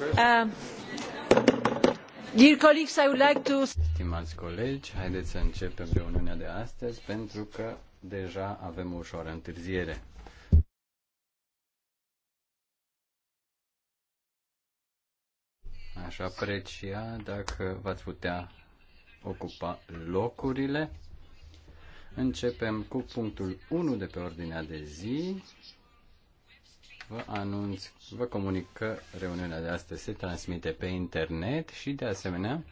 Uh, dear colleagues, I would like to... Stimați colegi, haideți să începem reuniunea de astăzi pentru că deja avem o ușoară întârziere. Aș aprecia dacă v-ați putea ocupa locurile. Începem cu punctul 1 de pe ordinea de zi, vă anunț, vă comunic că reuniunea de astăzi se transmite pe internet și, de asemenea,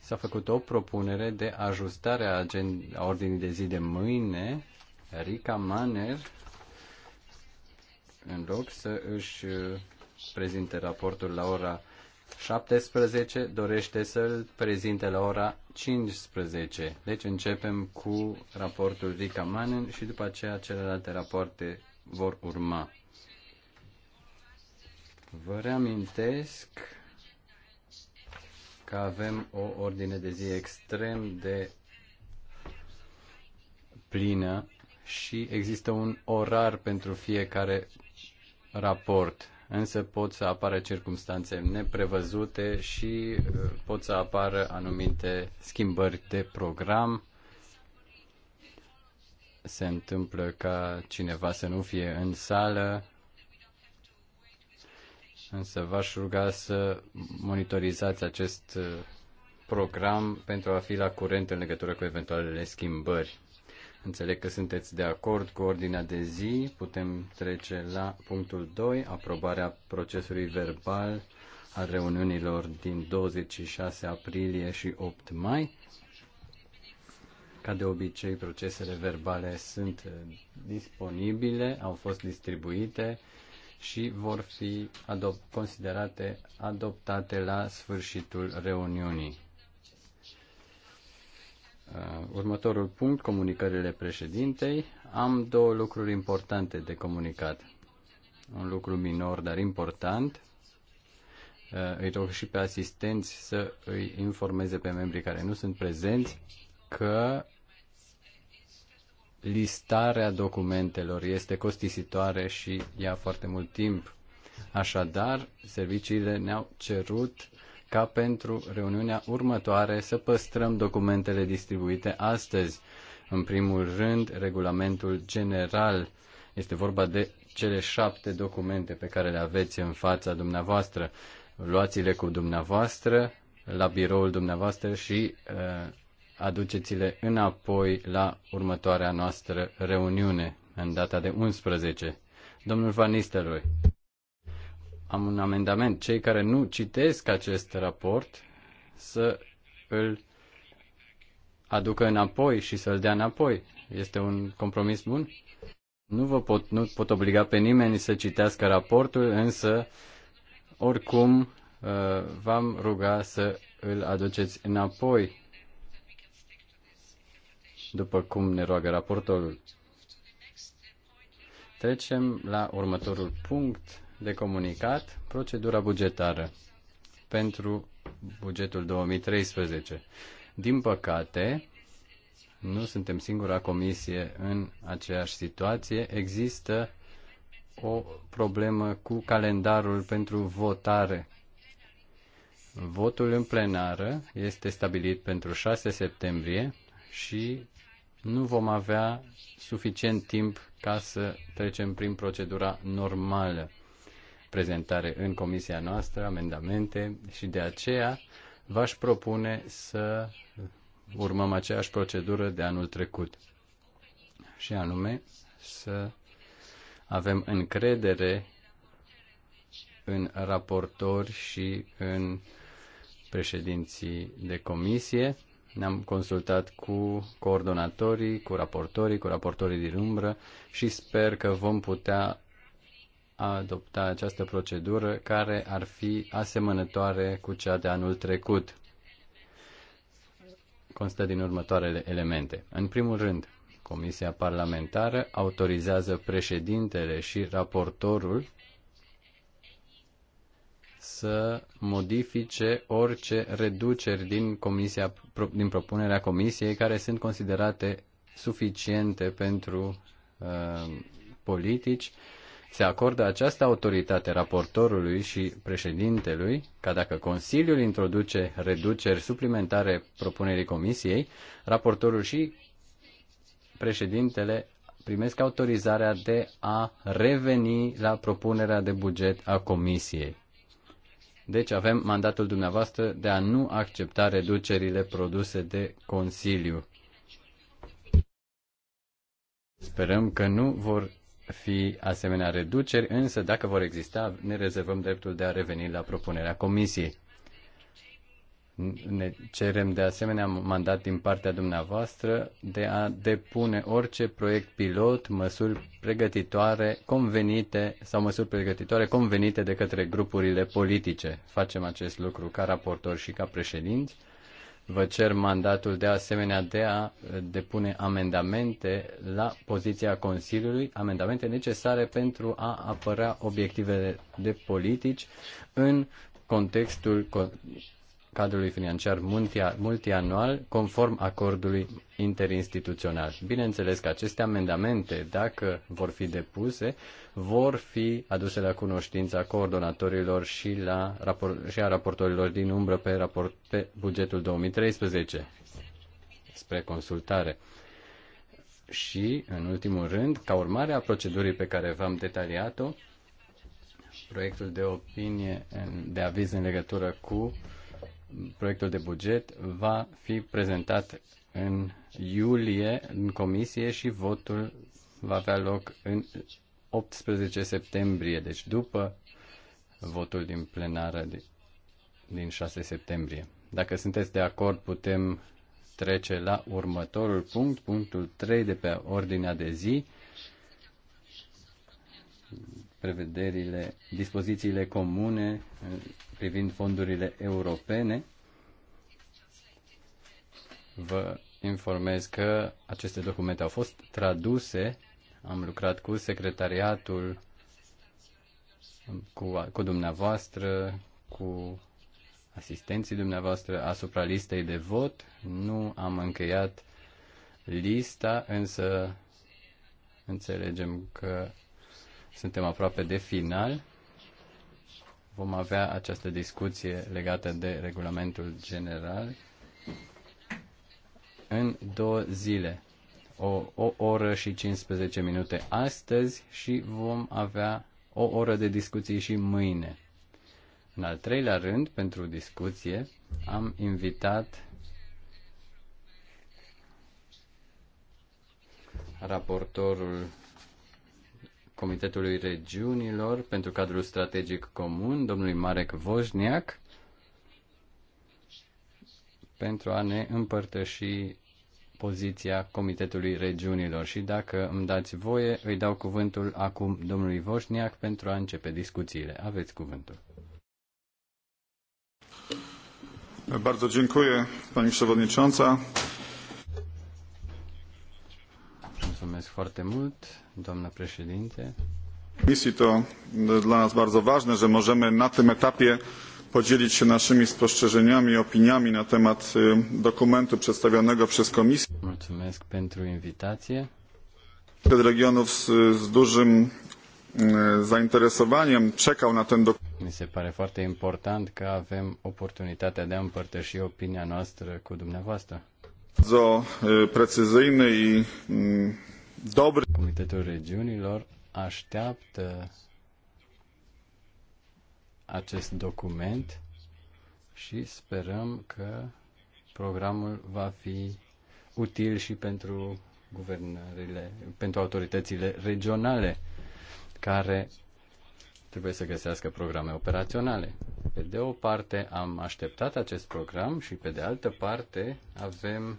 s-a făcut o propunere de ajustare a, agend- a ordinii de zi de mâine. Rica Maner, în loc să își uh, prezinte raportul la ora 17, dorește să-l prezinte la ora 15. Deci începem cu raportul Rica Manen și după aceea celelalte rapoarte vor urma. Vă reamintesc că avem o ordine de zi extrem de plină și există un orar pentru fiecare raport. Însă pot să apară circumstanțe neprevăzute și uh, pot să apară anumite schimbări de program. Se întâmplă ca cineva să nu fie în sală Însă v-aș ruga să monitorizați acest uh, program pentru a fi la curent în legătură cu eventualele schimbări. Înțeleg că sunteți de acord cu ordinea de zi. Putem trece la punctul 2, aprobarea procesului verbal a reuniunilor din 26 aprilie și 8 mai. Ca de obicei, procesele verbale sunt uh, disponibile, au fost distribuite și vor fi adop- considerate adoptate la sfârșitul reuniunii. Uh, următorul punct, comunicările președintei. Am două lucruri importante de comunicat. Un lucru minor, dar important. Uh, îi rog și pe asistenți să îi informeze pe membrii care nu sunt prezenți că listarea documentelor este costisitoare și ia foarte mult timp. Așadar, serviciile ne-au cerut ca pentru reuniunea următoare să păstrăm documentele distribuite astăzi. În primul rând, regulamentul general. Este vorba de cele șapte documente pe care le aveți în fața dumneavoastră. Luați-le cu dumneavoastră, la biroul dumneavoastră și uh, aduceți-le înapoi la următoarea noastră reuniune, în data de 11. Domnul Van Nistelrooy, am un amendament. Cei care nu citesc acest raport să îl aducă înapoi și să-l dea înapoi. Este un compromis bun? Nu vă pot, nu pot obliga pe nimeni să citească raportul, însă oricum uh, v-am ruga să îl aduceți înapoi după cum ne roagă raportorul. Trecem la următorul punct de comunicat, procedura bugetară pentru bugetul 2013. Din păcate, nu suntem singura comisie în aceeași situație. Există o problemă cu calendarul pentru votare. Votul în plenară este stabilit pentru 6 septembrie și nu vom avea suficient timp ca să trecem prin procedura normală. Prezentare în comisia noastră, amendamente și de aceea v-aș propune să urmăm aceeași procedură de anul trecut. Și anume să avem încredere în raportori și în președinții de comisie ne-am consultat cu coordonatorii, cu raportorii, cu raportorii din umbră și sper că vom putea adopta această procedură care ar fi asemănătoare cu cea de anul trecut. Constă din următoarele elemente. În primul rând, Comisia Parlamentară autorizează președintele și raportorul să modifice orice reduceri din, comisia, din propunerea comisiei care sunt considerate suficiente pentru uh, politici. Se acordă această autoritate raportorului și președintelui ca dacă Consiliul introduce reduceri suplimentare propunerii comisiei, raportorul și președintele primesc autorizarea de a reveni la propunerea de buget a comisiei. Deci avem mandatul dumneavoastră de a nu accepta reducerile produse de Consiliu. Sperăm că nu vor fi asemenea reduceri, însă dacă vor exista, ne rezervăm dreptul de a reveni la propunerea Comisiei. Ne cerem de asemenea mandat din partea dumneavoastră de a depune orice proiect pilot, măsuri pregătitoare convenite sau măsuri pregătitoare convenite de către grupurile politice. Facem acest lucru ca raportor și ca președinți. Vă cer mandatul de asemenea de a depune amendamente la poziția Consiliului, amendamente necesare pentru a apăra obiectivele de politici în contextul cadrului financiar multianual conform acordului interinstituțional. Bineînțeles că aceste amendamente, dacă vor fi depuse, vor fi aduse la cunoștința coordonatorilor și, la rapor- și a raportorilor din umbră pe, raport- pe bugetul 2013 spre consultare. Și, în ultimul rând, ca urmare a procedurii pe care v-am detaliat-o, proiectul de opinie de aviz în legătură cu proiectul de buget va fi prezentat în iulie în comisie și votul va avea loc în 18 septembrie, deci după votul din plenară din 6 septembrie. Dacă sunteți de acord, putem trece la următorul punct, punctul 3 de pe ordinea de zi prevederile, dispozițiile comune privind fondurile europene. Vă informez că aceste documente au fost traduse. Am lucrat cu secretariatul, cu, cu dumneavoastră, cu asistenții dumneavoastră asupra listei de vot. Nu am încheiat lista, însă înțelegem că suntem aproape de final. Vom avea această discuție legată de regulamentul general în două zile, o, o oră și 15 minute astăzi și vom avea o oră de discuții și mâine. În al treilea rând, pentru discuție, am invitat raportorul Comitetului Regiunilor pentru Cadrul Strategic Comun, domnului Marek Vojniak, pentru a ne împărtăși poziția Comitetului Regiunilor. Și dacă îmi dați voie, îi dau cuvântul acum domnului Vojniak pentru a începe discuțiile. Aveți cuvântul. Bardzo dziękuję, pani przewodnicząca. Mulțumesc foarte mult, doamnă președinte. Misji to dla nas bardzo ważne, że możemy na tym etapie podzielić się naszymi spostrzeżeniami i opiniami na temat dokumentu przedstawionego przez Komisję. Mulțumesc pentru invitație. Regionów z, z dużym zainteresowaniem czekał na ten dokument. Mi se pare foarte important că avem oportunitatea de a împărtăși opinia noastră cu dumneavoastră. Bardzo precyzyjny i mm, Dobre. Comitetul Regiunilor așteaptă acest document și sperăm că programul va fi util și pentru guvernările, pentru autoritățile regionale care trebuie să găsească programe operaționale. Pe de o parte am așteptat acest program și pe de altă parte avem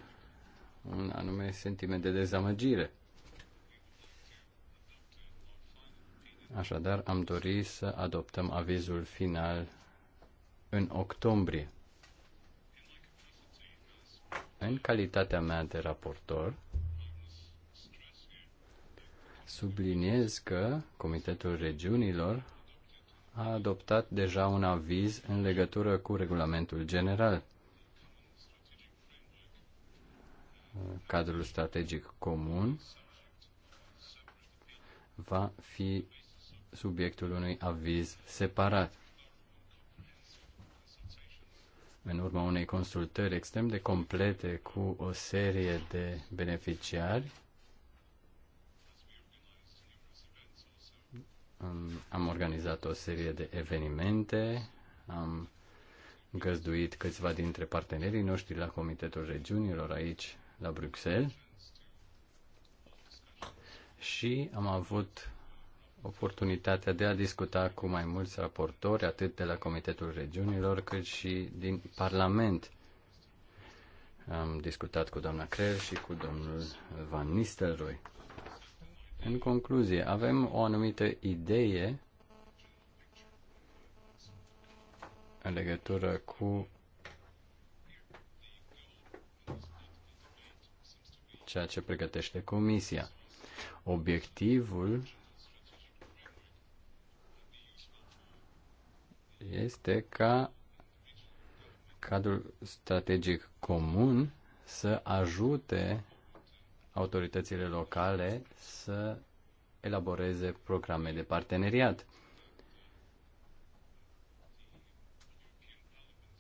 un anume sentiment de dezamăgire. Așadar, am dorit să adoptăm avizul final în octombrie. În calitatea mea de raportor, subliniez că Comitetul Regiunilor a adoptat deja un aviz în legătură cu regulamentul general, cadrul strategic comun va fi subiectul unui aviz separat. În urma unei consultări extrem de complete cu o serie de beneficiari, am organizat o serie de evenimente, am găzduit câțiva dintre partenerii noștri la Comitetul Regiunilor aici, la Bruxelles, și am avut oportunitatea de a discuta cu mai mulți raportori, atât de la Comitetul Regiunilor, cât și din Parlament. Am discutat cu doamna Creel și cu domnul Van Nistelrooy. În concluzie, avem o anumită idee în legătură cu ceea ce pregătește Comisia. Obiectivul este ca cadrul strategic comun să ajute autoritățile locale să elaboreze programe de parteneriat.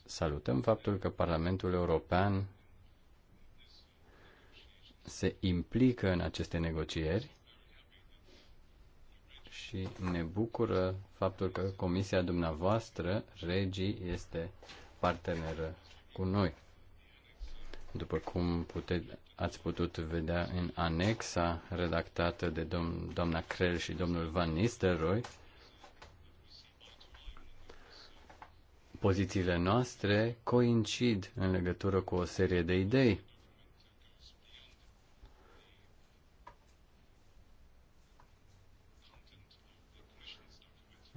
Salutăm faptul că Parlamentul European se implică în aceste negocieri și ne bucură faptul că comisia dumneavoastră, Regii, este parteneră cu noi. După cum pute, ați putut vedea în anexa redactată de dom- doamna Crel și domnul Van Nistelrooy, pozițiile noastre coincid în legătură cu o serie de idei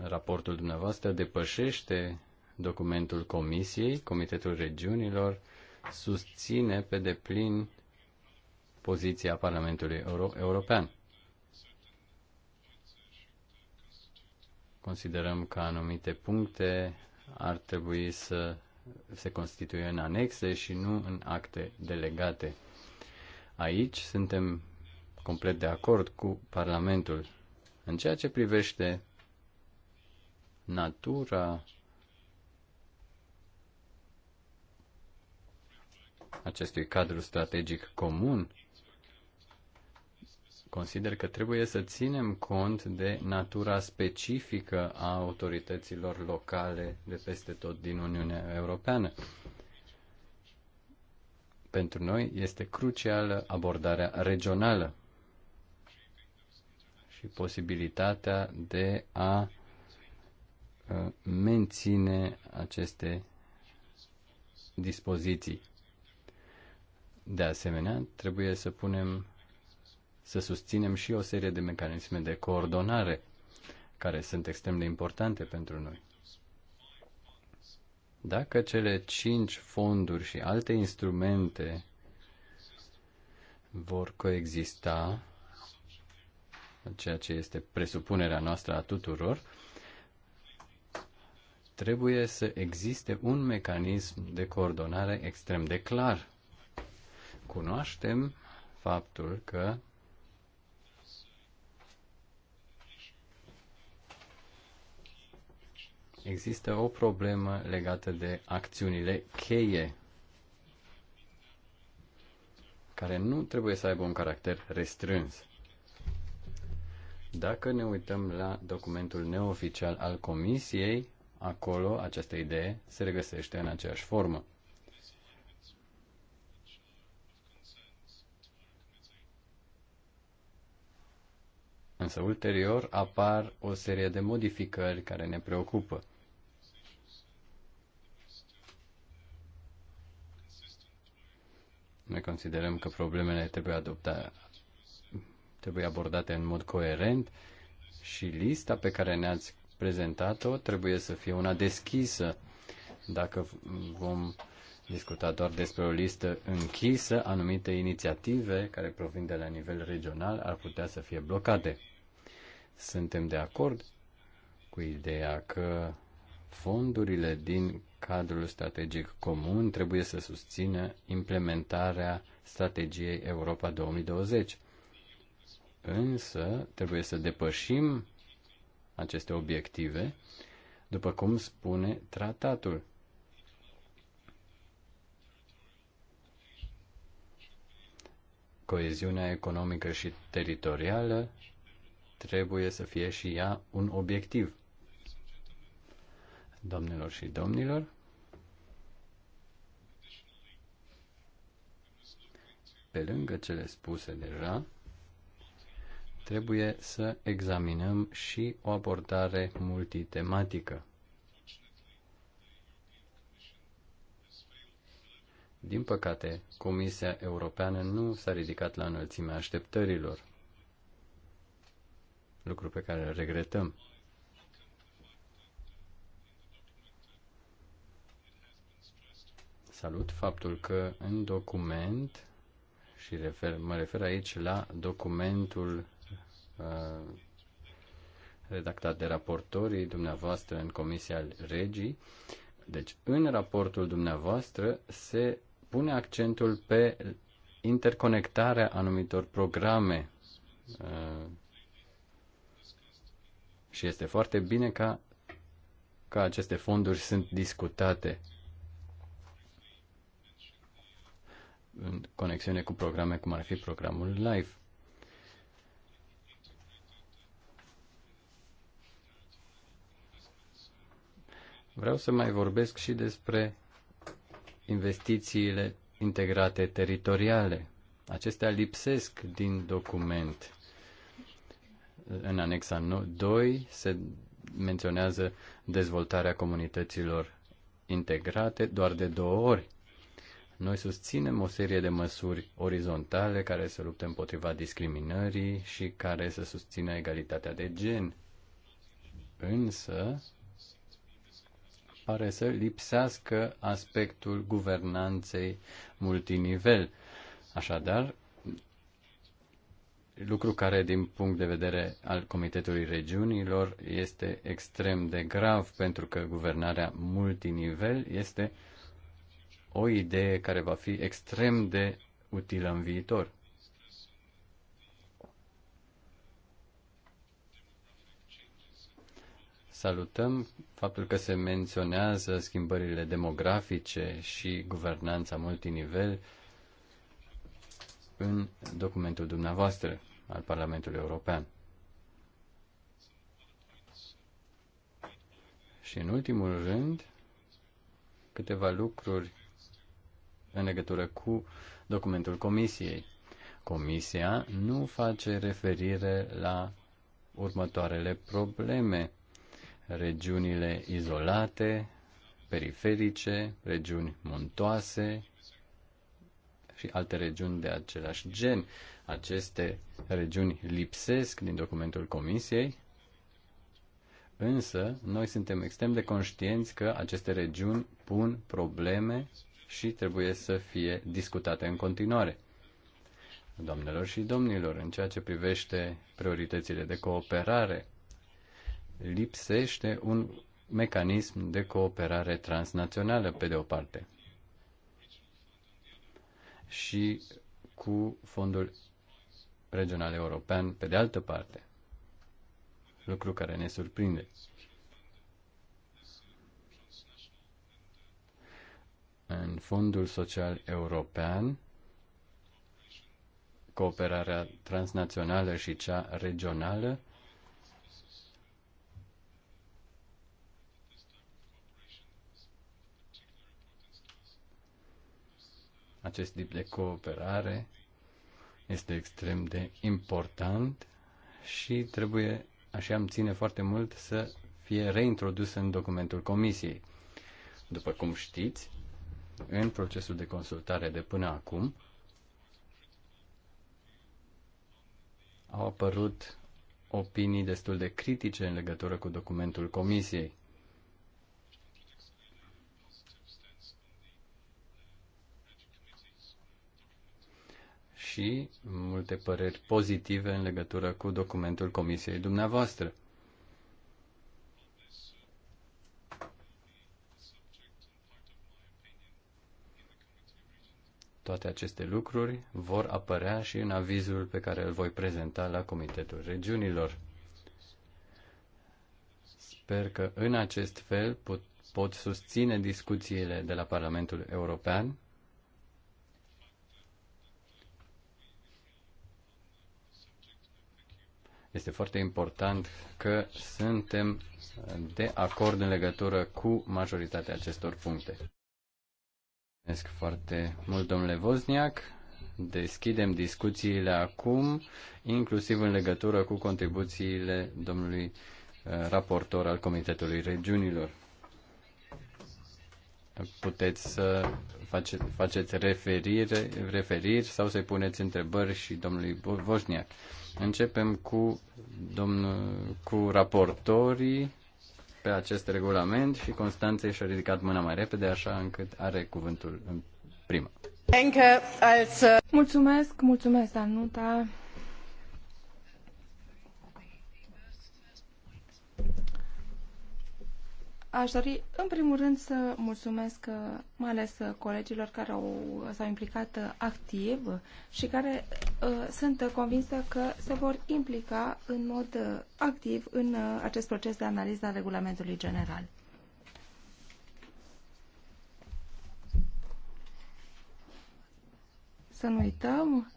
raportul dumneavoastră depășește documentul Comisiei, Comitetul Regiunilor susține pe deplin poziția Parlamentului Euro- European. Considerăm că anumite puncte ar trebui să se constituie în anexe și nu în acte delegate. Aici suntem complet de acord cu Parlamentul. În ceea ce privește natura acestui cadru strategic comun, consider că trebuie să ținem cont de natura specifică a autorităților locale de peste tot din Uniunea Europeană. Pentru noi este crucială abordarea regională și posibilitatea de a Uh, menține aceste dispoziții. De asemenea, trebuie să punem să susținem și o serie de mecanisme de coordonare care sunt extrem de importante pentru noi. Dacă cele cinci fonduri și alte instrumente vor coexista, ceea ce este presupunerea noastră a tuturor, trebuie să existe un mecanism de coordonare extrem de clar. Cunoaștem faptul că există o problemă legată de acțiunile cheie, care nu trebuie să aibă un caracter restrâns. Dacă ne uităm la documentul neoficial al Comisiei, acolo această idee se regăsește în aceeași formă. Însă ulterior apar o serie de modificări care ne preocupă. Noi considerăm că problemele trebuie, adopta, trebuie abordate în mod coerent și lista pe care ne-ați prezentat-o trebuie să fie una deschisă. Dacă vom discuta doar despre o listă închisă, anumite inițiative care provin de la nivel regional ar putea să fie blocate. Suntem de acord cu ideea că fondurile din cadrul strategic comun trebuie să susțină implementarea strategiei Europa 2020. Însă, trebuie să depășim aceste obiective, după cum spune tratatul. Coeziunea economică și teritorială trebuie să fie și ea un obiectiv. Domnilor și domnilor, pe lângă cele spuse deja, trebuie să examinăm și o abordare multitematică. Din păcate, Comisia Europeană nu s-a ridicat la înălțimea așteptărilor, lucru pe care îl regretăm. Salut faptul că în document, și refer, mă refer aici la documentul Uh, redactat de raportorii dumneavoastră în Comisia Regii. Deci, în raportul dumneavoastră se pune accentul pe interconectarea anumitor programe uh, și este foarte bine ca, ca aceste fonduri sunt discutate în conexiune cu programe cum ar fi programul LIFE. Vreau să mai vorbesc și despre investițiile integrate teritoriale. Acestea lipsesc din document. În anexa 2 se menționează dezvoltarea comunităților integrate doar de două ori. Noi susținem o serie de măsuri orizontale care să lupte împotriva discriminării și care să susțină egalitatea de gen. Însă, pare să lipsească aspectul guvernanței multinivel. Așadar, lucru care, din punct de vedere al Comitetului Regiunilor, este extrem de grav, pentru că guvernarea multinivel este o idee care va fi extrem de utilă în viitor. Salutăm faptul că se menționează schimbările demografice și guvernanța multinivel în documentul dumneavoastră al Parlamentului European. Și în ultimul rând, câteva lucruri în legătură cu documentul Comisiei. Comisia nu face referire la următoarele probleme regiunile izolate, periferice, regiuni muntoase și alte regiuni de același gen. Aceste regiuni lipsesc din documentul Comisiei, însă noi suntem extrem de conștienți că aceste regiuni pun probleme și trebuie să fie discutate în continuare. Doamnelor și domnilor, în ceea ce privește prioritățile de cooperare lipsește un mecanism de cooperare transnațională, pe de o parte, și cu Fondul Regional European, pe de altă parte, lucru care ne surprinde. În Fondul Social European, cooperarea transnațională și cea regională Acest tip de cooperare este extrem de important și trebuie, așa am ține foarte mult, să fie reintrodusă în documentul Comisiei. După cum știți, în procesul de consultare de până acum, au apărut opinii destul de critice în legătură cu documentul Comisiei. și multe păreri pozitive în legătură cu documentul comisiei dumneavoastră. Toate aceste lucruri vor apărea și în avizul pe care îl voi prezenta la Comitetul Regiunilor. Sper că în acest fel pot, pot susține discuțiile de la Parlamentul European Este foarte important că suntem de acord în legătură cu majoritatea acestor puncte. Mulțumesc foarte mult, domnule Vozniac. Deschidem discuțiile acum, inclusiv în legătură cu contribuțiile domnului uh, raportor al Comitetului Regiunilor. Puteți să face, faceți referire, referiri sau să-i puneți întrebări și domnului Vozniac. Începem cu, domnul, cu raportorii pe acest regulament și Constanța și-a ridicat mâna mai repede, așa încât are cuvântul în prima. Mulțumesc, mulțumesc, Anuta, Aș dori, în primul rând, să mulțumesc uh, mai ales uh, colegilor care au, uh, s-au implicat activ și care uh, sunt convinsă că se vor implica în mod activ în uh, acest proces de analiză a regulamentului general. Să nu uităm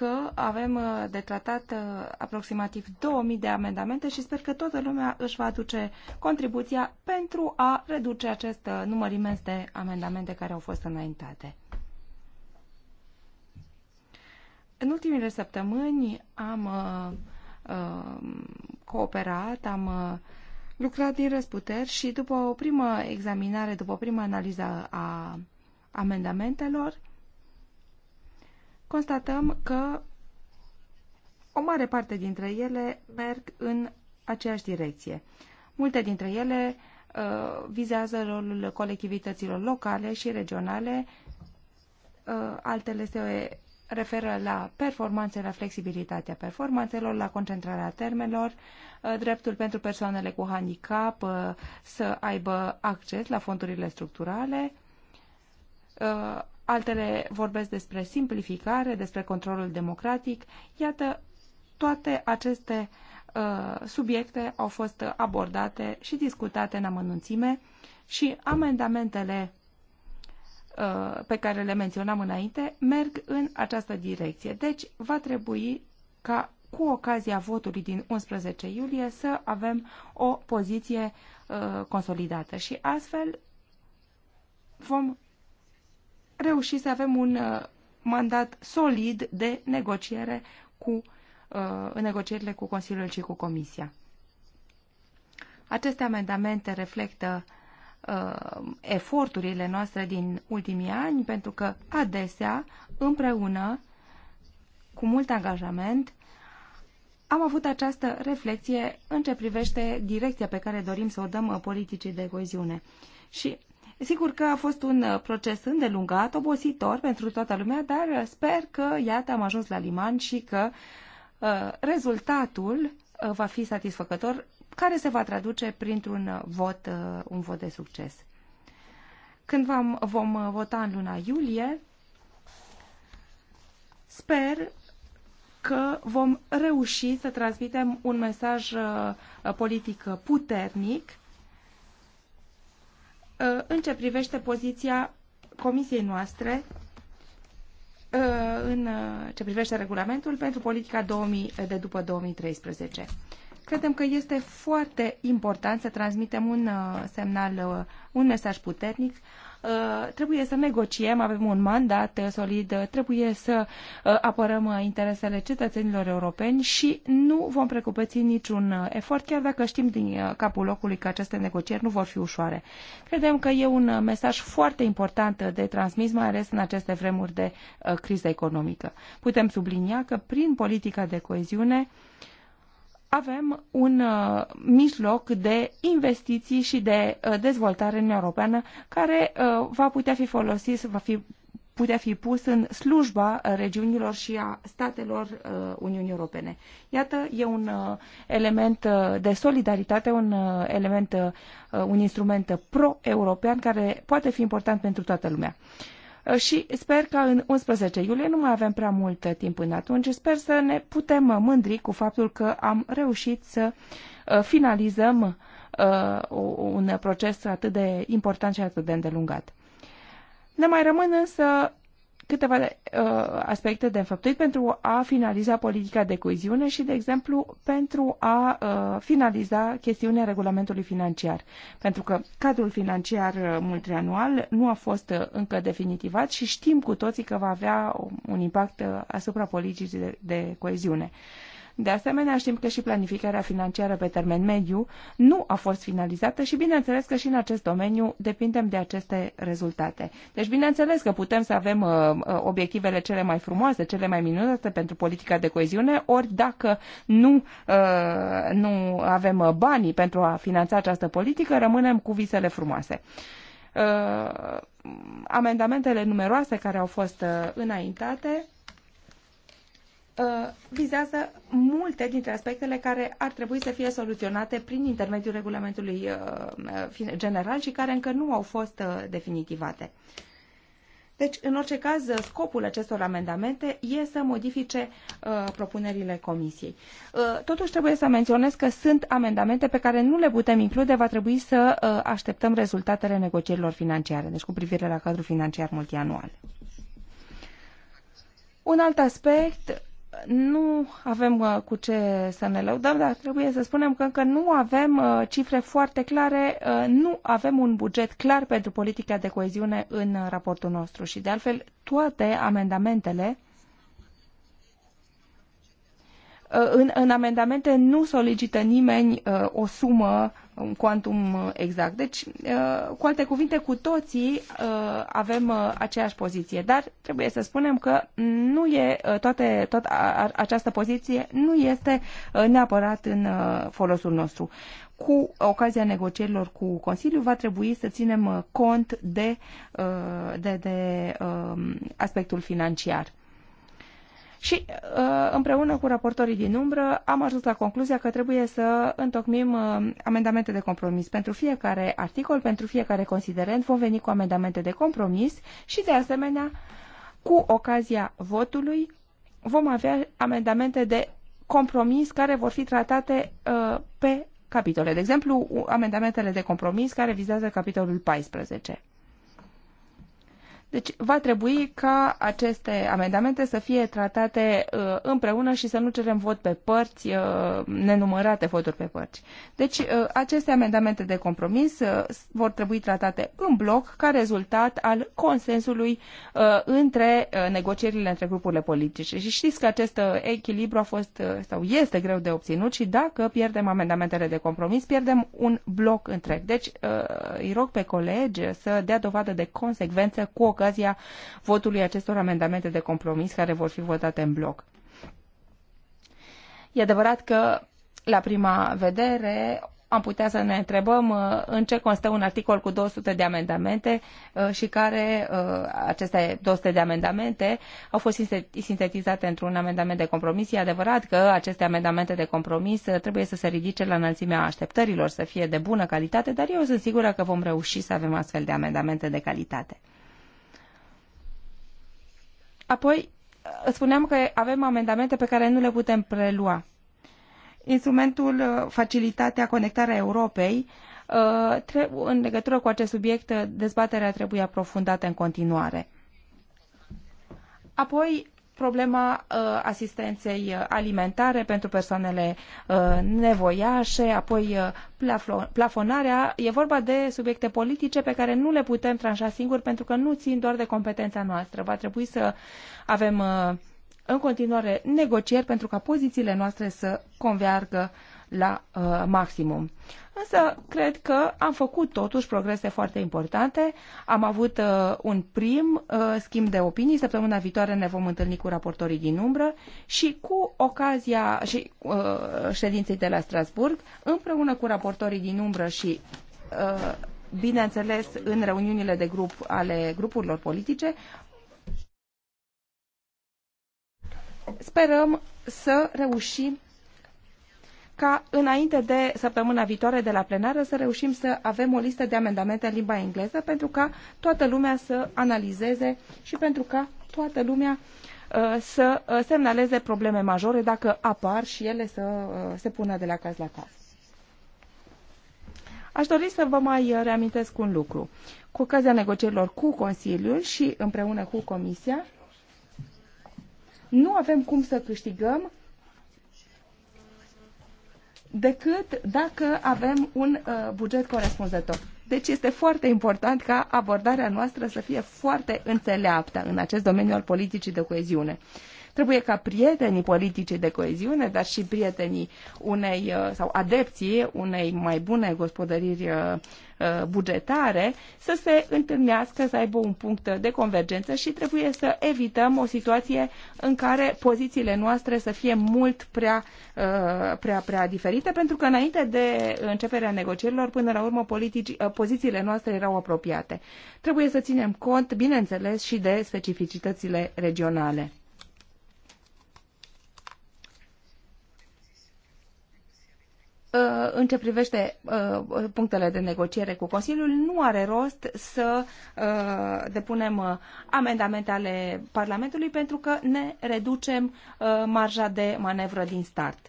că avem uh, de tratat uh, aproximativ 2000 de amendamente și sper că toată lumea își va aduce contribuția pentru a reduce acest uh, număr imens de amendamente care au fost înaintate. În ultimile săptămâni am uh, cooperat, am uh, lucrat din răsputeri și după o primă examinare, după o primă analiză a amendamentelor, constatăm că o mare parte dintre ele merg în aceeași direcție. Multe dintre ele uh, vizează rolul colectivităților locale și regionale, uh, altele se referă la performanțe, la flexibilitatea performanțelor, la concentrarea termelor, uh, dreptul pentru persoanele cu handicap uh, să aibă acces la fondurile structurale, uh, altele vorbesc despre simplificare, despre controlul democratic. Iată, toate aceste uh, subiecte au fost abordate și discutate în amănunțime și amendamentele uh, pe care le menționam înainte merg în această direcție. Deci va trebui ca cu ocazia votului din 11 iulie să avem o poziție uh, consolidată și astfel vom reușit să avem un uh, mandat solid de negociere cu, uh, în negocierile cu Consiliul și cu Comisia. Aceste amendamente reflectă uh, eforturile noastre din ultimii ani, pentru că adesea, împreună, cu mult angajament, am avut această reflexie în ce privește direcția pe care dorim să o dăm politicii de coeziune. Și Sigur că a fost un uh, proces îndelungat, obositor pentru toată lumea, dar uh, sper că, iată, am ajuns la liman și că uh, rezultatul uh, va fi satisfăcător, care se va traduce printr-un uh, vot, uh, un vot de succes. Când vom, vom vota în luna iulie, sper că vom reuși să transmitem un mesaj politic puternic în ce privește poziția comisiei noastre uh, în uh, ce privește regulamentul pentru politica 2000 uh, de după 2013. Credem că este foarte important să transmitem un semnal, un mesaj puternic Uh, trebuie să negociem, avem un mandat uh, solid, uh, trebuie să apărăm interesele cetățenilor europeni și nu vom precupeți niciun efort, chiar dacă știm din capul locului că aceste negocieri nu vor fi ușoare. Credem că e un mesaj foarte important de transmis, mai ales în aceste vremuri de criză economică. Putem sublinia că prin politica de coeziune, avem un uh, mijloc de investiții și de uh, dezvoltare în europeană care uh, va putea fi folosit, va fi putea fi pus în slujba regiunilor și a statelor uh, Uniunii Europene. Iată, e un uh, element uh, de solidaritate, un element, un instrument pro-european care poate fi important pentru toată lumea. Uh, și sper că în 11 iulie nu mai avem prea mult uh, timp până atunci. Sper să ne putem uh, mândri cu faptul că am reușit să finalizăm un proces atât de important și atât de îndelungat. Ne mai rămân însă câteva uh, aspecte de înfăptuit pentru a finaliza politica de coeziune și, de exemplu, pentru a uh, finaliza chestiunea regulamentului financiar. Pentru că cadrul financiar uh, multianual nu a fost uh, încă definitivat și știm cu toții că va avea un impact uh, asupra politicii de, de coeziune. Uh, de asemenea, știm că și planificarea financiară pe termen mediu nu a fost finalizată și bineînțeles că și în acest domeniu depindem de aceste rezultate. Deci bineînțeles că putem să avem uh, uh obiectivele cele mai frumoase, cele mai minunate pentru politica de coeziune, ori dacă nu, uh, nu avem uh, banii pentru a finanța această politică, rămânem cu visele frumoase. Uh, amendamentele numeroase care au fost uh, înaintate Uh, vizează multe dintre aspectele care ar trebui să fie soluționate prin intermediul regulamentului uh, uh, general și care încă nu au fost definitivate. Deci, în orice caz, scopul acestor amendamente e să modifice uh, propunerile Comisiei. Uh, totuși, trebuie să menționez că sunt amendamente pe care nu le putem include, va trebui să uh, așteptăm rezultatele negocierilor financiare, deci cu privire la cadrul financiar multianual. Un alt aspect nu avem uh, cu ce să ne lăudăm, dar trebuie să spunem că încă nu avem uh, cifre foarte clare, uh, nu avem un buget clar pentru politica de coeziune în raportul nostru și de altfel toate amendamentele Uh, în, în amendamente nu solicită nimeni uh, o sumă, un quantum uh, exact. Deci, uh, cu alte cuvinte, cu toții uh, avem uh, aceeași poziție, dar trebuie să spunem că nu e uh, toate, toată această poziție nu este uh, neapărat în uh, folosul nostru. Cu ocazia negocierilor cu Consiliul va trebui să ținem uh, cont de, de, de um, aspectul financiar și uh, împreună cu raportorii din umbră am ajuns la concluzia că trebuie să întocmim uh, amendamente de compromis. Pentru fiecare articol, pentru fiecare considerent vom veni cu amendamente de compromis și de asemenea cu ocazia votului vom avea amendamente de compromis care vor fi tratate uh, pe capitole. De exemplu, amendamentele de compromis care vizează capitolul 14. Deci va trebui ca aceste amendamente să fie tratate uh, împreună și să nu cerem vot pe părți, uh, nenumărate voturi pe părți. Deci uh, aceste amendamente de compromis uh, vor trebui tratate în bloc ca rezultat al consensului uh, între uh, negocierile între grupurile politice. Și știți că acest uh, echilibru a fost uh, sau este greu de obținut și dacă pierdem amendamentele de compromis, pierdem un bloc întreg. Deci uh, îi rog pe colegi să dea dovadă de consecvență cu o ocazia votului acestor amendamente de compromis care vor fi votate în bloc. E adevărat că la prima vedere am putea să ne întrebăm uh, în ce constă un articol cu 200 de amendamente uh, și care uh, aceste 200 de amendamente au fost sintetizate într-un amendament de compromis. E adevărat că aceste amendamente de compromis trebuie să se ridice la înălțimea așteptărilor, să fie de bună calitate, dar eu sunt sigură că vom reuși să avem astfel de amendamente de calitate. Apoi, spuneam că avem amendamente pe care nu le putem prelua. Instrumentul uh, Facilitatea Conectarea Europei, uh, în legătură cu acest subiect, uh, dezbaterea trebuie aprofundată în continuare. Apoi, problema uh, asistenței uh, alimentare pentru persoanele uh, nevoiașe, apoi plafonarea. E vorba de subiecte politice pe care nu le putem tranșa singuri pentru că nu țin doar de competența noastră. Va trebui să avem în continuare negocieri pentru ca pozițiile noastre să convergă la uh, maximum. Însă, cred că am făcut totuși progrese foarte importante. Am avut uh, un prim uh, schimb de opinii. Săptămâna viitoare ne vom întâlni cu raportorii din umbră și cu ocazia și uh, ședinței de la Strasburg, împreună cu raportorii din umbră și uh, bineînțeles în reuniunile de grup ale grupurilor politice, sperăm să reușim ca înainte de săptămâna viitoare de la plenară să reușim să avem o listă de amendamente în limba engleză pentru ca toată lumea să analizeze și pentru ca toată lumea uh, să uh, semnaleze probleme majore dacă apar și ele să uh, se pună de la caz la caz. Aș dori să vă mai reamintesc un lucru. Cu ocazia negocierilor cu Consiliul și împreună cu Comisia, nu avem cum să câștigăm decât dacă avem un uh, buget corespunzător. Deci este foarte important ca abordarea noastră să fie foarte înțeleaptă în acest domeniu al politicii de coeziune. Uh, Trebuie ca prietenii politicii de coeziune, dar și prietenii unei uh, sau adepții unei mai bune gospodăriri uh, uh, bugetare să se întâlnească, să aibă un punct de convergență și trebuie să evităm o situație în care pozițiile noastre să fie mult prea, prea, prea diferite, pentru că înainte de începerea negocierilor, până la urmă, politici, pozițiile noastre erau apropiate. Trebuie să ținem cont, bineînțeles, și de specificitățile regionale. Uh, în ce privește uh, punctele de negociere cu Consiliul, nu are rost să uh, depunem amendamente ale Parlamentului pentru că ne reducem marja de manevră din start.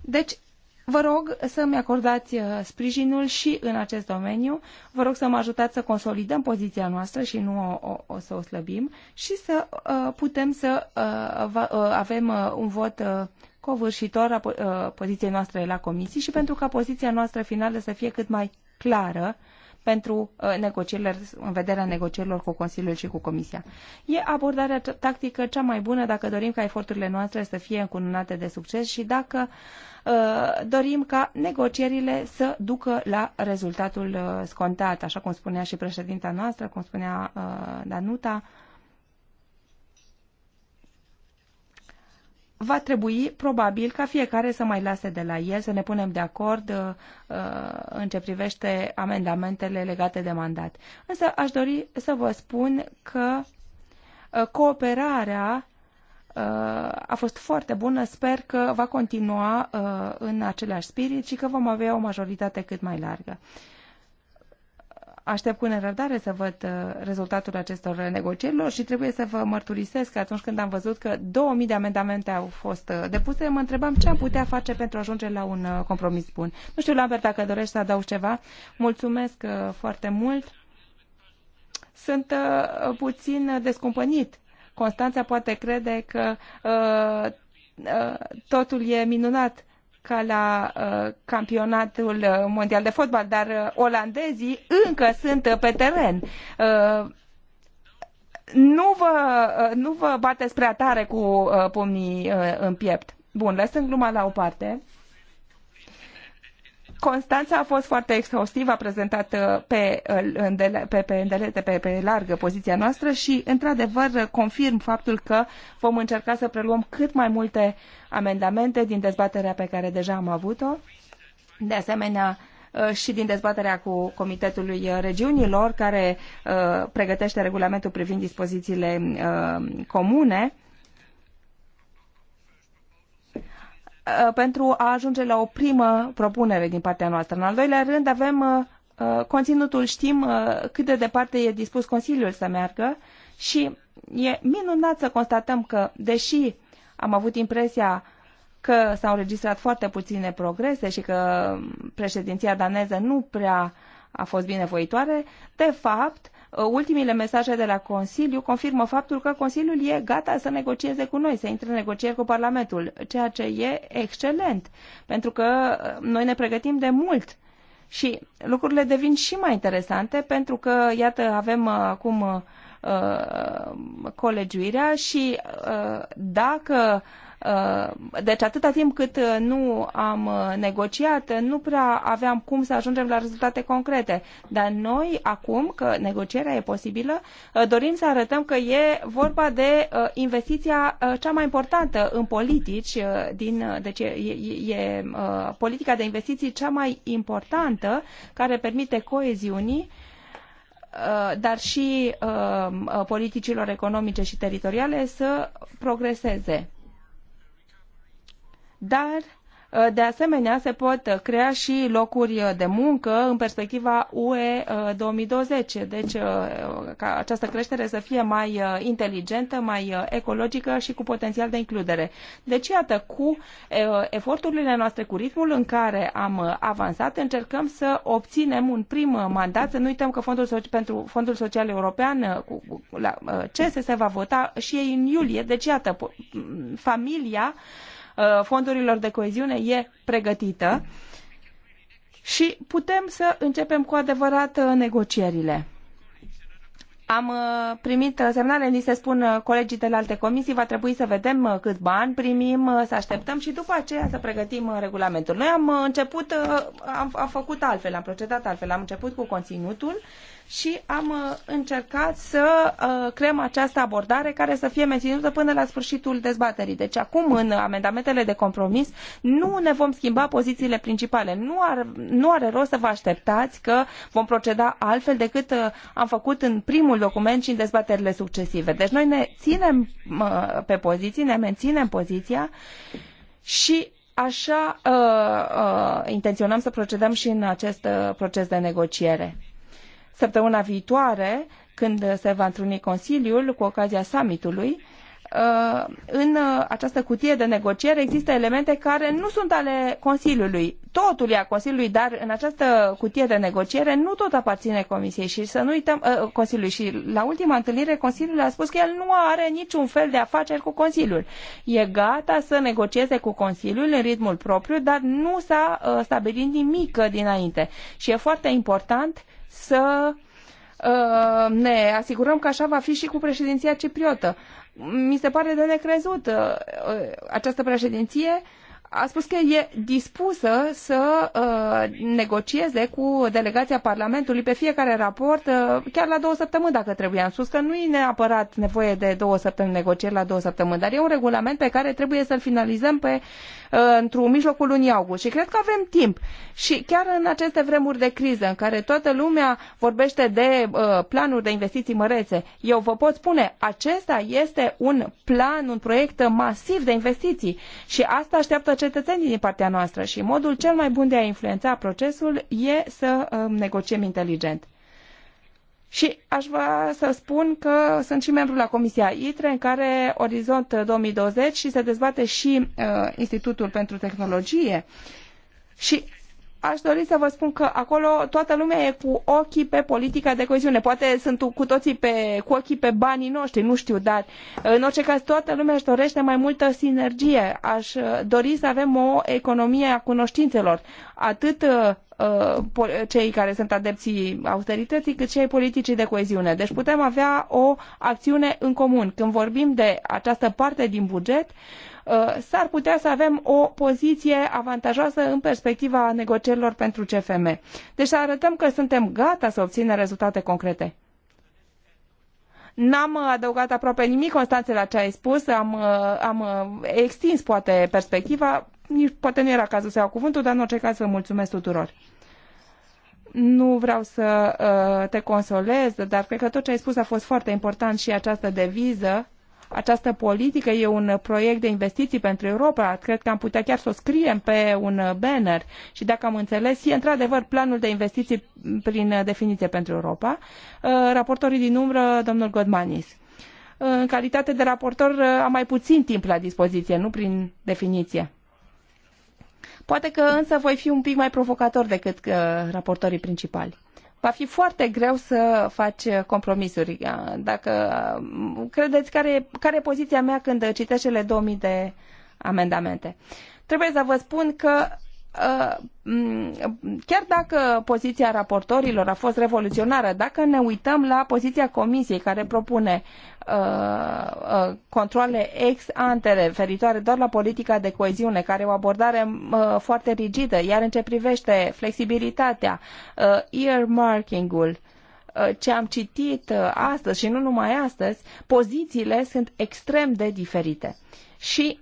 Deci, Vă rog să-mi acordați sprijinul și în acest domeniu. Vă rog să mă ajutați să consolidăm poziția noastră și nu o, o, o să o slăbim și să uh, putem să uh, va, uh, avem uh, un vot uh, covârșitor a uh, poziției noastre la comisii și pentru ca poziția noastră finală să fie cât mai clară pentru uh, negocierile, în vederea negocierilor cu Consiliul și cu Comisia. E abordarea tactică cea mai bună dacă dorim ca eforturile noastre să fie încununate de succes și dacă uh, dorim ca negocierile să ducă la rezultatul uh, scontat, așa cum spunea și președinta noastră, cum spunea uh, Danuta, va trebui probabil ca fiecare să mai lase de la el, să ne punem de acord uh, uh, în ce privește amendamentele legate de mandat. Însă aș dori să vă spun că uh, cooperarea uh, a fost foarte bună, sper că va continua uh, în același spirit și că vom avea o majoritate cât mai largă. Aștept cu nerăbdare să văd uh, rezultatul acestor negocierilor și trebuie să vă mărturisesc că atunci când am văzut că 2000 de amendamente au fost uh, depuse, mă întrebam ce am putea face pentru a ajunge la un uh, compromis bun. Nu știu, Lambert, dacă dorești să adaug ceva. Mulțumesc foarte mult. Sunt puțin descumpănit. Constanța poate crede că totul e minunat ca la uh, campionatul mondial de fotbal, dar uh, olandezii încă sunt uh, pe teren. Uh, nu vă, uh, nu vă bateți prea tare cu uh, pumnii uh, în piept. Bun, lăsând gluma la o parte. Constanța a fost foarte exhaustiv, a prezentat uh, pe, uh, îndele, pe, pe pe, pe largă poziția noastră și, într-adevăr, confirm faptul că vom încerca să preluăm cât mai multe amendamente din dezbaterea pe care deja am avut-o. De asemenea, uh, și din dezbaterea cu Comitetul Regiunilor, care pregătește regulamentul privind dispozițiile comune Uh, pentru a ajunge la o primă propunere din partea noastră. În al doilea rând avem uh, uh, conținutul, știm cât de departe e dispus Consiliul să meargă și e minunat să constatăm că, deși am avut impresia că s-au înregistrat foarte puține progrese și că președinția daneză nu prea a fost binevoitoare, de fapt, Uh, ultimile mesaje de la Consiliu confirmă faptul că Consiliul e gata să negocieze cu noi, să intre în negocieri cu Parlamentul, ceea ce e excelent, pentru că uh, noi ne pregătim de mult și lucrurile devin și mai interesante pentru că, iată, avem uh, acum colegiuirea și dacă Uh, deci atâta timp cât uh, nu am uh, negociat, nu prea aveam cum să ajungem la rezultate concrete. Dar noi, acum că negocierea e posibilă, dorim să arătăm că e vorba de investiția cea mai importantă în politici, din, deci e, e, e politica de investiții cea mai importantă care permite coeziunii dar și politicilor economice și teritoriale să progreseze dar uh, de asemenea, se pot crea și locuri uh, de muncă în perspectiva UE 2020, uh, deci ca această creștere să fie mai inteligentă, mai ecologică și cu potențial de includere. Deci, iată, cu eforturile noastre, cu ritmul în care am avansat, încercăm să obținem un prim mandat. Să nu uităm că Fondul, Soci- pentru Fondul Social European, cu, la CSS se va vota și ei în iulie. Deci, iată, familia Uh, fondurilor de coeziune e pregătită și putem să începem cu adevărat uh, negocierile. Am uh, primit semnale, ni se spun colegii de la alte comisii, va trebui să vedem cât bani primim, să așteptăm și după aceea să pregătim regulamentul. Noi am început, am, am făcut altfel, am procedat altfel, am început cu conținutul și am uh, încercat să uh, creăm această abordare care să fie menținută până la sfârșitul dezbaterii. Deci acum în amendamentele de compromis nu ne vom schimba pozițiile principale. Nu are, nu are rost să vă așteptați că vom proceda altfel decât uh, am făcut în primul document și în dezbaterile succesive. Deci noi ne ținem pe poziții, ne menținem poziția și așa uh, uh, intenționăm să procedăm și în acest uh, proces de negociere săptămâna viitoare, când se va întruni Consiliul cu ocazia summitului, uh, în uh, această cutie de negociere există elemente care nu sunt ale Consiliului. Totul e a Consiliului, dar în această cutie de negociere nu tot aparține Comisiei și să nu uităm uh, Consiliului. Și la ultima întâlnire Consiliul a spus că el nu are niciun fel de afaceri cu Consiliul. E gata să negocieze cu Consiliul în ritmul propriu, dar nu s-a uh, stabilit nimic dinainte. Și e foarte important să uh, ne asigurăm că așa va fi și cu președinția cipriotă. Mi se pare de necrezut uh, uh, această președinție a spus că e dispusă să uh, negocieze cu delegația Parlamentului pe fiecare raport, uh, chiar la două săptămâni, dacă trebuie. Am spus că nu e neapărat nevoie de două săptămâni negocieri la două săptămâni, dar e un regulament pe care trebuie să-l finalizăm pe, uh, într-un mijlocul lunii august. Și cred că avem timp. Și chiar în aceste vremuri de criză, în care toată lumea vorbește de uh, planuri de investiții mărețe, eu vă pot spune, acesta este un plan, un proiect masiv de investiții și asta așteaptă cetățenii din partea noastră și modul cel mai bun de a influența procesul e să um, negociem inteligent. Și aș vrea să spun că sunt și membru la Comisia ITRE, în care Orizont 2020 și se dezbate și uh, Institutul pentru Tehnologie. Și aș dori să vă spun că acolo toată lumea e cu ochii pe politica de coeziune. Poate sunt cu toții pe, cu ochii pe banii noștri, nu știu, dar în orice caz toată lumea își dorește mai multă sinergie. Aș uh, dori să avem o economie a cunoștințelor, atât uh, uh, cei care sunt adepții austerității, cât și ai politicii de coeziune. Deci putem avea o acțiune în comun. Când vorbim de această parte din buget, uh, Uh, s-ar putea să avem o poziție avantajoasă în perspectiva negocierilor pentru CFM. Deci să arătăm că suntem gata să obținem rezultate concrete. N-am adăugat aproape nimic, Constanțe, la ce ai spus, am, uh, am uh, extins poate perspectiva, nici, poate nu era cazul să iau cuvântul, dar în orice caz vă mulțumesc tuturor nu vreau să te consolez, dar cred că tot ce ai spus a fost foarte important și această deviză această politică e un proiect de investiții pentru Europa. Cred că am putea chiar să o scriem pe un banner și dacă am înțeles, e într-adevăr planul de investiții prin definiție pentru Europa. Uh, raportorii din umbră, domnul Godmanis. În calitate de raportor uh, am mai puțin timp la dispoziție, nu prin definiție. Poate că însă voi fi un pic mai provocator decât uh, raportorii principali va fi foarte greu să faci compromisuri. Dacă credeți care, care e poziția mea când citesc cele 2000 de amendamente. Trebuie să vă spun că Uh, mm, chiar dacă poziția raportorilor a fost revoluționară, dacă ne uităm la poziția comisiei care propune uh, uh, controle ex ante referitoare doar la politica de coeziune, care e o abordare foarte rigidă, iar în ce privește flexibilitatea, earmarking-ul, ce am citit astăzi și nu numai astăzi, pozițiile sunt extrem de diferite. Și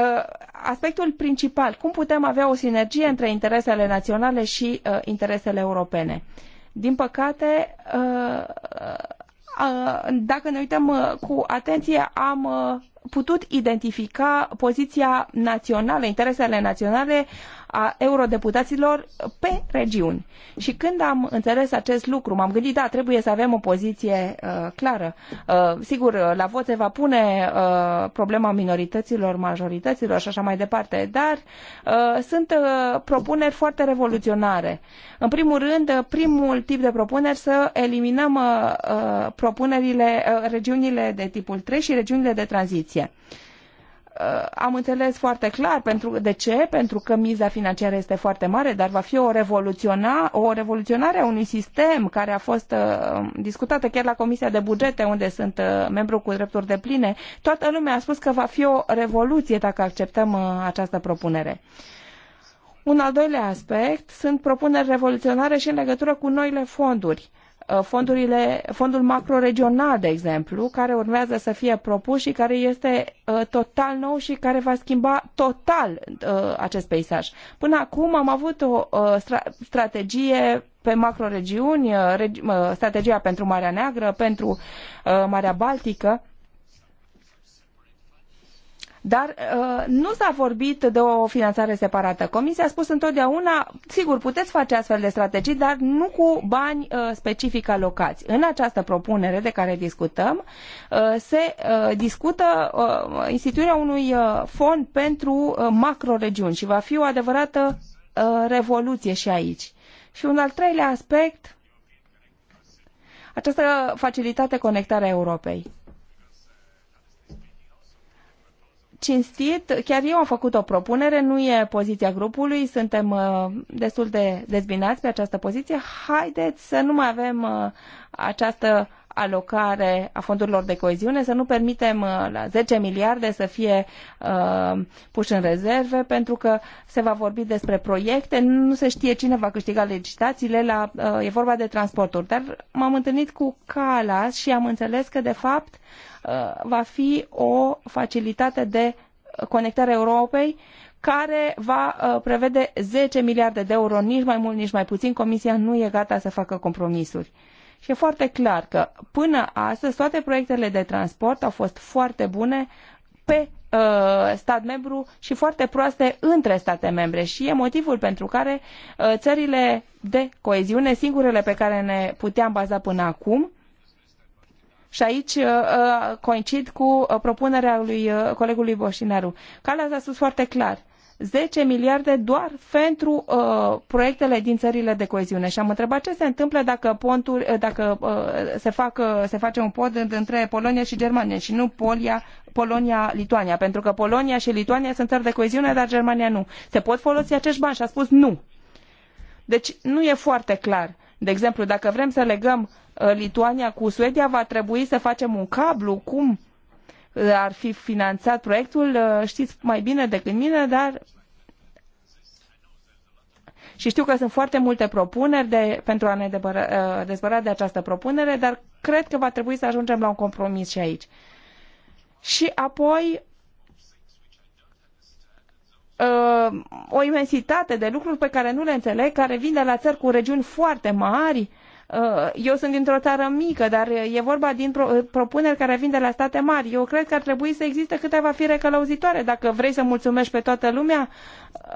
Uh, aspectul principal, cum putem avea o sinergie între interesele naționale și uh, interesele europene. Din păcate, uh, dacă ne uităm cu atenție, am putut identifica poziția națională, interesele naționale a eurodeputaților pe regiuni. Și când am înțeles acest lucru, m-am gândit, da, trebuie să avem o poziție uh, clară. Uh, sigur, uh, la vot se va pune uh, problema minorităților, majorităților și așa mai departe, dar uh, sunt uh, propuneri foarte revoluționare. În primul rând, uh, primul tip de propuneri să eliminăm uh, uh propunerile, uh, regiunile de tipul 3 și regiunile de tranziție. Uh, am înțeles foarte clar pentru, de ce, pentru că miza financiară este foarte mare, dar va fi o, revoluționa, o revoluționare a unui sistem care a fost uh, discutată chiar la Comisia de Bugete, unde sunt uh, membru cu drepturi de pline. Toată lumea a spus că va fi o revoluție dacă acceptăm uh, această propunere. Un al doilea aspect sunt propuneri revoluționare și în legătură cu noile fonduri. Uh, Uh, fondurile, fondul macroregional, de exemplu, care urmează să fie propus și care este uh, total nou și care va schimba total uh, acest peisaj. Până acum am avut o uh, stra strategie pe macroregiuni, uh, uh, strategia pentru Marea Neagră, pentru Marea Baltică, dar uh, nu s-a vorbit de o finanțare separată. Comisia a spus întotdeauna, sigur, puteți face astfel de strategii, dar nu cu bani uh, specific alocați. În această propunere de care discutăm, uh, se discută instituirea unui fond pentru macroregiuni și va fi o adevărată revoluție și aici. Și un al treilea aspect, această facilitate conectarea Europei. cinstit, chiar eu am făcut o propunere, nu e poziția grupului, suntem uh, destul de dezbinați pe această poziție. Haideți să nu mai avem uh, această alocare a fondurilor de coeziune, să nu permitem uh, la 10 miliarde să fie uh, puși în rezerve, pentru că se va vorbi despre proiecte, nu se știe cine va câștiga licitațiile, la, uh, e vorba de transporturi. Dar m-am întâlnit cu Calas și am înțeles că, de fapt, Uh, va fi o facilitate de conectare Europei care va uh, prevede 10 miliarde de euro, nici mai mult, nici mai puțin. Comisia nu e gata să facă compromisuri. Și e foarte clar că până astăzi toate proiectele de transport au fost foarte bune pe uh, stat membru și foarte proaste între state membre și e motivul pentru care uh, țările de coeziune, singurele pe care ne puteam baza până acum, și aici uh, uh, coincid cu uh, propunerea lui colegului Boșinaru. Calea a spus foarte clar. 10 miliarde doar pentru uh, proiectele din țările de coeziune. Și am întrebat ce se întâmplă dacă, ponturi, dacă uh, se, fac, uh, se face un pod între Polonia și Germania și nu Polia, Polonia-Lituania, pentru că Polonia și Lituania sunt țări de coeziune, dar Germania nu. Se pot folosi acești bani și a spus nu. Deci nu e foarte clar. De exemplu, dacă vrem să legăm Uh, Lituania cu Suedia, va trebui să facem un cablu. Cum uh, ar fi finanțat proiectul? Uh, știți mai bine decât mine, dar și știu că sunt foarte multe propuneri de, pentru a ne dezbăra de această propunere, dar cred că va trebui să ajungem la un compromis și aici. Și apoi o imensitate de lucruri pe care nu le înțeleg, care vin de la țări cu regiuni foarte mari, Uh, eu sunt dintr-o țară mică, dar e vorba din pro uh, propuneri care vin de la state mari. Eu cred că ar trebui să existe câteva fire călăuzitoare. Dacă vrei să mulțumești pe toată lumea,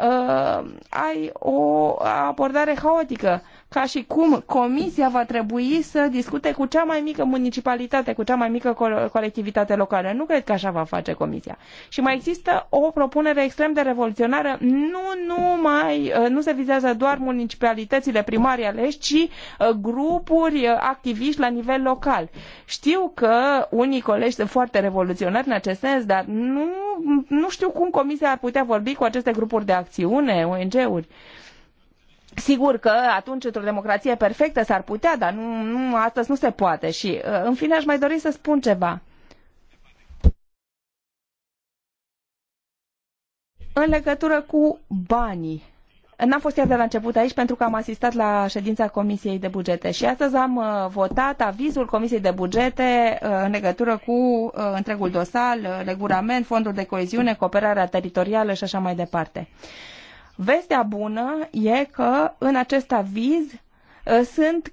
uh, ai o abordare haotică ca și cum comisia va trebui să discute cu cea mai mică municipalitate, cu cea mai mică co- colectivitate locală. Nu cred că așa va face comisia. Și mai există o propunere extrem de revoluționară. Nu, numai, uh, nu se vizează doar municipalitățile primare aleși, ci uh, grupuri uh, activiști la nivel local. Știu că unii colegi sunt foarte revoluționari în acest sens, dar nu, nu știu cum comisia ar putea vorbi cu aceste grupuri de acțiune, ONG-uri. Sigur că atunci, într-o democrație perfectă, s-ar putea, dar nu, nu, astăzi nu se poate. Și, uh, în fine, aș mai dori să spun ceva. În legătură cu banii. N-am fost chiar de la început aici pentru că am asistat la ședința Comisiei de Bugete și astăzi am uh, votat avizul Comisiei de Bugete uh, în legătură cu întregul dosar, regulament, fondul de coeziune, cooperarea teritorială și așa mai departe. Vestea bună e că în acest aviz uh, sunt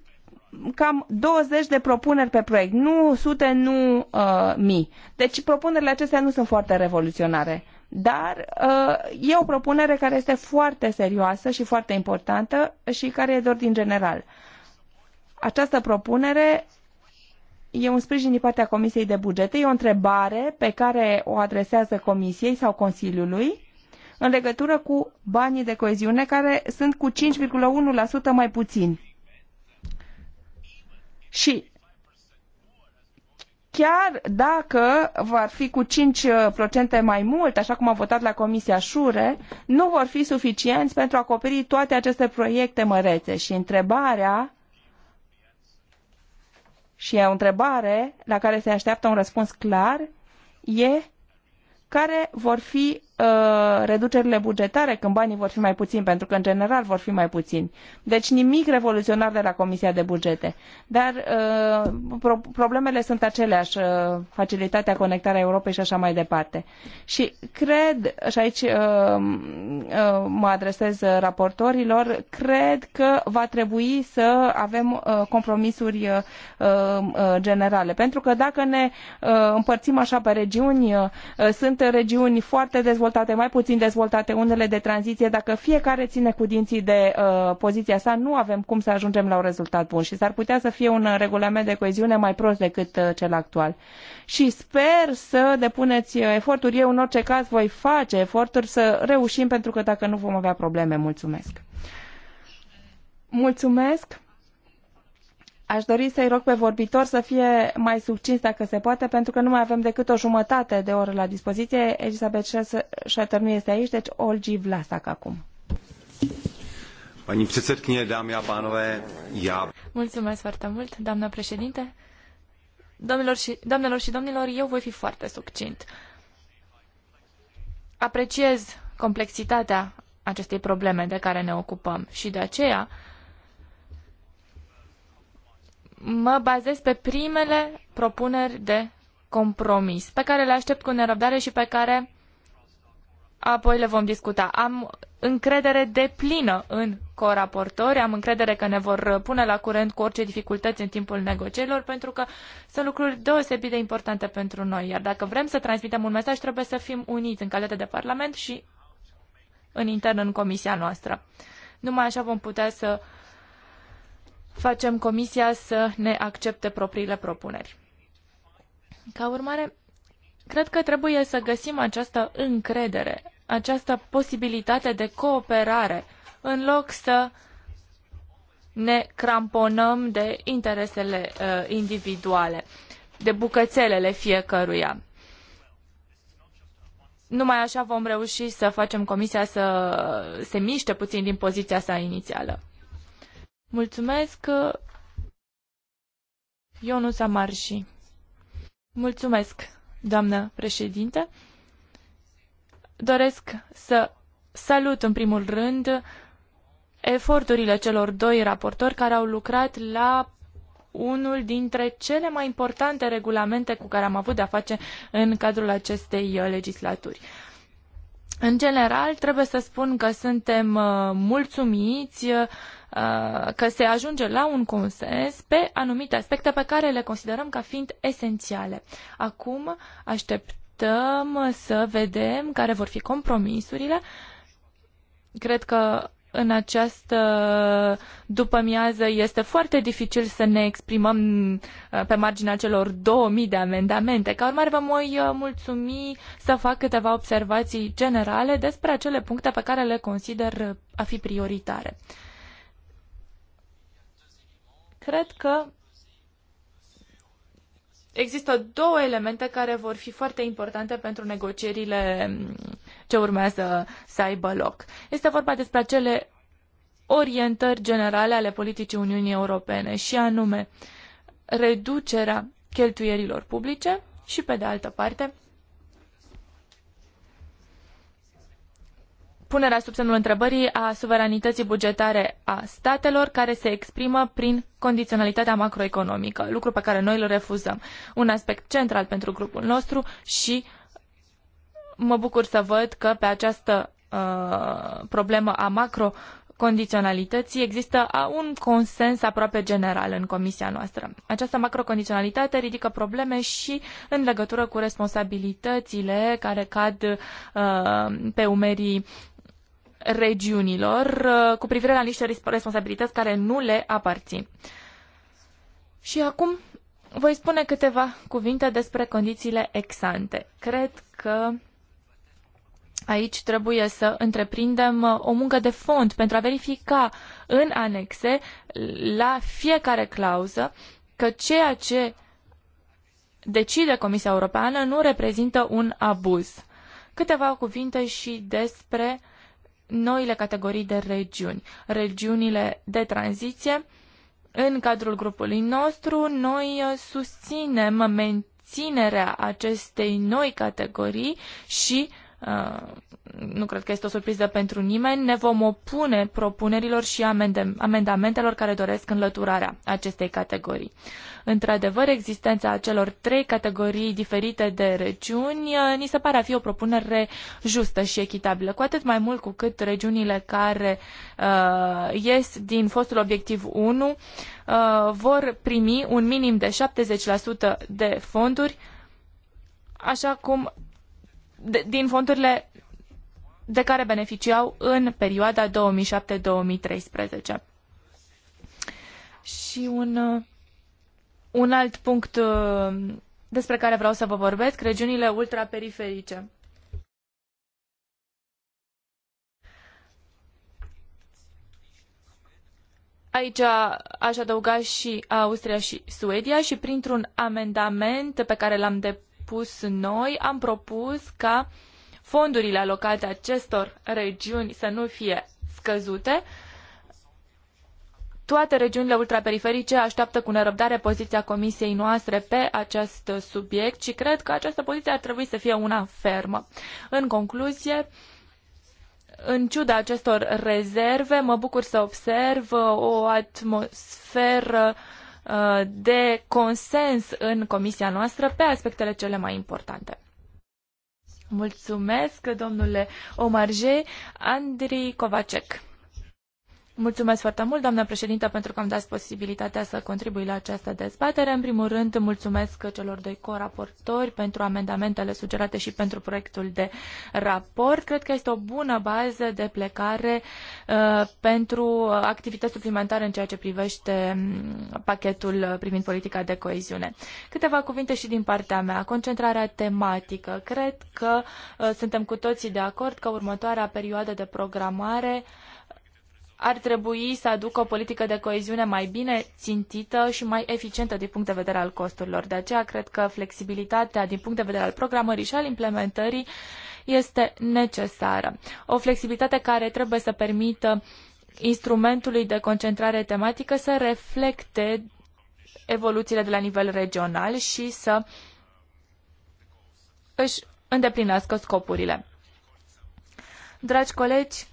cam 20 de propuneri pe proiect, nu sute, nu uh, mii. Deci propunerile acestea nu sunt foarte revoluționare, dar uh, e o propunere care este foarte serioasă și foarte importantă și care e doar din general. Această propunere e un sprijin din partea Comisiei de Bugete, e o întrebare pe care o adresează Comisiei sau Consiliului în legătură cu banii de coeziune, care sunt cu 5,1% mai puțini. Și chiar dacă vor fi cu 5% mai mult, așa cum a votat la Comisia Șure, nu vor fi suficienți pentru a acoperi toate aceste proiecte mărețe. Și întrebarea și e o întrebare la care se așteaptă un răspuns clar, e care vor fi Uh, reducerile bugetare când banii vor fi mai puțini, pentru că în general vor fi mai puțini. Deci nimic revoluționar de la Comisia de Bugete. Dar uh, pro problemele sunt aceleași, uh, facilitatea conectarea Europei și așa mai departe. Și cred, și aici uh, uh, mă adresez raportorilor, cred că va trebui să avem uh, compromisuri uh, uh, generale. Pentru că dacă ne uh, împărțim așa pe regiuni, uh, sunt regiuni foarte dezvoltate, dezvoltate, mai puțin dezvoltate, unele de tranziție, dacă fiecare ține cu dinții de uh, poziția sa, nu avem cum să ajungem la un rezultat bun și s-ar putea să fie un uh, regulament de coeziune mai prost decât uh, cel actual. Și sper să depuneți uh, eforturi. Eu, în orice caz, voi face eforturi să reușim, pentru că dacă nu vom avea probleme. Mulțumesc! Mulțumesc! Aș dori să-i rog pe vorbitor să fie mai succins dacă se poate, pentru că nu mai avem decât o jumătate de oră la dispoziție. Elisabeth Shatter nu este aici, deci Olgi Vlasac acum. Pani předsedkyně, dámy a pánové, já... Mulțumesc foarte mult, doamnă președinte. Domnilor și, doamnelor și domnilor, eu voi fi foarte succint. Apreciez complexitatea acestei probleme de care ne ocupăm și de aceea mă bazez pe primele propuneri de compromis, pe care le aștept cu nerăbdare și pe care apoi le vom discuta. Am încredere de plină în coraportori, am încredere că ne vor pune la curent cu orice dificultăți în timpul negocierilor, pentru că sunt lucruri deosebit de importante pentru noi. Iar dacă vrem să transmitem un mesaj, trebuie să fim uniți în calitate de Parlament și în intern în comisia noastră. Numai așa vom putea să uh, facem comisia să ne accepte propriile propuneri. Ca urmare, cred că trebuie să găsim această încredere, această posibilitate de cooperare, în loc să ne cramponăm de interesele uh, individuale, de bucățelele fiecăruia. Numai așa vom reuși să facem comisia să se miște puțin din poziția sa inițială. Mulțumesc, Ionus Amarși. Mulțumesc, doamnă președinte. Doresc să salut în primul rând eforturile celor doi raportori care au lucrat la unul dintre cele mai importante regulamente cu care am avut de-a face în cadrul acestei uh, legislaturi. În general, trebuie să spun că suntem uh, mulțumiți uh, Uh, că se ajunge la un consens pe anumite aspecte pe care le considerăm ca fiind esențiale. Acum așteptăm să vedem care vor fi compromisurile. Cred că în această după-miază este foarte dificil să ne exprimăm uh, pe marginea celor 2000 de amendamente. Ca urmare, vă voi uh, mulțumi să fac câteva observații generale despre acele puncte pe care le consider a fi prioritare. Cred că există două elemente care vor fi foarte importante pentru negocierile ce urmează să aibă loc. Este vorba despre acele orientări generale ale politicii Uniunii Europene și anume reducerea cheltuierilor publice și, pe de altă parte, punerea sub semnul întrebării a suveranității bugetare a statelor care se exprimă prin condiționalitatea macroeconomică, lucru pe care noi îl refuzăm. Un aspect central pentru grupul nostru și mă bucur să văd că pe această uh, problemă a macro condiționalității există un consens aproape general în comisia noastră. Această macrocondiționalitate ridică probleme și în legătură cu responsabilitățile care cad uh, pe umerii regiunilor uh, cu privire la niște responsabilități care nu le aparțin. Și acum voi spune câteva cuvinte despre condițiile exante. Cred că aici trebuie să întreprindem uh, o muncă de fond pentru a verifica în anexe la fiecare clauză că ceea ce decide Comisia Europeană nu reprezintă un abuz. Câteva cuvinte și despre uh, noile categorii de regiuni, regiunile de tranziție. În cadrul grupului nostru, noi uh, susținem menținerea acestei noi categorii și uh, Uh, nu cred că este o surpriză pentru nimeni, ne vom opune propunerilor și amendamentelor care doresc înlăturarea acestei categorii. Într-adevăr, existența acelor trei categorii diferite de regiuni uh, ni se pare a fi o propunere justă și echitabilă, cu atât mai mult cu cât regiunile care uh, ies din fostul obiectiv 1 uh, vor primi un minim de 70% de fonduri, așa cum de, din fondurile de care beneficiau în perioada 2007-2013. Și un, uh, un alt punct uh, despre care vreau să vă vorbesc, regiunile ultraperiferice. Aici aș adăuga și Austria și Suedia și printr-un amendament pe care l-am depus propus noi, am propus ca fondurile alocate acestor regiuni să nu fie scăzute. Toate regiunile ultraperiferice așteaptă cu nerăbdare poziția comisiei noastre pe acest subiect și cred că această poziție ar trebui să fie una fermă. În concluzie, în ciuda acestor rezerve, mă bucur să observ o atmosferă uh, Uh, de consens în comisia noastră pe aspectele cele mai importante. Mulțumesc, domnule Omarje, Andrei Kovacek. Mulțumesc foarte mult, doamnă președintă, pentru că am dat posibilitatea să contribui la această dezbatere. În primul rând, mulțumesc celor doi coraportori pentru amendamentele sugerate și pentru proiectul de raport. Cred că este o bună bază de plecare uh, pentru activități suplimentare în ceea ce privește mm, pachetul privind politica de coeziune. Câteva cuvinte și din partea mea. Concentrarea tematică. Cred că uh, suntem cu toții de acord că următoarea perioadă de programare uh, ar trebui să aducă o politică de coeziune mai bine țintită și mai eficientă din punct de vedere al costurilor. De aceea cred că flexibilitatea din punct de vedere al programării și al implementării este necesară. O flexibilitate care trebuie să permită instrumentului de concentrare tematică să reflecte evoluțiile de la nivel regional și să își îndeplinească scopurile. Dragi colegi,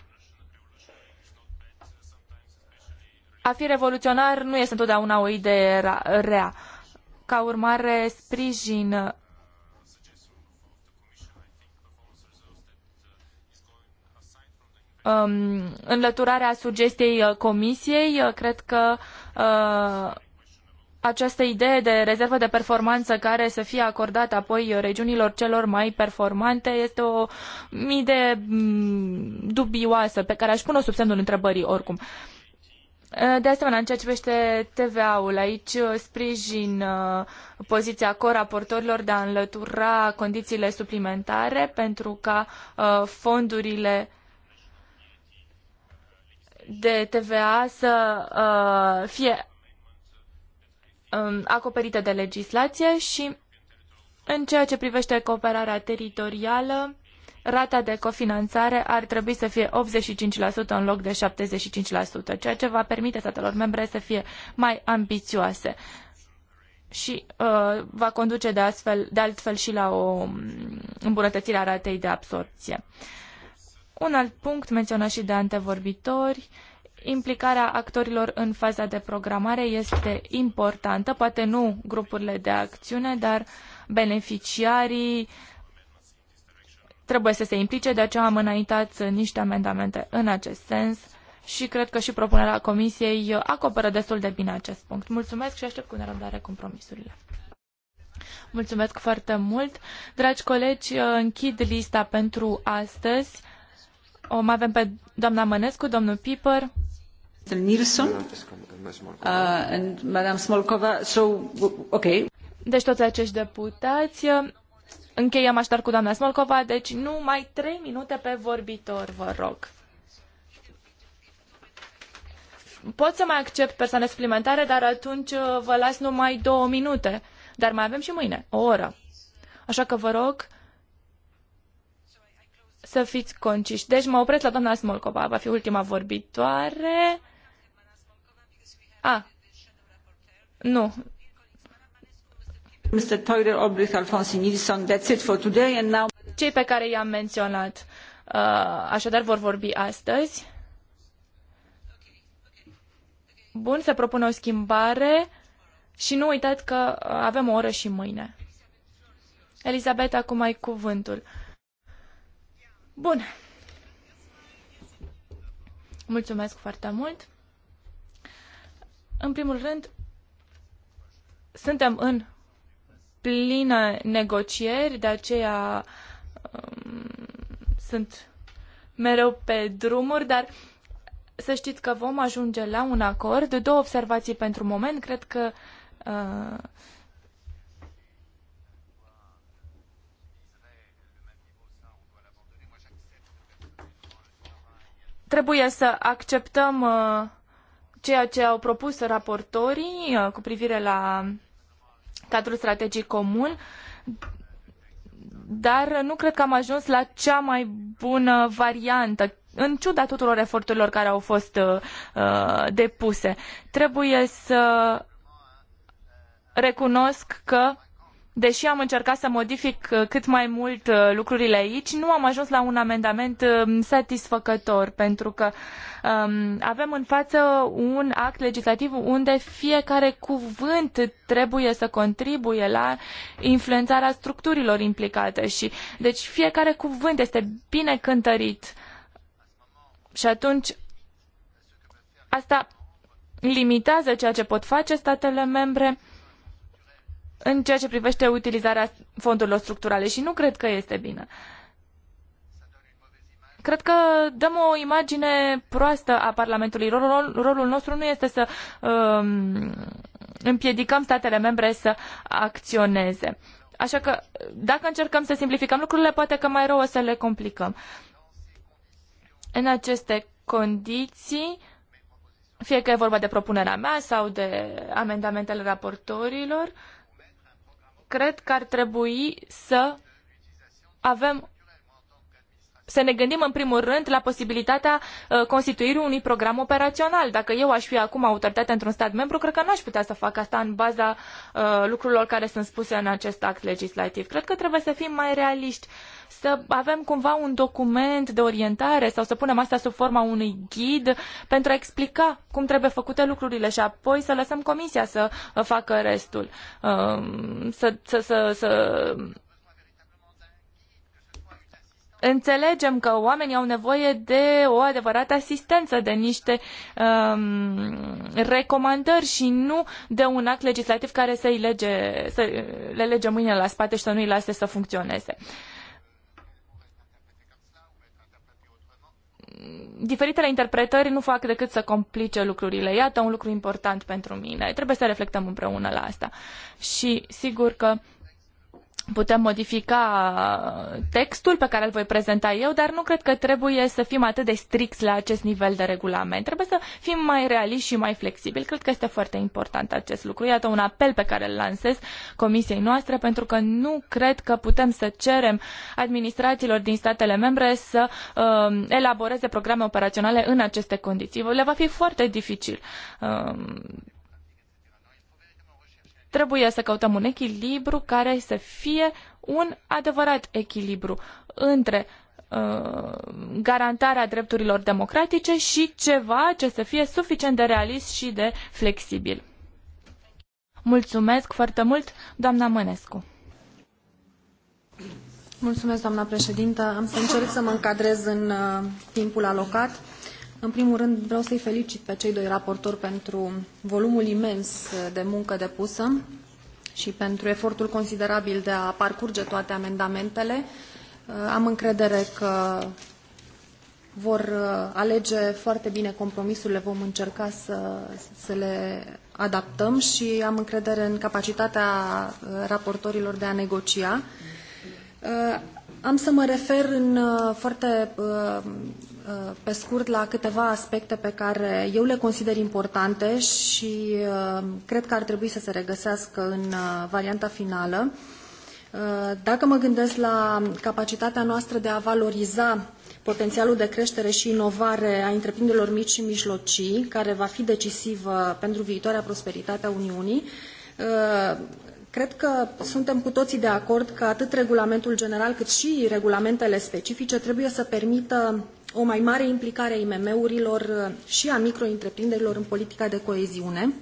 a fi revoluționar nu este întotdeauna o idee rea. Ca urmare, sprijin um, înlăturarea sugestiei uh, comisiei. Uh, cred că uh, această idee de rezervă de performanță care să fie acordată apoi uh, regiunilor celor mai performante este o idee mm, dubioasă pe care aș pune-o sub semnul întrebării oricum. Uh, Eh, de asemenea, în ceea ce privește TVA-ul, aici eh, sprijin eh, poziția coraportorilor de a înlătura condițiile suplimentare pentru ca fondurile de TVA să fie acoperite de legislație și în ceea ce privește cooperarea teritorială, rata de cofinanțare ar trebui să fie 85% în loc de 75%, ceea ce va permite statelor membre să fie mai ambițioase și uh, va conduce de, astfel, de altfel și la o mm, îmbunătățire a ratei de absorpție. Un alt punct menționat și de antevorbitori, implicarea actorilor în faza de programare este importantă, poate nu grupurile de acțiune, dar beneficiarii, uh, trebuie să se implice, de aceea am înaintat niște amendamente în acest sens și cred că și propunerea Comisiei acoperă destul de bine acest punct. Mulțumesc și aștept cu nerăbdare compromisurile. Mulțumesc foarte mult. Dragi colegi, închid lista pentru astăzi. O mai avem pe doamna Mănescu, domnul Piper. Nilsson uh, and Madame Smolkova. So, okay. Deci toți acești deputați Încheiem așadar cu doamna Smolcova, deci numai 3 minute pe vorbitor, vă rog. Pot să mai accept persoane suplimentare, dar atunci uh, vă las numai două minute. Dar mai avem și mâine, o oră. Așa că vă rog să fiți conciși. Deci mă opresc la doamna Smolcova, va fi ultima vorbitoare. A, nu, Mr. Teurer, Cei pe care i-am menționat, uh, așadar vor vorbi astăzi. Bun, se propune o schimbare și nu uitați că uh, avem o oră și mâine. Elisabeta, acum ai cuvântul. Bun. Mulțumesc foarte mult. În primul rând, suntem în plină negocieri, de aceea um, sunt mereu pe drumuri, dar să știți că vom ajunge la un acord. Două observații pentru moment. Cred că uh, trebuie să acceptăm uh, ceea ce au propus raportorii uh, cu privire la cadrul strategic comun, dar nu cred că am ajuns la cea mai bună variantă, în ciuda tuturor eforturilor care au fost uh, uh depuse. Trebuie să recunosc că deși am încercat să modific uh, cât mai mult uh, lucrurile aici, nu am ajuns la un amendament um, satisfăcător, pentru că um, avem în față un act legislativ unde fiecare cuvânt trebuie să contribuie la influențarea structurilor implicate și deci fiecare cuvânt este bine cântărit. Și atunci asta limitează ceea ce pot face statele membre în ceea ce privește utilizarea fondurilor structurale și nu cred că este bine. Cred că dăm o imagine proastă a Parlamentului. Rolul, rolul nostru nu este să um, împiedicăm statele membre să acționeze. Așa că dacă încercăm să simplificăm lucrurile, poate că mai rău o să le complicăm. În aceste condiții, fie că e vorba de propunerea mea sau de amendamentele raportorilor, uh, cred că ar trebui să avem să ne gândim în primul rând la posibilitatea uh, constituirii unui program operațional. Dacă eu aș fi acum autoritate într-un stat membru, cred că n-aș putea să fac asta în baza uh, lucrurilor care sunt spuse în acest act legislativ. Cred că trebuie să fim mai realiști să avem cumva un document de orientare sau să punem asta sub forma unui ghid pentru a explica cum trebuie făcute lucrurile și apoi să lăsăm comisia să uh, facă restul. Um, să, să, să, să înțelegem că oamenii au nevoie de o adevărată asistență, de niște um, recomandări și nu de un act legislativ care să, lege, să le lege mâinile la spate și să nu îi lase să funcționeze. Uh, diferitele interpretări nu fac decât să complice lucrurile. Iată un lucru important pentru mine. Trebuie să reflectăm împreună la asta. Și sigur că putem modifica textul pe care îl voi prezenta eu, dar nu cred că trebuie să fim atât de stricți la acest nivel de regulament. Trebuie să fim mai realiști și mai flexibili. Cred că este foarte important acest lucru. Iată un apel pe care îl lansez comisiei noastre, pentru că nu cred că putem să cerem administrațiilor din statele membre să um, elaboreze programe operaționale în aceste condiții. Le va fi foarte dificil. Uh, Trebuie să căutăm un echilibru care să fie un adevărat echilibru între uh, garantarea drepturilor democratice și ceva ce să fie suficient de realist și de flexibil. Mulțumesc foarte mult, doamna Mănescu. Mulțumesc, doamna președintă. Am să încerc să mă încadrez în uh, timpul alocat. În primul rând vreau să-i felicit pe cei doi raportori pentru volumul imens de muncă depusă și pentru efortul considerabil de a parcurge toate amendamentele. Uh, am încredere că vor uh, alege foarte bine compromisurile, vom încerca să, să le adaptăm și am încredere în capacitatea uh, raportorilor de a negocia. Am să mă refer în foarte pe scurt la câteva aspecte pe care eu le consider importante și uh, cred că ar trebui să se regăsească în uh, varianta finală. Uh, dacă mă gândesc la capacitatea noastră de a valoriza potențialul de creștere și inovare a întreprinderilor mici și mijlocii, care va fi decisivă pentru viitoarea prosperitate a Uniunii, Cred că suntem cu toții de acord că atât regulamentul general cât și regulamentele specifice trebuie să permită o mai mare implicare a IMM-urilor uh, și a micro în politica de coeziune.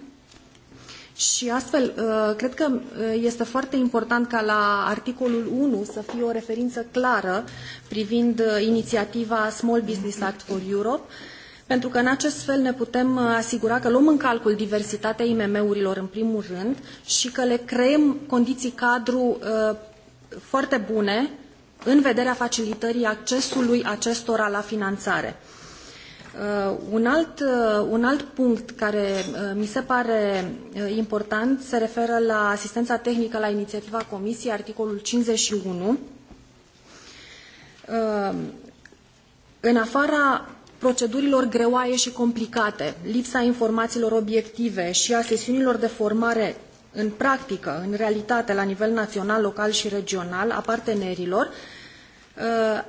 Și astfel, uh, cred că uh, este foarte important ca la articolul 1 să fie o referință clară privind inițiativa Small Business Act for Europe, pentru că în acest fel ne putem asigura că luăm în calcul diversitatea IMM-urilor în primul rând și că le creăm condiții cadru foarte bune în vederea facilitării accesului acestora la finanțare. Uh, un alt, uh, un alt punct care uh, mi se pare important se referă la asistența tehnică la inițiativa Comisiei, articolul 51. În afara procedurilor greoaie și complicate, lipsa informațiilor obiective și a sesiunilor de formare în practică, în realitate, la nivel național, local și regional, a partenerilor, uh,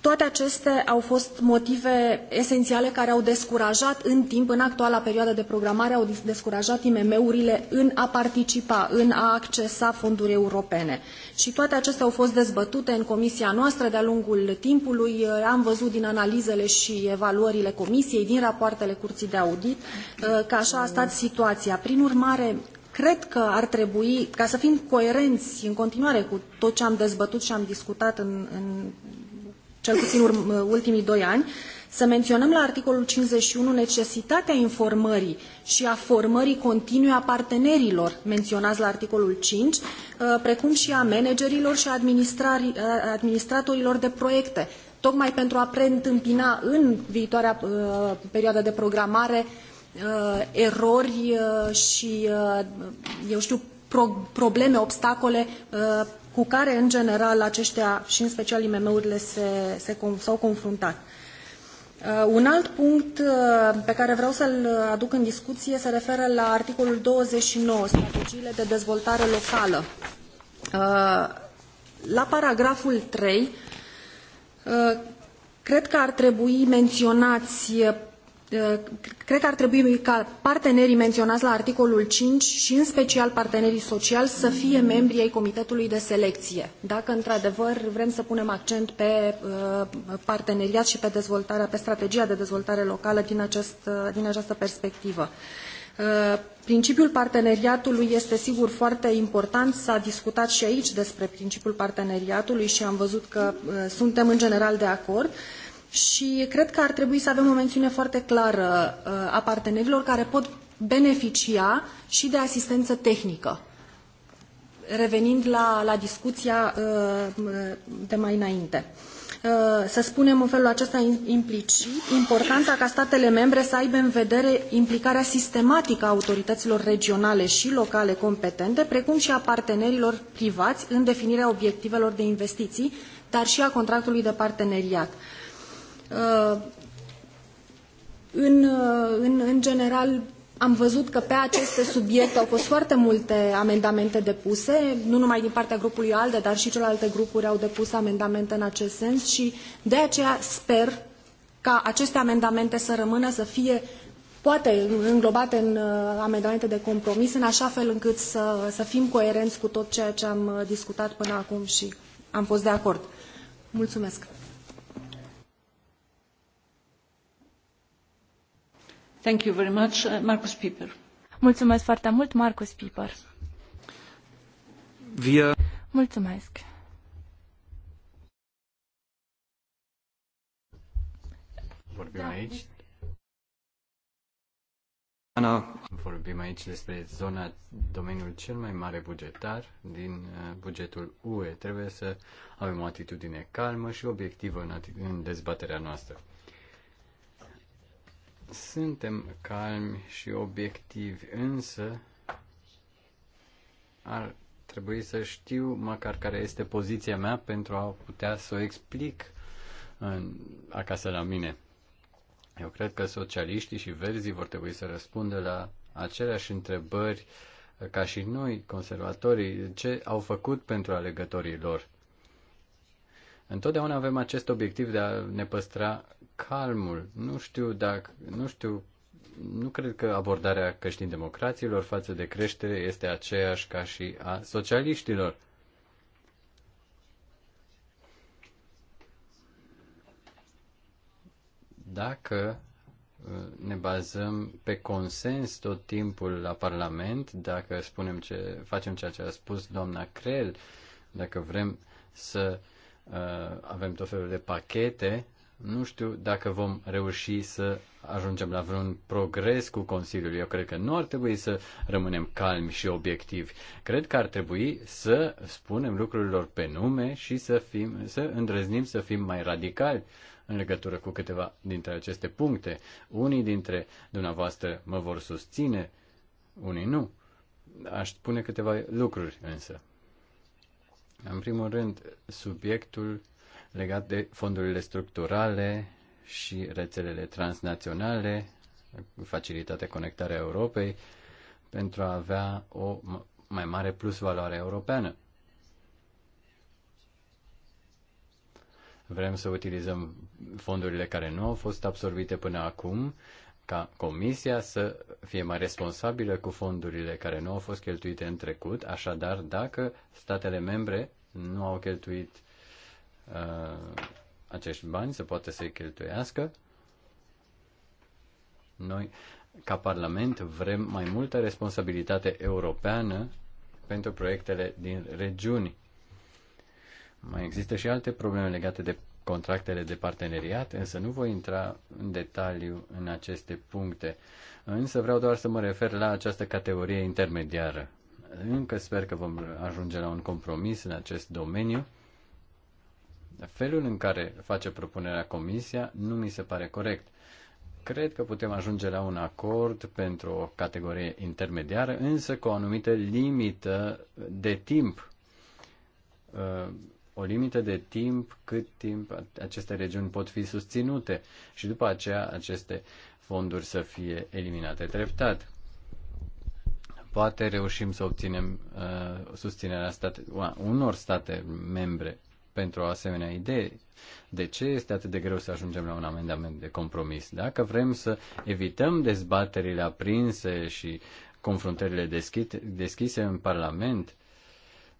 toate acestea au fost motive esențiale care au descurajat în timp, în actuala perioadă de programare, au descurajat IMM-urile în a participa, în a accesa fonduri europene. Și toate acestea au fost dezbătute în comisia noastră de-a lungul timpului. Uh, am văzut din analizele și evaluările comisiei, din rapoartele curții de audit, uh, că așa a stat situația. Prin urmare, Cred că ar trebui, ca să fim coerenți în continuare cu tot ce am dezbătut și am discutat în, în cel puțin ultimii doi ani, să menționăm la articolul 51 necesitatea informării și a formării continue a partenerilor menționați la articolul 5, uh, precum și a managerilor și a uh, administratorilor de proiecte, tocmai pentru a preîntâmpina în viitoarea uh, perioadă de programare Uh, erori uh, și, uh, eu știu, pro probleme, obstacole cu care, în general, aceștia și în special IMM-urile s-au confruntat. Un alt punct pe care vreau să-l aduc în discuție se referă la articolul 29, strategiile de dezvoltare locală. La paragraful 3, cred că ar trebui menționați Eh, cred că ar trebui ca partenerii menționați la articolul 5 și în special partenerii sociali să fie membri ai comitetului de selecție, dacă într-adevăr vrem să punem accent pe eh, parteneriat și pe dezvoltarea, pe strategia de dezvoltare locală din, acest, eh, din această perspectivă. Principiul parteneriatului este sigur foarte important, s-a discutat și aici despre principiul parteneriatului și am văzut că suntem în general de acord, și cred că ar trebui să avem o mențiune foarte clară uh, a partenerilor care pot beneficia și de asistență tehnică. Revenind la, la discuția uh, de mai înainte uh, să spunem în felul acesta implicit, importanța ca statele membre să aibă în vedere implicarea sistematică a autorităților regionale și locale competente, precum și a partenerilor privați în definirea obiectivelor de investiții, dar și a contractului de parteneriat. Uh, în, uh, în, în general, am văzut că pe aceste subiecte au fost foarte multe amendamente depuse, nu numai din partea grupului ALDE, dar și celelalte grupuri au depus amendamente în acest sens și de aceea sper ca aceste amendamente să rămână, să fie poate înglobate în uh, amendamente de compromis, în așa fel încât să, să fim coerenți cu tot ceea ce am discutat până acum și am fost de acord. Mulțumesc! Uh, Mulțumesc foarte mult, Marcus Mulțumesc. Vorbim da. aici. Ana. Vorbim aici despre zona, domeniul cel mai mare bugetar din uh, bugetul UE. Trebuie să avem o atitudine calmă și obiectivă în, în dezbaterea noastră. Suntem calmi și obiectivi, însă ar trebui să știu măcar care este poziția mea pentru a putea să o explic în, acasă la mine. Eu cred că socialiștii și verzii vor trebui să răspundă la aceleași întrebări ca și noi, conservatorii, ce au făcut pentru alegătorii lor. Întotdeauna avem acest obiectiv de a ne păstra calmul. Nu știu dacă, nu știu, nu cred că abordarea creștin democraților față de creștere este aceeași ca și a socialiștilor. Dacă uh, ne bazăm pe consens tot timpul la Parlament, dacă spunem ce, facem ceea ce a spus doamna Crel, dacă vrem să uh, avem tot felul de pachete, nu știu dacă vom reuși să ajungem la vreun progres cu Consiliul. Eu cred că nu ar trebui să rămânem calmi și obiectivi. Cred că ar trebui să spunem lucrurilor pe nume și să, fim, să îndrăznim să fim mai radicali în legătură cu câteva dintre aceste puncte. Unii dintre dumneavoastră mă vor susține, unii nu. Aș spune câteva lucruri însă. În primul rând, subiectul legat de fondurile structurale și rețelele transnaționale, facilitatea conectarea Europei, pentru a avea o mai mare plus valoare europeană. Vrem să utilizăm fondurile care nu au fost absorbite până acum, ca Comisia să fie mai responsabilă cu fondurile care nu au fost cheltuite în trecut, așadar dacă statele membre nu au cheltuit uh, Uh, acești bani, să poată să-i cheltuiască. Noi, ca Parlament, vrem mai multă responsabilitate europeană pentru proiectele din regiuni. Mai există și alte probleme legate de contractele de parteneriat, însă nu voi intra în detaliu în aceste puncte. Însă vreau doar să mă refer la această categorie intermediară. Încă sper că vom ajunge la un compromis în acest domeniu Felul în care face propunerea Comisia nu mi se pare corect. Cred că putem ajunge la un acord pentru o categorie intermediară, însă cu o anumită limită de timp. Uh, o limită de timp cât timp aceste regiuni pot fi susținute și după aceea aceste fonduri să fie eliminate treptat poate reușim să obținem uh, susținerea state, uh, unor state membre pentru o asemenea idee. De ce este atât de greu să ajungem la un amendament de compromis? Dacă vrem să evităm dezbaterile aprinse și confruntările deschise în Parlament,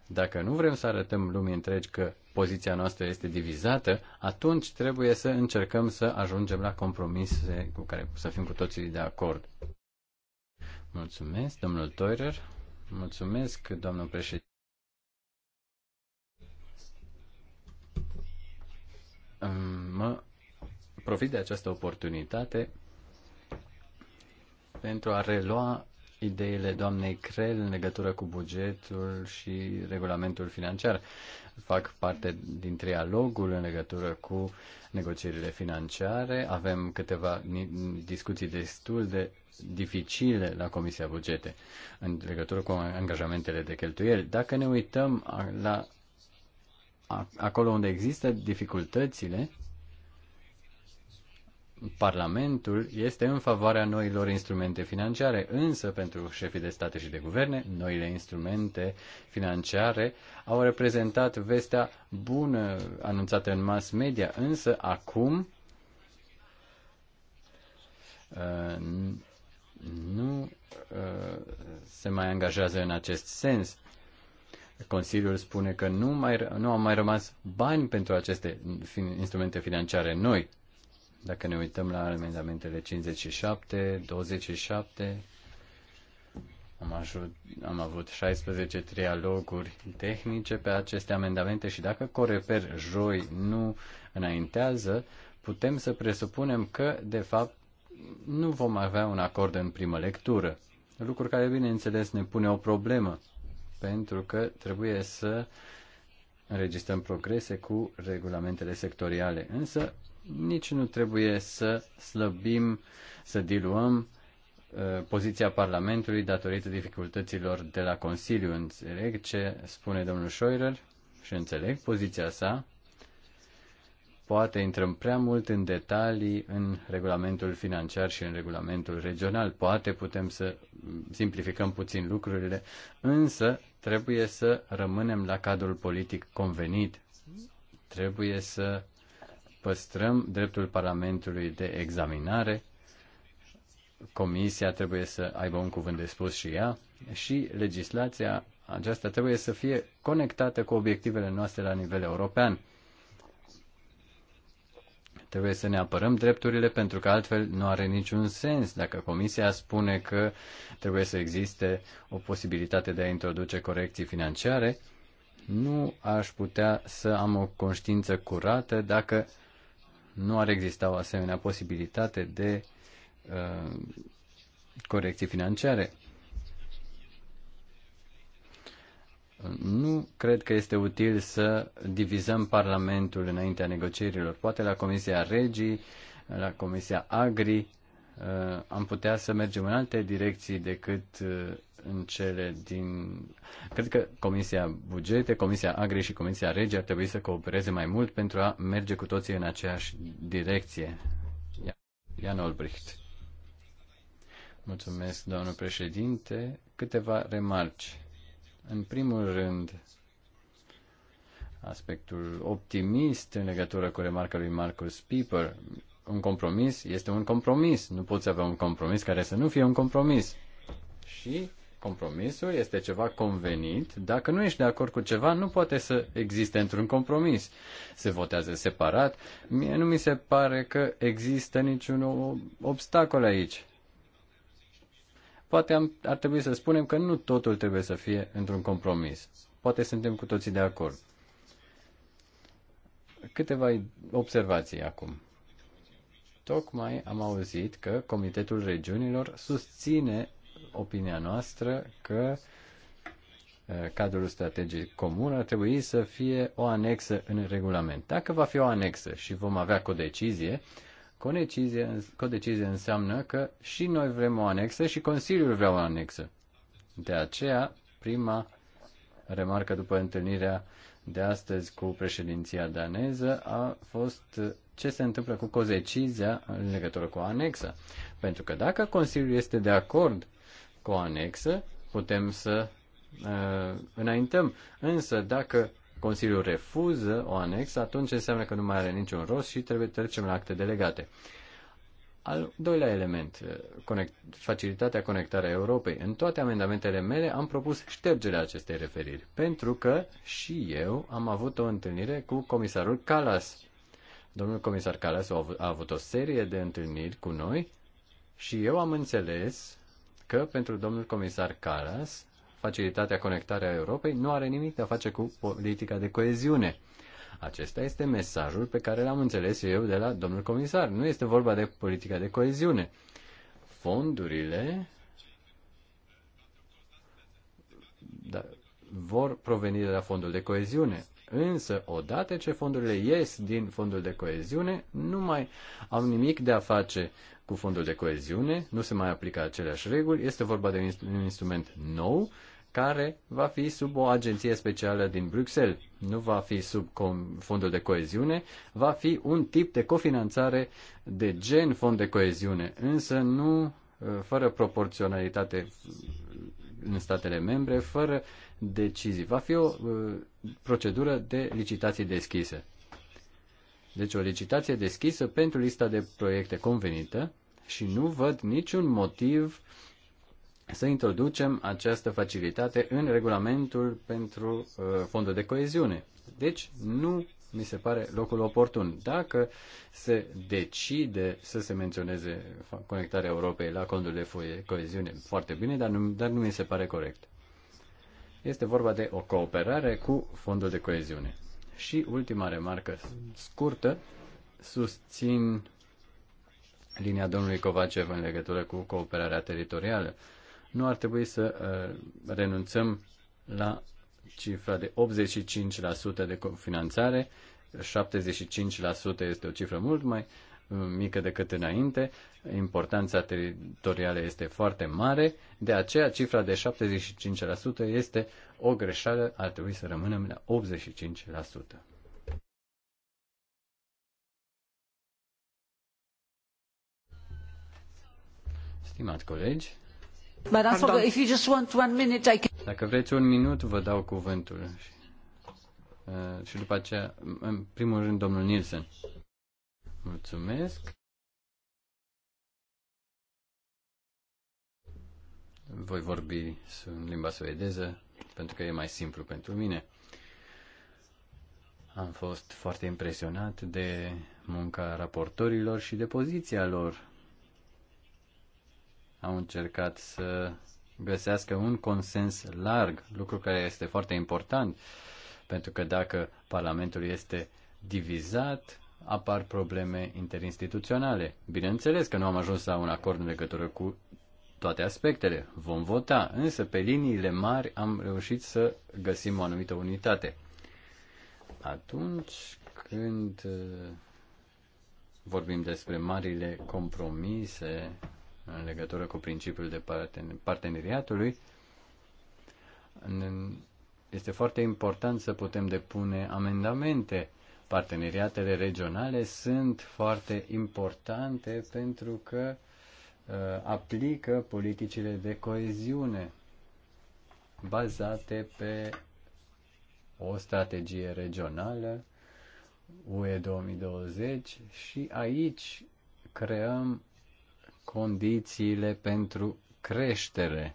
dacă nu vrem să arătăm lumii întregi că poziția noastră este divizată, atunci trebuie să încercăm să ajungem la compromise cu care să fim cu toții de acord. Mulțumesc, domnul Toirer. Mulțumesc, doamnă președinte. mă profit de această oportunitate pentru a relua ideile doamnei Crel în legătură cu bugetul și regulamentul financiar. Fac parte din trialogul în legătură cu negocierile financiare. Avem câteva discuții destul de dificile la Comisia Bugete în legătură cu angajamentele de cheltuieli. Dacă ne uităm la acolo unde există dificultățile, Parlamentul este în favoarea noilor instrumente financiare, însă pentru șefii de state și de guverne, noile instrumente financiare au reprezentat vestea bună anunțată în mass media, însă acum uh, nu uh, se mai angajează în acest sens. Consiliul spune că nu, mai, nu au mai rămas bani pentru aceste instrumente financiare noi. Dacă ne uităm la amendamentele 57, 27, am, ajut, am avut 16 trialoguri tehnice pe aceste amendamente și dacă Coreper joi nu înaintează, putem să presupunem că, de fapt, nu vom avea un acord în primă lectură. Lucru care, bineînțeles, ne pune o problemă pentru că trebuie să înregistrăm progrese cu regulamentele sectoriale. Însă nici nu trebuie să slăbim, să diluăm uh, poziția Parlamentului datorită dificultăților de la Consiliu. Înțeleg ce spune domnul Scheurer și înțeleg poziția sa. Poate intrăm prea mult în detalii în regulamentul financiar și în regulamentul regional. Poate putem să simplificăm puțin lucrurile, însă Trebuie să rămânem la cadrul politic convenit. Trebuie să păstrăm dreptul Parlamentului de examinare. Comisia trebuie să aibă un cuvânt de spus și ea și legislația aceasta trebuie să fie conectată cu obiectivele noastre la nivel european Trebuie să ne apărăm drepturile pentru că altfel nu are niciun sens dacă Comisia spune că trebuie să existe o posibilitate de a introduce corecții financiare. Nu aș putea să am o conștiință curată dacă nu ar exista o asemenea posibilitate de uh, corecții financiare. Nu cred că este util să divizăm Parlamentul înaintea negocierilor. Poate la Comisia Regii, la Comisia Agri, uh, am putea să mergem în alte direcții decât uh, în cele din... Cred că Comisia Bugete, Comisia Agri și Comisia Regii ar trebui să coopereze mai mult pentru a merge cu toții în aceeași direcție. Jan Olbricht. Mulțumesc, doamnă președinte. Câteva remarci. În primul rând, aspectul optimist în legătură cu remarca lui Marcus Piper. Un compromis este un compromis. Nu poți avea un compromis care să nu fie un compromis. Și compromisul este ceva convenit. Dacă nu ești de acord cu ceva, nu poate să existe într-un compromis. Se votează separat. Mie nu mi se pare că există niciun obstacol aici. Poate am, ar trebui să spunem că nu totul trebuie să fie într-un compromis. Poate suntem cu toții de acord. Câteva observații acum. Tocmai am auzit că Comitetul Regiunilor susține opinia noastră că cadrul strategic comun ar trebui să fie o anexă în regulament. Dacă va fi o anexă și vom avea codecizie, Codecizie, codecizie înseamnă că și noi vrem o anexă și Consiliul vrea o anexă. De aceea, prima remarcă după întâlnirea de astăzi cu președinția daneză a fost ce se întâmplă cu codecizia în legătură cu anexa. Pentru că dacă Consiliul este de acord cu o anexă, putem să uh, înaintăm. Însă, dacă Consiliul refuză o anexă, atunci înseamnă că nu mai are niciun rost și trebuie trecem la acte delegate. Al doilea element, eh, conect, facilitatea conectarea Europei. În toate amendamentele mele am propus ștergerea acestei referiri, pentru că și eu am avut o întâlnire cu comisarul Calas. Domnul comisar Calas a avut, a avut o serie de întâlniri cu noi și eu am înțeles că pentru domnul comisar Calas facilitatea conectarea Europei nu are nimic de a face cu politica de coeziune. Acesta este mesajul pe care l-am înțeles eu de la domnul comisar. Nu este vorba de politica de coeziune. Fondurile da, vor proveni de la fondul de coeziune. Însă, odată ce fondurile ies din fondul de coeziune, nu mai au nimic de a face cu fondul de coeziune, nu se mai aplică aceleași reguli, este vorba de un instrument nou care va fi sub o agenție specială din Bruxelles. Nu va fi sub fondul de coeziune, va fi un tip de cofinanțare de gen fond de coeziune, însă nu ă, fără proporționalitate în statele membre, fără decizii. Va fi o ă, procedură de licitații deschise. Deci o licitație deschisă pentru lista de proiecte convenită și nu văd niciun motiv uh, să introducem această facilitate în regulamentul pentru uh, fondul de coeziune. Deci nu mi se pare locul oportun. Dacă se decide să se menționeze conectarea Europei la condul de foie, coeziune, foarte bine, dar nu, dar nu mi se pare corect. Este vorba de o cooperare cu fondul de coeziune. Și ultima remarcă scurtă, susțin linia domnului Covacev în legătură cu cooperarea teritorială. Uh, nu ar trebui să uh, renunțăm la cifra de 85% de finanțare, 75% este o cifră mult mai uh, mică decât înainte, importanța teritorială este foarte mare, de aceea cifra de 75% este o greșeală, ar trebui să rămânem la 85%. Stimați colegi, dacă vreți un minut, vă dau cuvântul. Uh, și după aceea, în primul rând, domnul Nielsen. Mulțumesc. Voi vorbi în limba suedeză, pentru că e mai simplu pentru mine. Am fost foarte impresionat de munca raportorilor și de poziția lor au încercat să găsească un consens larg, lucru care este foarte important, pentru că dacă Parlamentul este divizat, apar probleme interinstituționale. Bineînțeles că nu am ajuns la un acord în legătură cu toate aspectele. Vom vota, însă pe liniile mari am reușit să găsim o anumită unitate. Atunci când uh, vorbim despre marile compromise în legătură cu principiul de parteneriatului, este foarte important să putem depune amendamente. Parteneriatele regionale sunt foarte importante pentru că uh, aplică politicile de coeziune bazate pe o strategie regională UE 2020 și aici creăm condițiile pentru creștere.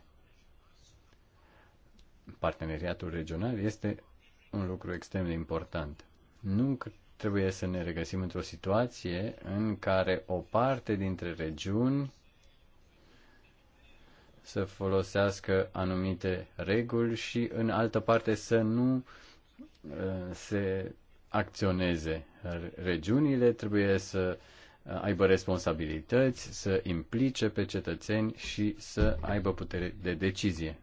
Parteneriatul regional este un lucru extrem de important. Nu trebuie să ne regăsim într-o situație în care o parte dintre regiuni să folosească anumite reguli și în altă parte să nu uh, se acționeze. Regiunile trebuie să aibă responsabilități, să implice pe cetățeni și să aibă putere de decizie.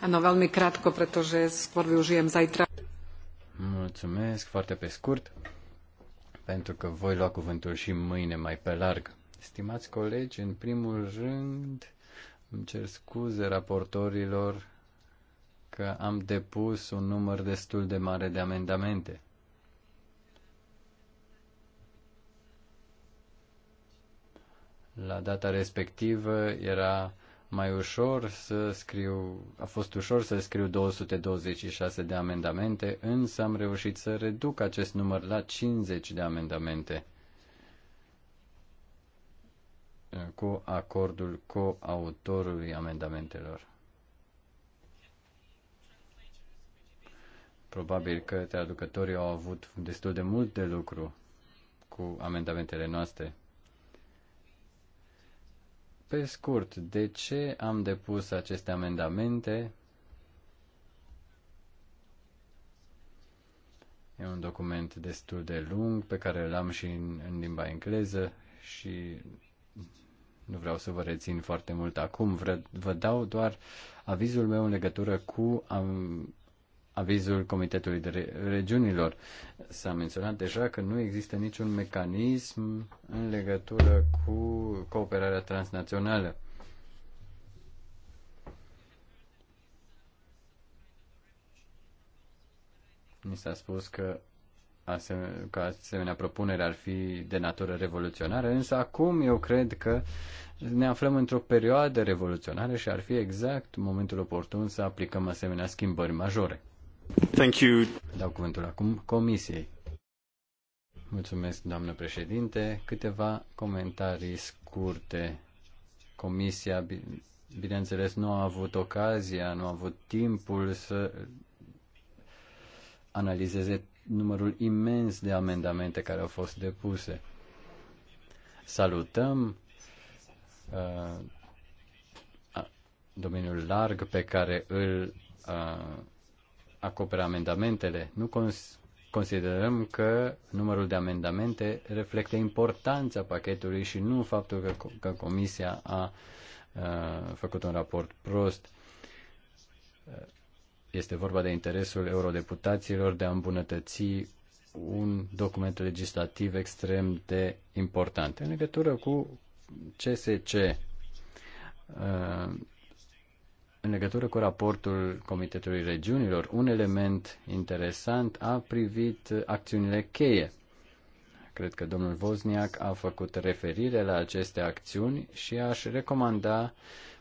Ano, veľmi krátko, pretože skôr využijem zajtra. Mulțumesc, foarte pe scurt, pentru că voi lua cuvântul și mâine mai pe larg. Stimați colegi, în primul rând îmi cer scuze raportorilor că am depus un număr destul de mare de amendamente. la data respectivă era mai ușor să scriu, a fost ușor să scriu 226 de amendamente, însă am reușit să reduc acest număr la 50 de amendamente cu acordul coautorului amendamentelor. Probabil că traducătorii au avut destul de mult de lucru cu amendamentele noastre. Pe scurt, de ce am depus aceste amendamente? E un document destul de lung pe care l-am și în, în limba engleză și nu vreau să vă rețin foarte mult acum. Vre, vă dau doar avizul meu în legătură cu am, avizul Comitetului de Regiunilor. S-a menționat deja că nu există niciun mecanism în legătură cu cooperarea transnațională. Mi s-a spus că, că asemenea propunere ar fi de natură revoluționară, însă acum eu cred că ne aflăm într-o perioadă revoluționară și ar fi exact momentul oportun să aplicăm asemenea schimbări majore. Thank you. Dau cuvântul acum Comisiei. Mulțumesc, doamnă președinte. Câteva comentarii scurte. Comisia, bineînțeles, nu a avut ocazia, nu a avut timpul să analizeze numărul imens de amendamente care au fost depuse. Salutăm uh, domeniul larg pe care îl uh, acoperă amendamentele. Nu cons- considerăm că numărul de amendamente reflectă importanța pachetului și nu faptul că, că Comisia a, a făcut un raport prost. Este vorba de interesul eurodeputaților de a îmbunătăți un document legislativ extrem de important. În legătură cu CSC, în legătură cu raportul Comitetului Regiunilor, un element interesant a privit acțiunile cheie. Cred că domnul Vozniak a făcut referire la aceste acțiuni și aș recomanda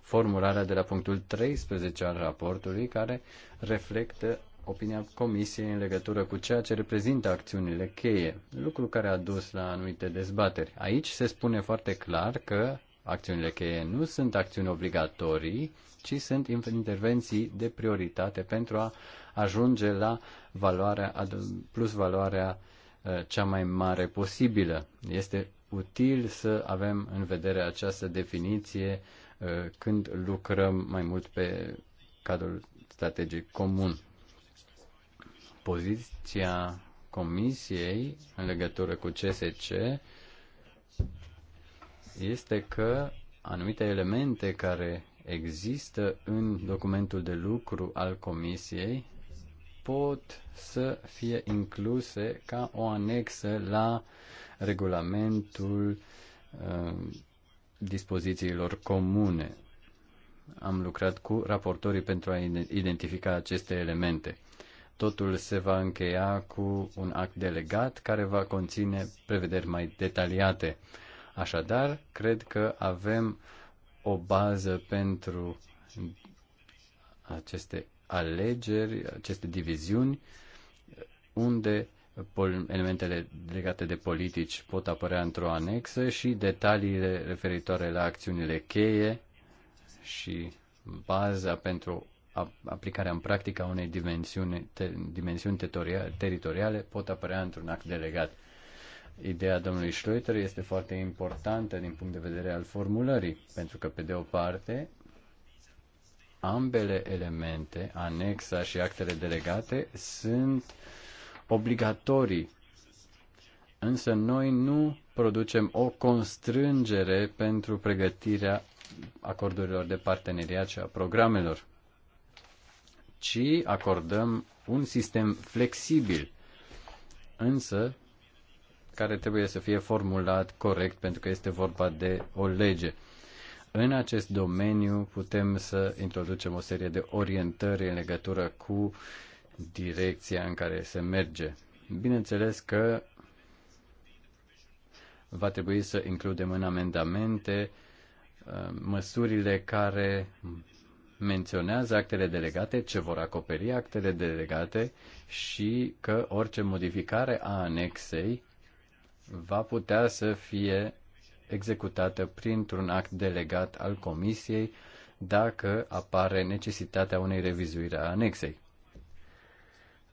formularea de la punctul 13 al raportului, care reflectă opinia Comisiei în legătură cu ceea ce reprezintă acțiunile cheie, lucru care a dus la anumite dezbateri. Aici se spune foarte clar că acțiunile cheie nu sunt acțiuni obligatorii, ci sunt intervenții de prioritate pentru a ajunge la valoarea, plus valoarea uh, cea mai mare posibilă. Este util să avem în vedere această definiție uh, când lucrăm mai mult pe cadrul strategic comun. Poziția Comisiei în legătură cu CSC este că anumite elemente care există în documentul de lucru al Comisiei pot să fie incluse ca o anexă la regulamentul uh, dispozițiilor comune. Am lucrat cu raportorii pentru a identifica aceste elemente. Totul se va încheia cu un act delegat care va conține prevederi mai detaliate. Așadar, cred că avem uh, o bază pentru aceste alegeri, aceste diviziuni, unde elementele legate de politici pot apărea într-o anexă și detaliile referitoare la acțiunile cheie și baza pentru aplicarea în practică a unei dimensiuni, te, dimensiuni teritoriale pot apărea într-un act delegat. Ideea domnului Schleuter este foarte importantă din punct de vedere al formulării, pentru că, pe de o parte, ambele elemente, anexa și actele delegate, sunt obligatorii. Însă noi nu producem o constrângere pentru pregătirea acordurilor de parteneriat și a programelor, ci acordăm un sistem flexibil. Însă care trebuie să fie formulat corect pentru că este vorba de o lege. În acest domeniu putem să introducem o serie de orientări în legătură cu direcția în care se merge. Bineînțeles că va trebui să includem în amendamente uh, măsurile care menționează actele delegate, ce vor acoperi actele delegate și că orice modificare a anexei va putea să fie executată printr-un act delegat al Comisiei dacă apare necesitatea unei revizuiri a anexei.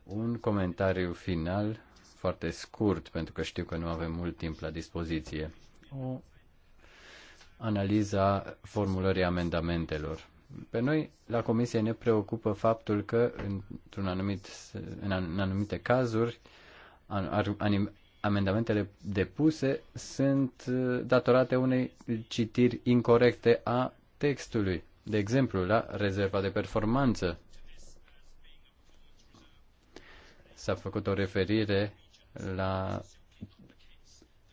Un comentariu final foarte scurt, pentru că știu că nu avem mult timp la dispoziție. O analiza formulării amendamentelor. Pe noi, la Comisie, ne preocupă faptul că, într-un anumit, în anumite cazuri, amendamentele depuse sunt uh, datorate unei citiri incorrecte a textului. De exemplu, la rezerva de performanță s-a făcut o referire la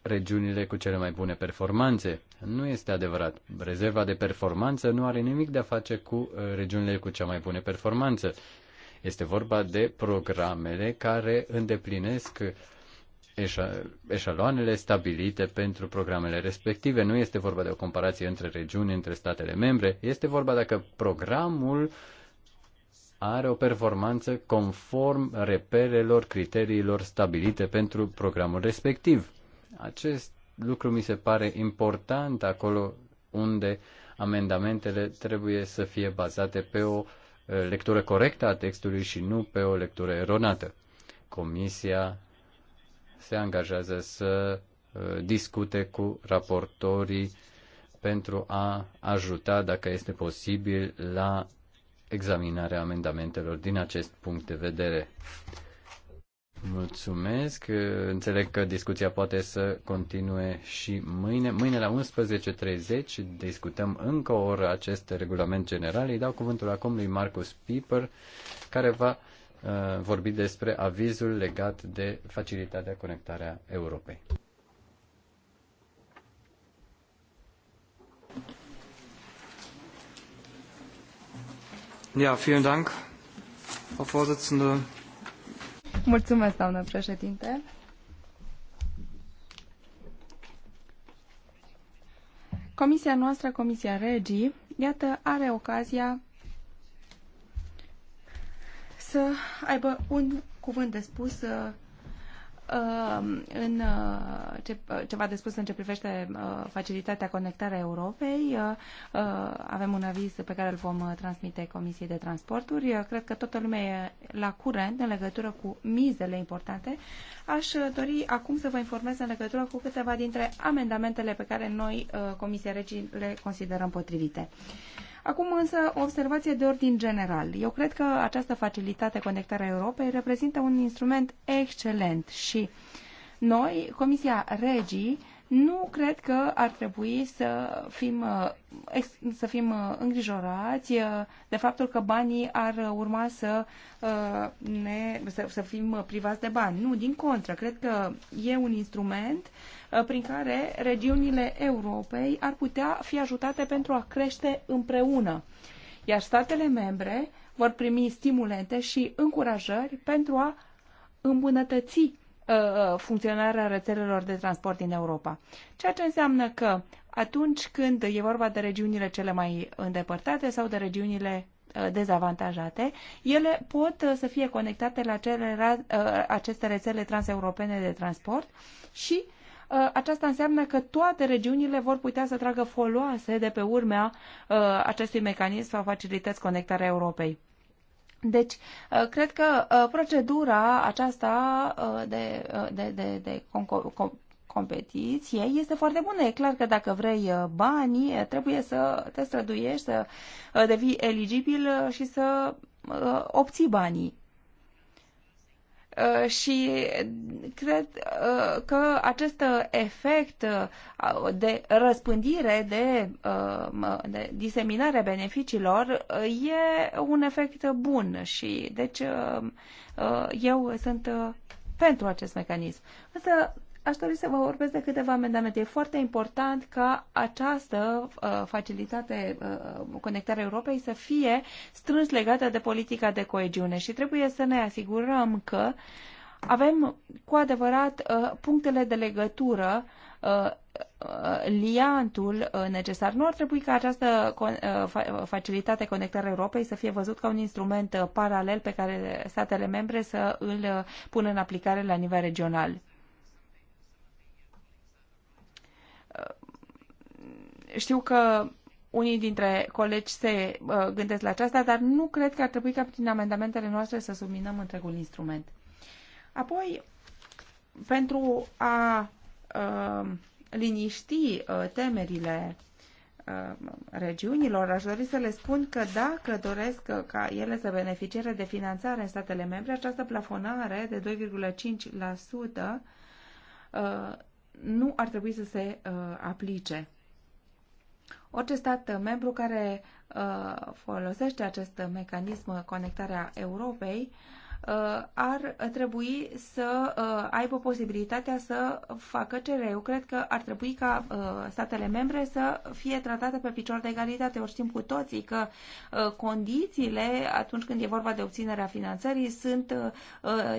regiunile cu cele mai bune performanțe. Nu este adevărat. Rezerva de performanță nu are nimic de a face cu uh, regiunile cu cea mai bună performanță. Este vorba de programele care îndeplinesc eșaloanele stabilite pentru programele respective. Nu este vorba de o comparație între regiuni, între statele membre, este vorba dacă programul are o performanță conform reperelor, criteriilor stabilite pentru programul respectiv. Acest lucru mi se pare important acolo unde amendamentele trebuie să fie bazate pe o eh, lectură corectă a textului și nu pe o lectură eronată. Comisia se angajează să uh, discute cu raportorii pentru a ajuta, dacă este posibil, la examinarea amendamentelor din acest punct de vedere. Mulțumesc. Înțeleg că discuția poate să continue și mâine. Mâine la 11.30 discutăm încă o oră acest regulament general. Îi dau cuvântul acum lui Marcus Piper, care va Uh, vorbit despre avizul legat de facilitatea conectarea Europei. Ja, vielen Dank, Frau Vorsitzende. Mulțumesc, doamnă președinte. Comisia noastră, Comisia Regii, iată, are ocazia să aibă un cuvânt de spus uh, uh, în uh, ce, ceva de spus în ce privește facilitatea conectarea Europei. Avem un aviz pe care îl vom transmite Comisiei de Transporturi. Cred că toată lumea e la curent în legătură cu mizele importante. Aș dori acum să vă informez în legătură cu câteva dintre amendamentele pe care noi, Comisia Regii, le considerăm potrivite. Acum însă o observație de ordin general. Eu cred că această facilitate Conectarea Europei reprezintă un instrument excelent și noi, Comisia Regii, nu cred că ar trebui să fim, uh, să fim uh, îngrijorați uh, de faptul că banii ar urma să, ne, să, să fim privați de bani. Nu, din contră, cred că e un instrument Uh, prin care regiunile Europei ar putea fi ajutate pentru a crește împreună, iar statele membre vor primi stimulente și încurajări pentru a îmbunătăți uh, uh, funcționarea rețelelor de transport din Europa. Ceea ce înseamnă că atunci când e vorba de regiunile cele mai îndepărtate sau de regiunile dezavantajate, ele pot să fie conectate la cele, aceste rețele transeuropene de transport și Ă, aceasta înseamnă că toate regiunile vor putea să tragă foloase de pe urmea ă, acestui mecanism sau facilități conectarea Europei. Deci, ă, cred că procedura aceasta de, de, de, de competiție este foarte bună. E clar că dacă vrei bani, trebuie să te străduiești, să devii eligibil și să obții banii. Uh, și cred uh, că acest efect uh, de răspândire, de, de diseminare beneficiilor e un efect bun și deci eu sunt pentru acest mecanism. Însă aș dori să vă vorbesc de câteva amendamente. E foarte important ca această uh, facilitate uh, conectarea Europei să fie strâns legată de politica de coeziune și trebuie să ne asigurăm că avem cu adevărat uh, punctele de legătură uh, uh liantul uh, necesar. Nu ar trebui ca această uh, facilitate conectarea Europei să fie văzut ca un instrument paralel pe care statele membre să îl pună în aplicare la nivel regional. Știu că unii dintre colegi se uh, gândesc la aceasta, dar nu cred că ar trebui ca prin amendamentele noastre să subminăm întregul instrument. Apoi, pentru a uh, liniști uh, temerile uh, regiunilor, aș dori să le spun că dacă doresc uh, ca ele să beneficieze de finanțare în statele membre, această plafonare de 2,5% uh, nu ar trebui să se aplice. Orice stat membru care uh, folosește acest mecanism conectarea Europei Uh, ar trebui să uh, aibă posibilitatea să facă cerere. Eu cred că ar trebui ca uh, statele membre să fie tratate pe picior de egalitate. O știm cu toții că condițiile atunci când e vorba de obținerea finanțării sunt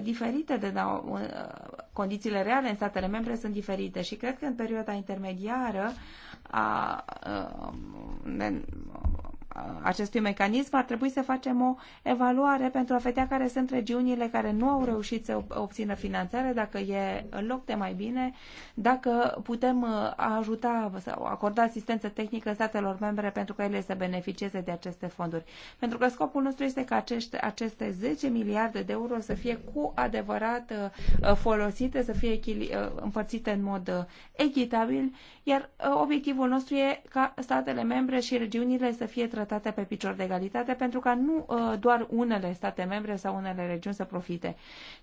diferite de da, condițiile reale în statele membre sunt diferite și cred că în perioada intermediară a, a, acestui mecanism, ar trebui să facem o evaluare pentru a vedea care sunt regiunile care nu au reușit să obțină finanțare, dacă e loc de mai bine, dacă putem uh, ajuta sau acorda asistență tehnică statelor membre pentru că ele să beneficieze de aceste fonduri. Pentru că scopul nostru este ca acești, aceste 10 miliarde de euro să fie cu adevărat uh, folosite, să fie uh, împărțite în mod echitabil, iar obiectivul nostru e ca statele membre și regiunile să fie tratate tratate pe picior de egalitate pentru ca nu uh, doar unele state membre sau unele regiuni să profite,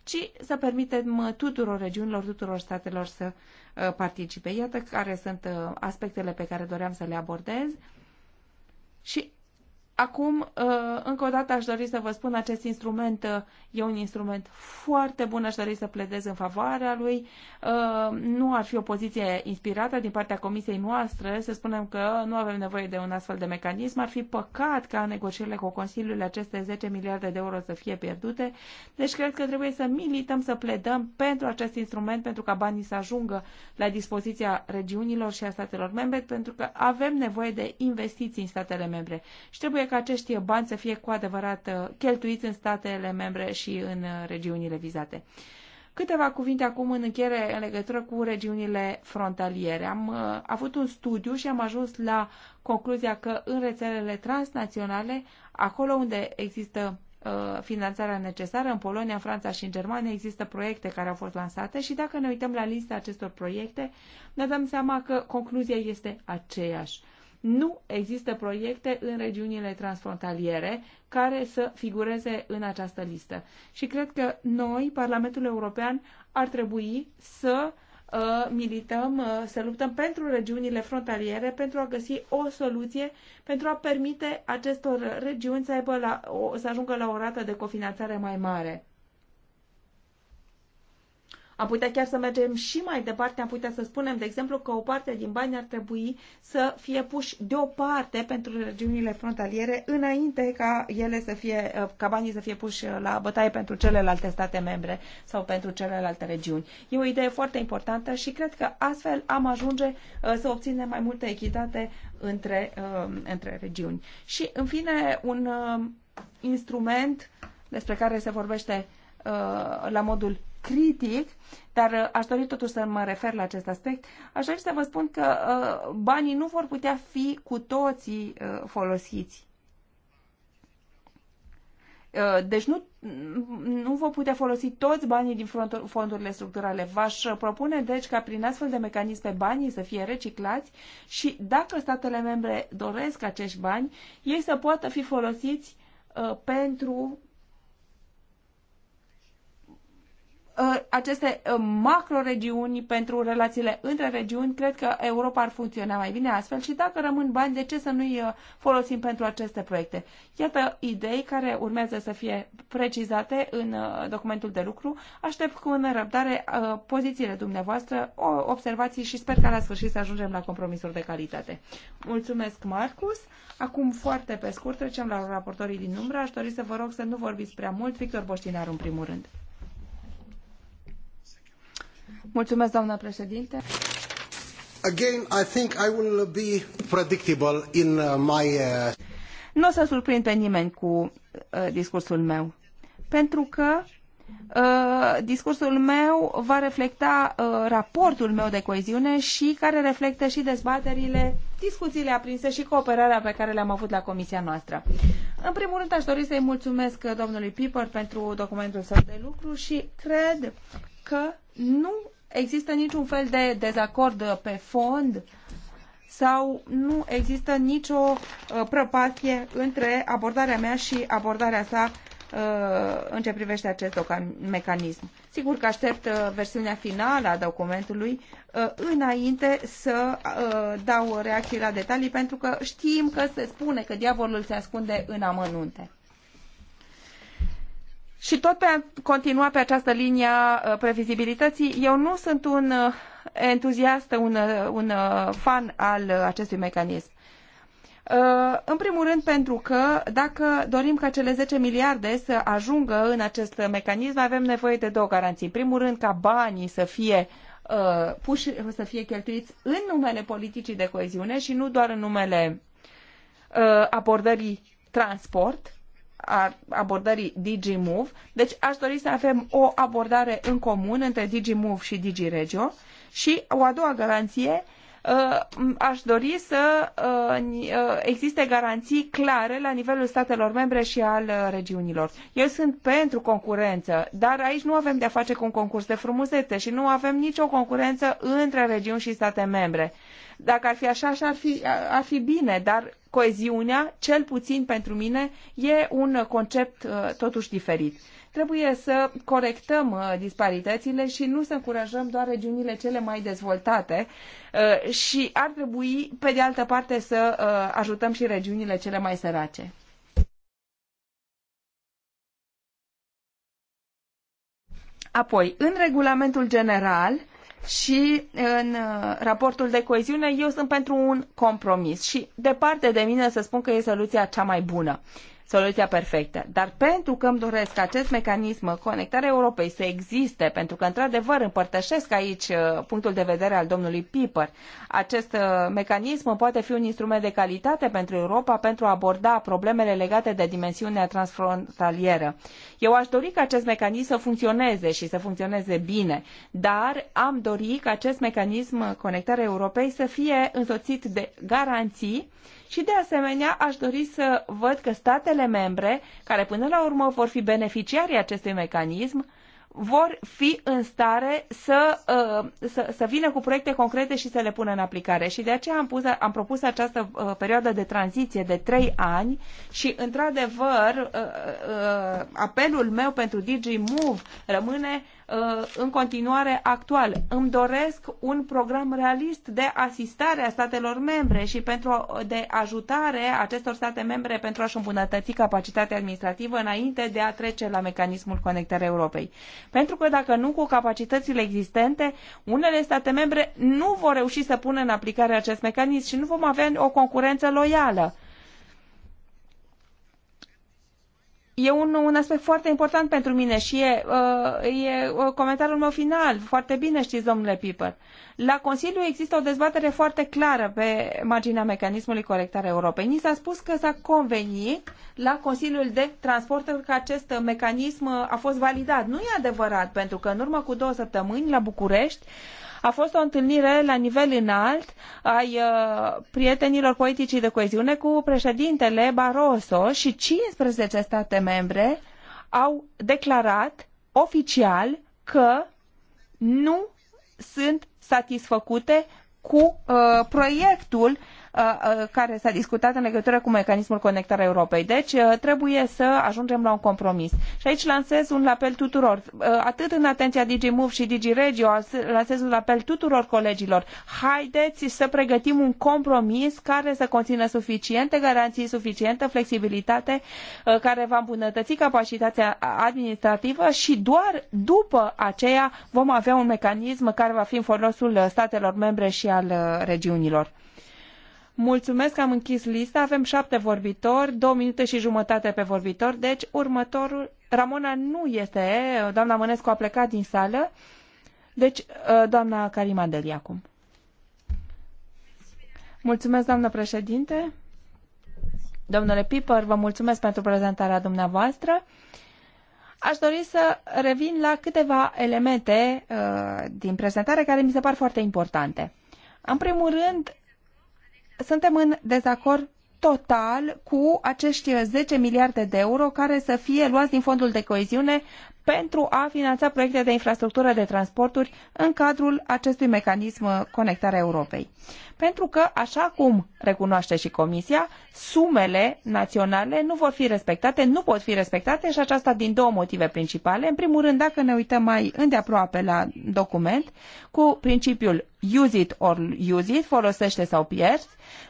ci să permitem uh, tuturor regiunilor, tuturor statelor să uh, participe. Iată care sunt aspectele pe care doream să le abordez. Și Acum, uh, încă o dată aș dori să vă spun, acest instrument uh, e un instrument foarte bun, aș dori să pledez în favoarea lui. Uh, nu ar fi o poziție inspirată din partea comisiei noastre, să spunem că nu avem nevoie de un astfel de mecanism. Ar fi păcat ca în negocierile cu Consiliul aceste 10 miliarde de euro să fie pierdute. Deci cred că trebuie să milităm, să pledăm pentru acest instrument, pentru ca banii să ajungă la dispoziția regiunilor și a statelor membre, pentru că avem nevoie de investiții în statele membre. Și trebuie ca acești bani să fie cu adevărat uh, cheltuiți în statele membre și în uh, regiunile vizate. Câteva cuvinte acum în încheiere în legătură cu regiunile frontaliere. Am uh, avut un studiu și am ajuns la concluzia că în rețelele transnaționale, acolo unde există uh, finanțarea necesară, în Polonia, în Franța și în Germania, există proiecte care au fost lansate și dacă ne uităm la lista acestor proiecte, ne dăm seama că concluzia este aceeași nu există proiecte în regiunile transfrontaliere care să figureze în această listă. Și cred că noi, Parlamentul European, ar trebui să uh, milităm, uh, să luptăm pentru regiunile frontaliere, pentru a găsi o soluție, pentru a permite acestor regiuni să, aibă la, să ajungă la o rată de cofinanțare mai mare. Am putea chiar să mergem și mai departe, am putea să spunem, de exemplu, că o parte din bani ar trebui să fie puși deoparte pentru regiunile frontaliere înainte ca ele să fie, ca banii să fie puși la bătaie pentru celelalte state membre sau pentru celelalte regiuni. E o idee foarte importantă și cred că astfel am ajunge uh, să obținem mai multă echitate între, um, între regiuni. Și, în fine, un um, instrument despre care se vorbește uh, la modul critic, dar uh, aș dori totuși să mă refer la acest aspect. Aș dori să vă spun că uh, banii nu vor putea fi cu toții uh, folosiți. Deci nu, nu vă putea folosi toți banii din fondurile structurale. V-aș propune, deci, ca prin astfel de mecanisme banii să fie reciclați și dacă statele membre doresc acești bani, ei să poată fi folosiți uh, pentru Uh, aceste uh, macroregiuni pentru relațiile între regiuni, cred că Europa ar funcționa mai bine astfel și dacă rămân bani, de ce să nu-i uh, folosim pentru aceste proiecte? Iată idei care urmează să fie precizate în documentul de lucru. Aștept cu nerăbdare pozițiile dumneavoastră, observații și sper că la sfârșit să ajungem la compromisuri de calitate. Mulțumesc, Marcus! Acum, foarte pe scurt, trecem la raportorii din umbră. Aș dori să vă rog să nu vorbiți prea mult. Victor Boștinaru, în primul rând. Mulțumesc, doamna președinte. Again, I think I will be predictable in uh, my... Uh... Nu o să surprind pe nimeni cu uh, discursul meu, pentru că Uh, discursul meu va reflecta uh, raportul meu de coeziune și care reflectă și dezbaterile, discuțiile aprinse și cooperarea pe care le-am avut la comisia noastră. În primul rând aș dori să-i mulțumesc uh, domnului Piper pentru documentul său de lucru și cred că nu există niciun fel de dezacord pe fond sau nu există nicio uh, prăpastie între abordarea mea și abordarea sa uh, în ce privește acest mecanism. Sigur că aștept uh, versiunea finală a documentului înainte să dau reacții la detalii, pentru că știm că se spune că diavolul se ascunde în amănunte. Și tot pe continua pe această linie a uh, previzibilității, eu nu sunt un uh, entuziast, un, uh, un fan al acestui mecanism. În primul rând pentru că dacă dorim ca cele 10 miliarde să ajungă în acest mecanism, avem nevoie de două garanții. În primul rând ca banii să fie puși, să fie cheltuiți în numele politicii de coeziune și nu doar în numele abordării transport, a abordării DigiMove. Deci aș dori să avem o abordare în comun între DigiMove și DigiRegio și o a doua garanție uh, aș dori să uh, uh, existe garanții clare la nivelul statelor membre și al regiunilor. Eu sunt pentru concurență, dar aici nu avem de-a face cu un concurs de frumusețe și nu avem nicio concurență între regiuni și state membre. Dacă ar fi așa, așa ar fi, ar fi bine, dar coeziunea, cel puțin pentru mine, e un concept uh, totuși diferit. Trebuie să corectăm uh, disparitățile și nu să încurajăm doar regiunile cele mai dezvoltate uh, și ar trebui, pe de altă parte, să ajutăm și regiunile cele mai sărace. Apoi, în regulamentul general, și în uh, raportul de coeziune eu sunt pentru un compromis și departe de mine să spun că e soluția cea mai bună soluția perfectă. Dar pentru că îmi doresc acest mecanism conectarea Europei să existe, pentru că într-adevăr împărtășesc aici uh, punctul de vedere al domnului Piper, acest uh, mecanism poate fi un instrument de calitate pentru Europa pentru a aborda problemele legate de dimensiunea transfrontalieră. Eu aș dori ca acest mecanism să funcționeze și să funcționeze bine, dar am dori ca acest mecanism conectarea Europei să fie însoțit de garanții uh, și de asemenea aș dori să văd că statele membre, care până la urmă vor fi beneficiarii acestui mecanism, vor fi în stare să, uh, să, să vină cu proiecte concrete și să le pună în aplicare. Și de aceea am, pus, am propus această uh, perioadă de tranziție de trei ani și, într-adevăr, uh, apelul meu pentru DigiMove rămâne Uh, în continuare actual. Îmi doresc un program realist de asistare a statelor membre și pentru de ajutare acestor state membre pentru a-și îmbunătăți capacitatea administrativă înainte de a trece la mecanismul conectării Europei. Pentru că dacă nu, cu capacitățile existente, unele state membre nu vor reuși să pună în aplicare acest mecanism și nu vom avea o concurență loială E un, un aspect foarte important pentru mine și e, uh, e uh, comentariul meu final. Foarte bine știți, domnule Piper. La Consiliu există o dezbatere foarte clară pe marginea mecanismului corectare Europei. Ni s-a spus că s-a convenit la Consiliul de Transport că acest mecanism uh, a fost validat. Nu e adevărat, pentru că în urmă cu două săptămâni la București a fost o întâlnire la nivel înalt ai uh, prietenilor politicii de coeziune cu președintele Barroso și 15 state membre au declarat oficial că nu sunt satisfăcute cu uh, proiectul uh, care s-a discutat în legătură cu mecanismul conectarea Europei. Deci trebuie să ajungem la un compromis. Și aici lansez un apel tuturor, atât în atenția DigiMove și DigiRegio, lansez un apel tuturor colegilor. Haideți să pregătim un compromis care să conțină suficiente garanții, suficientă flexibilitate care va îmbunătăți capacitatea administrativă și doar după aceea vom avea un mecanism care va fi în folosul uh, statelor membre și al uh, regiunilor. Mulțumesc, că am închis lista. Avem șapte vorbitori, două minute și jumătate pe vorbitor. Deci, următorul... Ramona nu este, doamna Mănescu a plecat din sală. Deci, uh, doamna Deli acum. Mulțumesc, doamnă președinte. Domnule Piper, vă mulțumesc pentru prezentarea dumneavoastră. Aș dori să revin la câteva elemente uh, din prezentare care mi se par foarte importante. În primul rând, suntem în dezacord total cu acești 10 miliarde de euro care să fie luați din fondul de coeziune pentru a finanța proiecte de infrastructură de transporturi în cadrul acestui mecanism Conectarea Europei pentru că, așa cum recunoaște și Comisia, sumele naționale nu vor fi respectate, nu pot fi respectate și aceasta din două motive principale. În primul rând, dacă ne uităm mai îndeaproape la document, cu principiul use it or use it, folosește sau pierzi,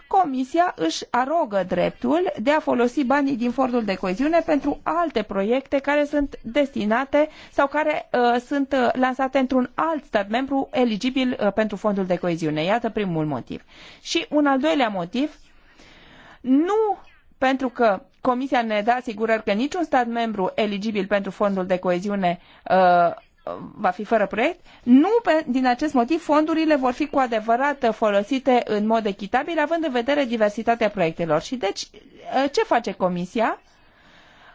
Comisia își arogă dreptul de a folosi banii din fondul de coeziune pentru alte proiecte care sunt destinate sau care uh, sunt uh, lansate într-un alt stat membru eligibil uh, pentru fondul de coeziune. Iată primul motiv motiv. Și un al doilea motiv, nu pentru că Comisia ne dă asigurări că niciun stat membru eligibil pentru fondul de coeziune uh, va fi fără proiect, nu pe, din acest motiv fondurile vor fi cu adevărat folosite în mod echitabil, având în vedere diversitatea proiectelor. Și deci, uh, ce face Comisia?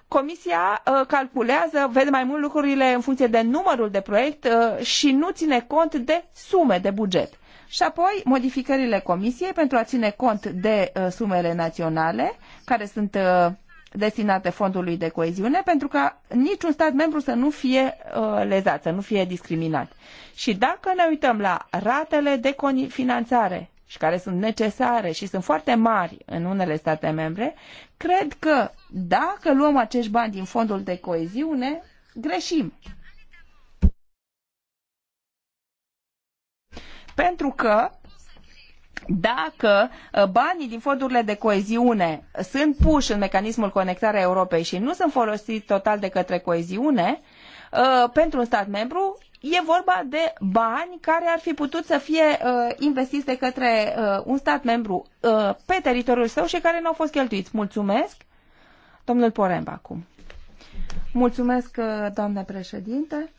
Comisia uh, calculează, vede mai mult lucrurile în funcție de numărul de proiect uh, și nu ține cont de sume de buget și apoi modificările comisiei pentru a ține cont de uh, sumele naționale care sunt uh, destinate fondului de coeziune pentru ca niciun stat membru să nu fie uh, lezat, să nu fie discriminat. Și dacă ne uităm la ratele de finanțare și care sunt necesare și sunt foarte mari în unele state membre, cred că dacă luăm acești bani din fondul de coeziune, greșim. Pentru că dacă uh, banii din fondurile de coeziune sunt puși în mecanismul conectarea Europei și nu sunt folosiți total de către coeziune, uh, pentru un stat membru, e vorba de bani care ar fi putut să fie uh, investiți de către un stat membru pe teritoriul său și care nu au fost cheltuiți. Mulțumesc. Domnul Poremba acum. Mulțumesc, doamne președinte.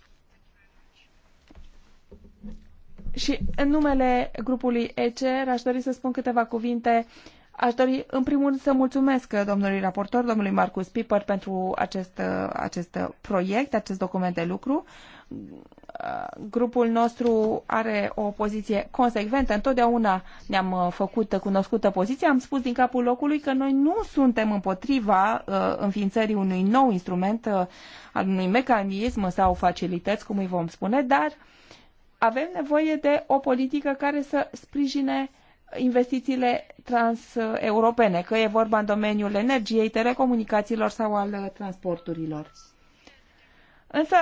Și în numele grupului ECR aș dori să spun câteva cuvinte. Aș dori, în primul rând, să mulțumesc domnului raportor, domnului Marcus Piper, pentru acest, acest proiect, acest document de lucru. Grupul nostru are o poziție consecventă. Întotdeauna ne-am uh, făcut cunoscută poziția. Am spus din capul locului că noi nu suntem împotriva uh, înființării unui nou instrument, uh, al unui mecanism sau facilități, cum îi vom spune, dar uh, avem nevoie de o politică care să sprijine investițiile transeuropene, că e vorba în domeniul energiei, telecomunicațiilor sau al uh, transporturilor. Însă,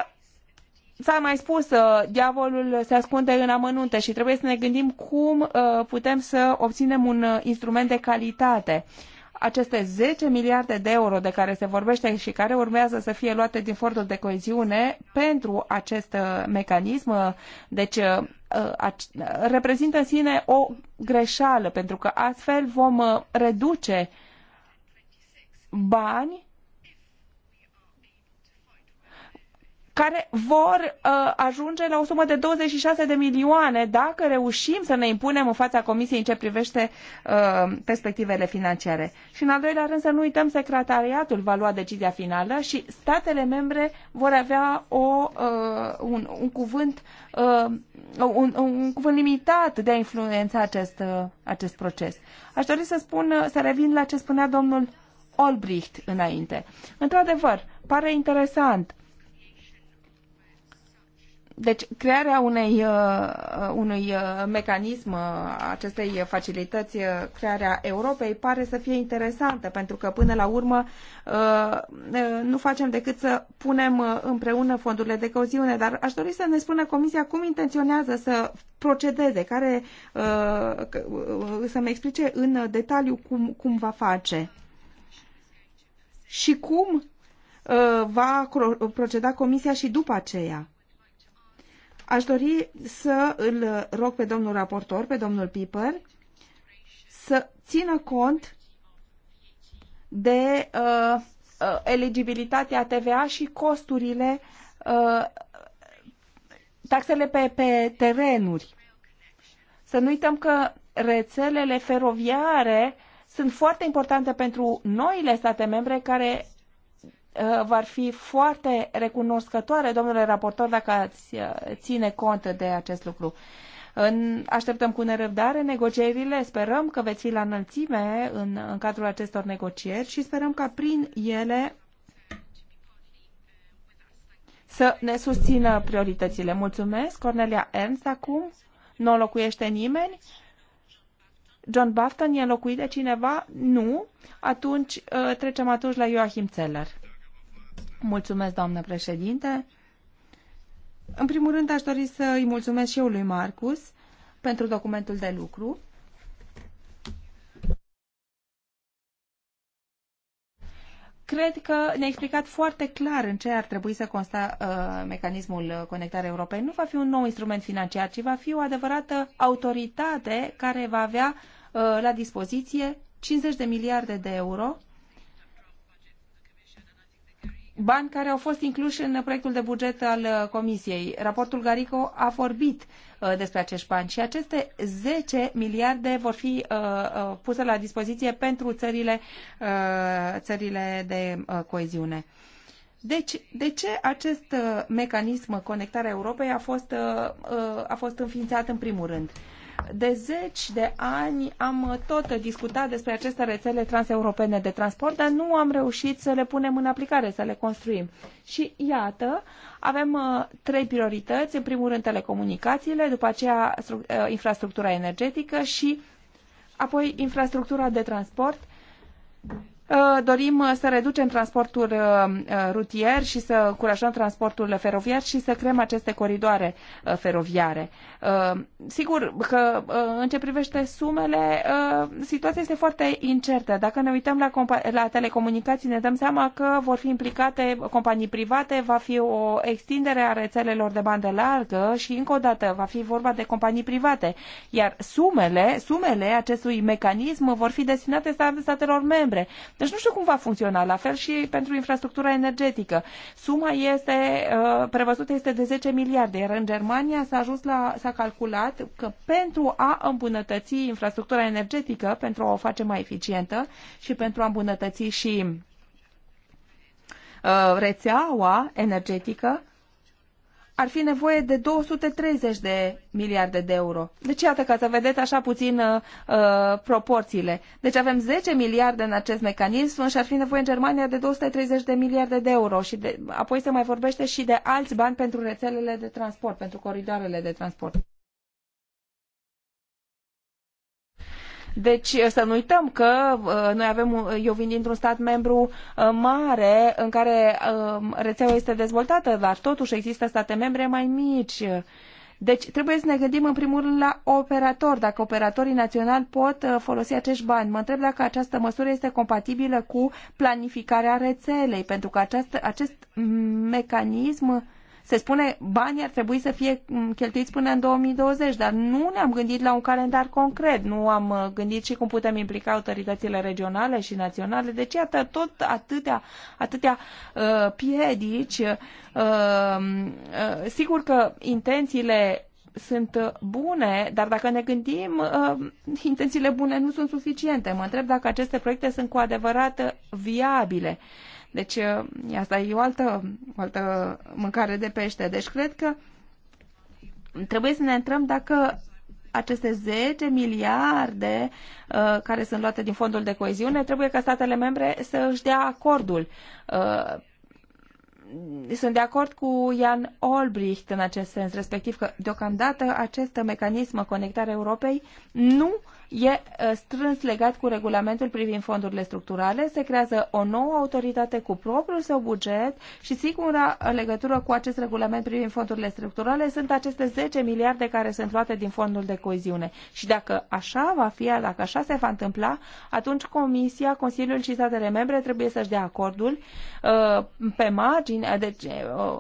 s-a mai spus, uh, diavolul se ascunde în amănunte și trebuie să ne gândim cum uh, putem să obținem un instrument de calitate aceste 10 miliarde de euro de care se vorbește și care urmează să fie luate din fondul de coeziune pentru acest uh, mecanism, uh, deci uh, reprezintă în sine o greșeală, pentru că astfel vom reduce bani care vor uh, ajunge la o sumă de 26 de milioane dacă reușim să ne impunem în fața Comisiei în ce privește uh, perspectivele financiare. Și în al doilea rând să nu uităm secretariatul va lua decizia finală și statele membre vor avea o, uh, un, un cuvânt un, un cuvânt limitat de a influența acest, acest proces. Aș dori să spun, să revin la ce spunea domnul Olbricht înainte. Într-adevăr, pare interesant deci, crearea unei, uh, uh, unui uh, mecanism acestei facilități, crearea Europei, pare să fie interesantă, pentru că, până la urmă, nu facem decât să punem împreună fondurile de coziune, dar aș dori să ne spună Comisia cum intenționează să procedeze, care să-mi explice în detaliu cum, cum va face și cum va proceda Comisia și după aceea Aș dori să îl rog pe domnul raportor, pe domnul Piper, să țină cont de uh, uh, eligibilitatea TVA și costurile, uh, taxele pe, pe terenuri. Să nu uităm că rețelele feroviare sunt foarte importante pentru noile state membre care Uh, v-ar fi foarte recunoscătoare, domnule raportor, dacă ați uh, ține cont de acest lucru. În, așteptăm cu nerăbdare negocierile, sperăm că veți fi la înălțime în, în cadrul acestor negocieri și sperăm ca prin ele să ne susțină prioritățile. Mulțumesc, Cornelia Ernst acum, nu locuiește nimeni. John Bafton e înlocuit de cineva? Nu. Atunci uh, trecem atunci la Joachim Zeller. Mulțumesc, doamnă președinte. În primul rând, aș dori să îi mulțumesc și eu lui Marcus pentru documentul de lucru. Cred că ne-a explicat foarte clar în ce ar trebui să consta uh, mecanismul conectare europei. Nu va fi un nou instrument financiar, ci va fi o adevărată autoritate care va avea uh, la dispoziție 50 de miliarde de euro bani care au fost incluși în proiectul de buget al uh, Comisiei. Raportul Garico a vorbit uh, despre acești bani și aceste 10 miliarde vor fi uh, puse la dispoziție pentru țările, țările de coeziune. Deci, de ce acest mecanism Conectarea Europei a fost, a fost înființat în primul rând? De zeci de ani am tot discutat despre aceste rețele transeuropene de transport, dar nu am reușit să le punem în aplicare, să le construim. Și iată, avem uh, trei priorități. În primul rând, telecomunicațiile, după aceea uh, infrastructura energetică și apoi infrastructura de transport Uh, dorim uh, să reducem transportul uh, rutier și să încurajăm transportul feroviar și să creăm aceste coridoare feroviare. Sigur că în ce privește sumele, situația este foarte incertă. Dacă ne uităm la, la telecomunicații, ne dăm seama că vor fi implicate companii private, va fi o extindere a rețelelor de bandă largă și încă o dată va fi vorba de companii private. Iar sumele, sumele acestui mecanism vor fi destinate statelor membre deci nu știu cum va funcționa. La fel și pentru infrastructura energetică. Suma este uh, prevăzută este de 10 miliarde, iar în Germania s-a ajuns la, s-a calculat că pentru a îmbunătăți infrastructura energetică, pentru a o face mai eficientă și pentru a îmbunătăți și uh, rețeaua energetică, ar fi nevoie de 230 de miliarde de euro. Deci iată ca să vedeți așa puțin uh, uh proporțiile. Deci avem 10 miliarde în acest mecanism și ar fi nevoie în Germania de 230 de miliarde de euro și de, apoi se mai vorbește și de alți bani pentru rețelele de transport, pentru coridoarele de transport. Deci eh, să nu uităm că eh, noi avem, eu vin dintr-un stat membru eh, mare în care rețeaua este dezvoltată, dar totuși există state membre mai mici. Deci trebuie să ne gândim în primul rând la operator, dacă operatorii naționali pot folosi acești bani. Mă întreb dacă această măsură este compatibilă cu planificarea rețelei, pentru că aceast, acest mecanism se spune banii ar trebui să fie mm, cheltuiți până în 2020, dar nu ne-am gândit la un calendar concret, nu am uh, gândit și cum putem implica autoritățile regionale și naționale. Deci, iată, tot atâtea, atâtea uh, piedici. Uh, uh, sigur că intențiile sunt bune, dar dacă ne gândim, uh, intențiile bune nu sunt suficiente. Mă întreb dacă aceste proiecte sunt cu adevărat viabile. Uh, deci asta e o altă, o altă mâncare de pește. Deci cred că trebuie să ne întrebăm dacă aceste 10 miliarde uh, care sunt luate din fondul de coeziune, trebuie ca statele membre să își dea acordul. Uh, sunt de acord cu Jan Olbricht în acest sens, respectiv că deocamdată acest mecanism conectare Europei nu uh, e strâns legat cu regulamentul privind fondurile structurale. Se creează o nouă autoritate cu propriul său buget și singura legătură cu acest regulament privind fondurile structurale sunt aceste 10 miliarde care sunt luate din fondul de coeziune. Și dacă așa va fi, dacă așa se va întâmpla, atunci Comisia, Consiliul și statele membre trebuie să-și dea acordul pe margine deci,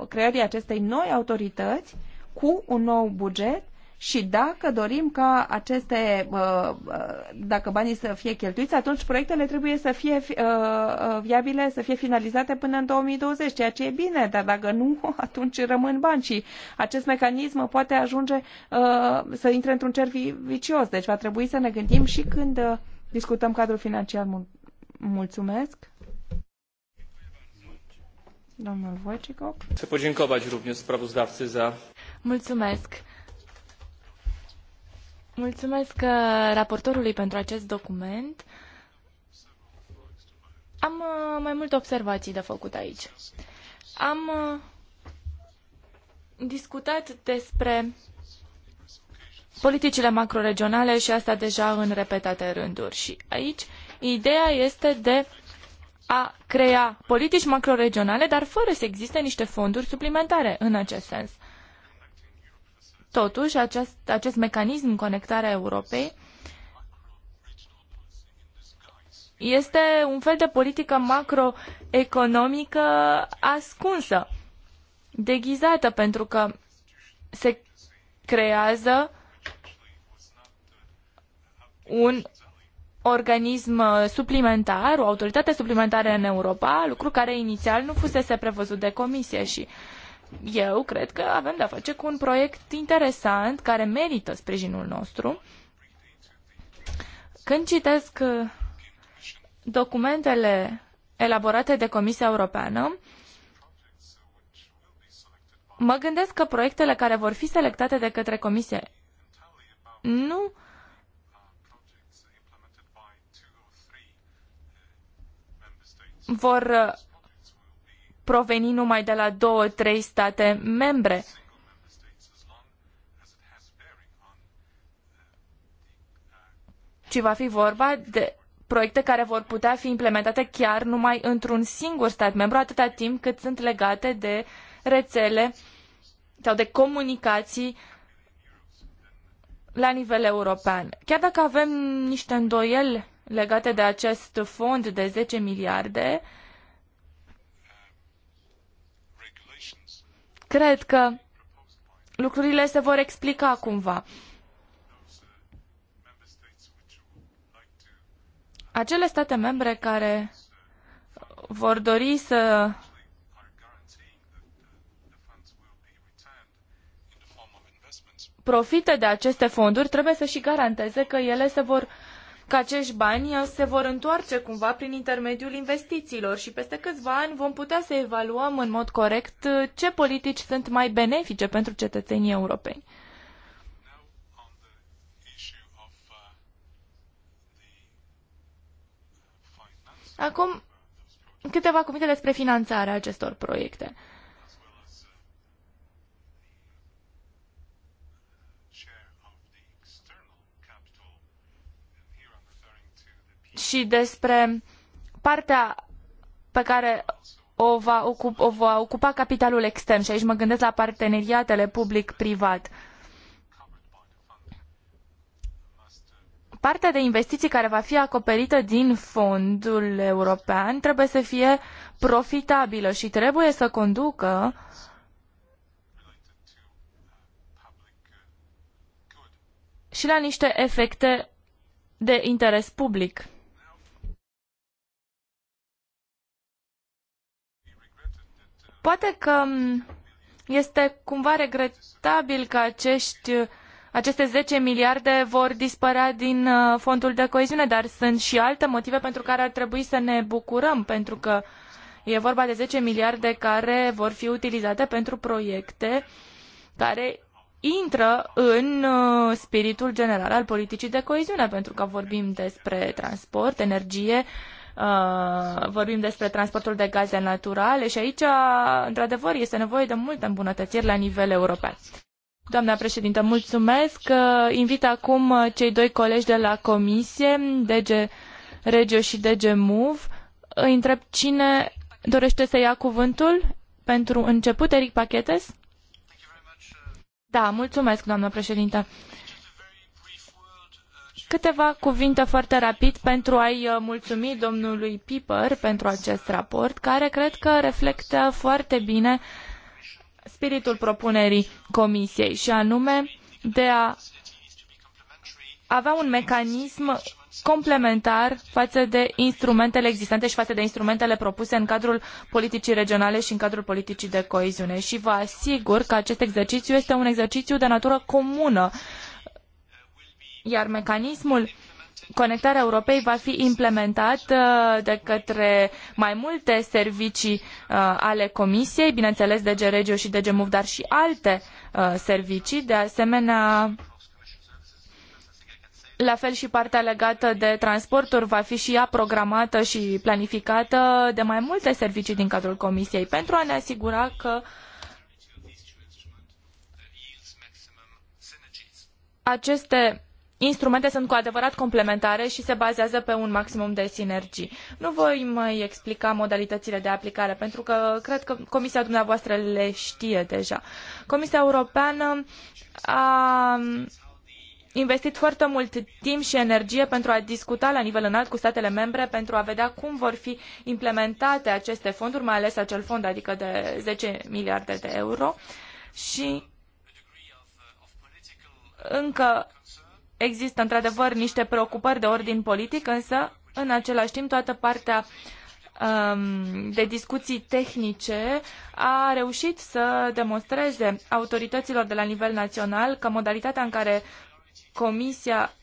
creării acestei noi autorități cu un nou buget și dacă dorim ca aceste, uh, uh, dacă banii să fie cheltuiți, atunci proiectele trebuie să fie uh, viabile, să fie finalizate până în 2020, ceea ce e bine, dar dacă nu, atunci rămân bani și acest mecanism poate ajunge să intre într-un cer vicios. Deci va trebui să ne gândim și când discutăm cadrul financiar. Mulțumesc! Domnul să Chcę podziękować również sprawozdawcy za... Mulțumesc! Mulțumesc uh, raportorului pentru acest document. Am uh, mai multe observații de făcut aici. Am uh, discutat despre politicile macroregionale și asta deja în repetate rânduri. Și aici ideea este de a crea politici macroregionale, dar fără să existe niște fonduri suplimentare în acest sens. Totuși, acest, acest mecanism conectarea Europei este un fel de politică macroeconomică ascunsă, deghizată, pentru că se creează un organism suplimentar, o autoritate suplimentară în Europa, lucru care inițial nu fusese prevăzut de comisie și uh, eu cred că avem de-a face cu un proiect interesant care merită sprijinul nostru. Când citesc uh, documentele elaborate de Comisia Europeană, mă gândesc că proiectele care vor fi selectate de către Comisie nu vor uh, proveni numai de la două, trei state membre. Ci va fi vorba de proiecte care vor putea fi implementate chiar numai într-un singur stat membru, atâta timp cât sunt legate de rețele sau de comunicații la nivel european. Chiar dacă avem niște îndoieli legate de acest fond de 10 miliarde, uh, Cred că lucrurile se vor explica cumva. Acele state membre care vor dori să profite de aceste fonduri trebuie să și garanteze că ele se vor că acești bani se vor întoarce cumva prin intermediul investițiilor și peste câțiva ani vom putea să evaluăm în mod corect ce politici sunt mai benefice pentru cetățenii europeni. Acum, câteva cuvinte despre finanțarea acestor proiecte. Uh, și despre partea pe care o va, o va ocupa capitalul extern și aici mă gândesc la parteneriatele public-privat. Partea de investiții care va fi acoperită din fondul european trebuie să fie profitabilă și trebuie să conducă și la niște efecte de interes public. Poate că este cumva regretabil că acești, aceste zece miliarde vor dispărea din uh, fondul de coeziune, dar sunt și alte motive pentru care ar trebui să ne bucurăm, pentru că e vorba de zece miliarde care vor fi utilizate pentru proiecte care intră în uh, spiritul general al politicii de coeziune, pentru că vorbim despre transport, energie, uh, Uh, vorbim despre transportul de gaze naturale și aici, într-adevăr, este nevoie de multe îmbunătățiri la nivel european. Doamna președintă, mulțumesc. Uh, invit acum uh, cei doi colegi de la comisie, DG Regio și DG Move. Îi întreb cine dorește să ia cuvântul pentru început, Eric Pachetes? Da, mulțumesc, doamnă președintă. Câteva cuvinte foarte rapid pentru a-i uh, mulțumi domnului Piper pentru acest raport, care cred că reflectă foarte bine spiritul propunerii comisiei și anume de a avea un mecanism complementar față de instrumentele existente și față de instrumentele propuse în cadrul politicii regionale și în cadrul politicii de coeziune. Și vă asigur că acest exercițiu este un exercițiu de natură comună iar mecanismul Conectarea Europei va fi implementat uh, de către mai multe servicii uh, ale Comisiei, bineînțeles DG Regio și DG Move, dar și alte uh, servicii. De asemenea, la fel și partea legată de transporturi va fi și ea programată și planificată de mai multe servicii din cadrul Comisiei pentru a ne asigura că aceste instrumente sunt cu adevărat complementare și se bazează pe un maximum de sinergii. Nu voi mai explica modalitățile de aplicare, pentru că cred că Comisia dumneavoastră le știe deja. Comisia Europeană a investit foarte mult timp și energie pentru a discuta la nivel înalt cu statele membre, pentru a vedea cum vor fi implementate aceste fonduri, mai ales acel fond, adică de 10 miliarde de euro. Și încă există într-adevăr niște preocupări de ordin politic, însă în același timp toată partea um, de discuții tehnice a reușit să demonstreze autorităților de la nivel național că modalitatea în care Comisia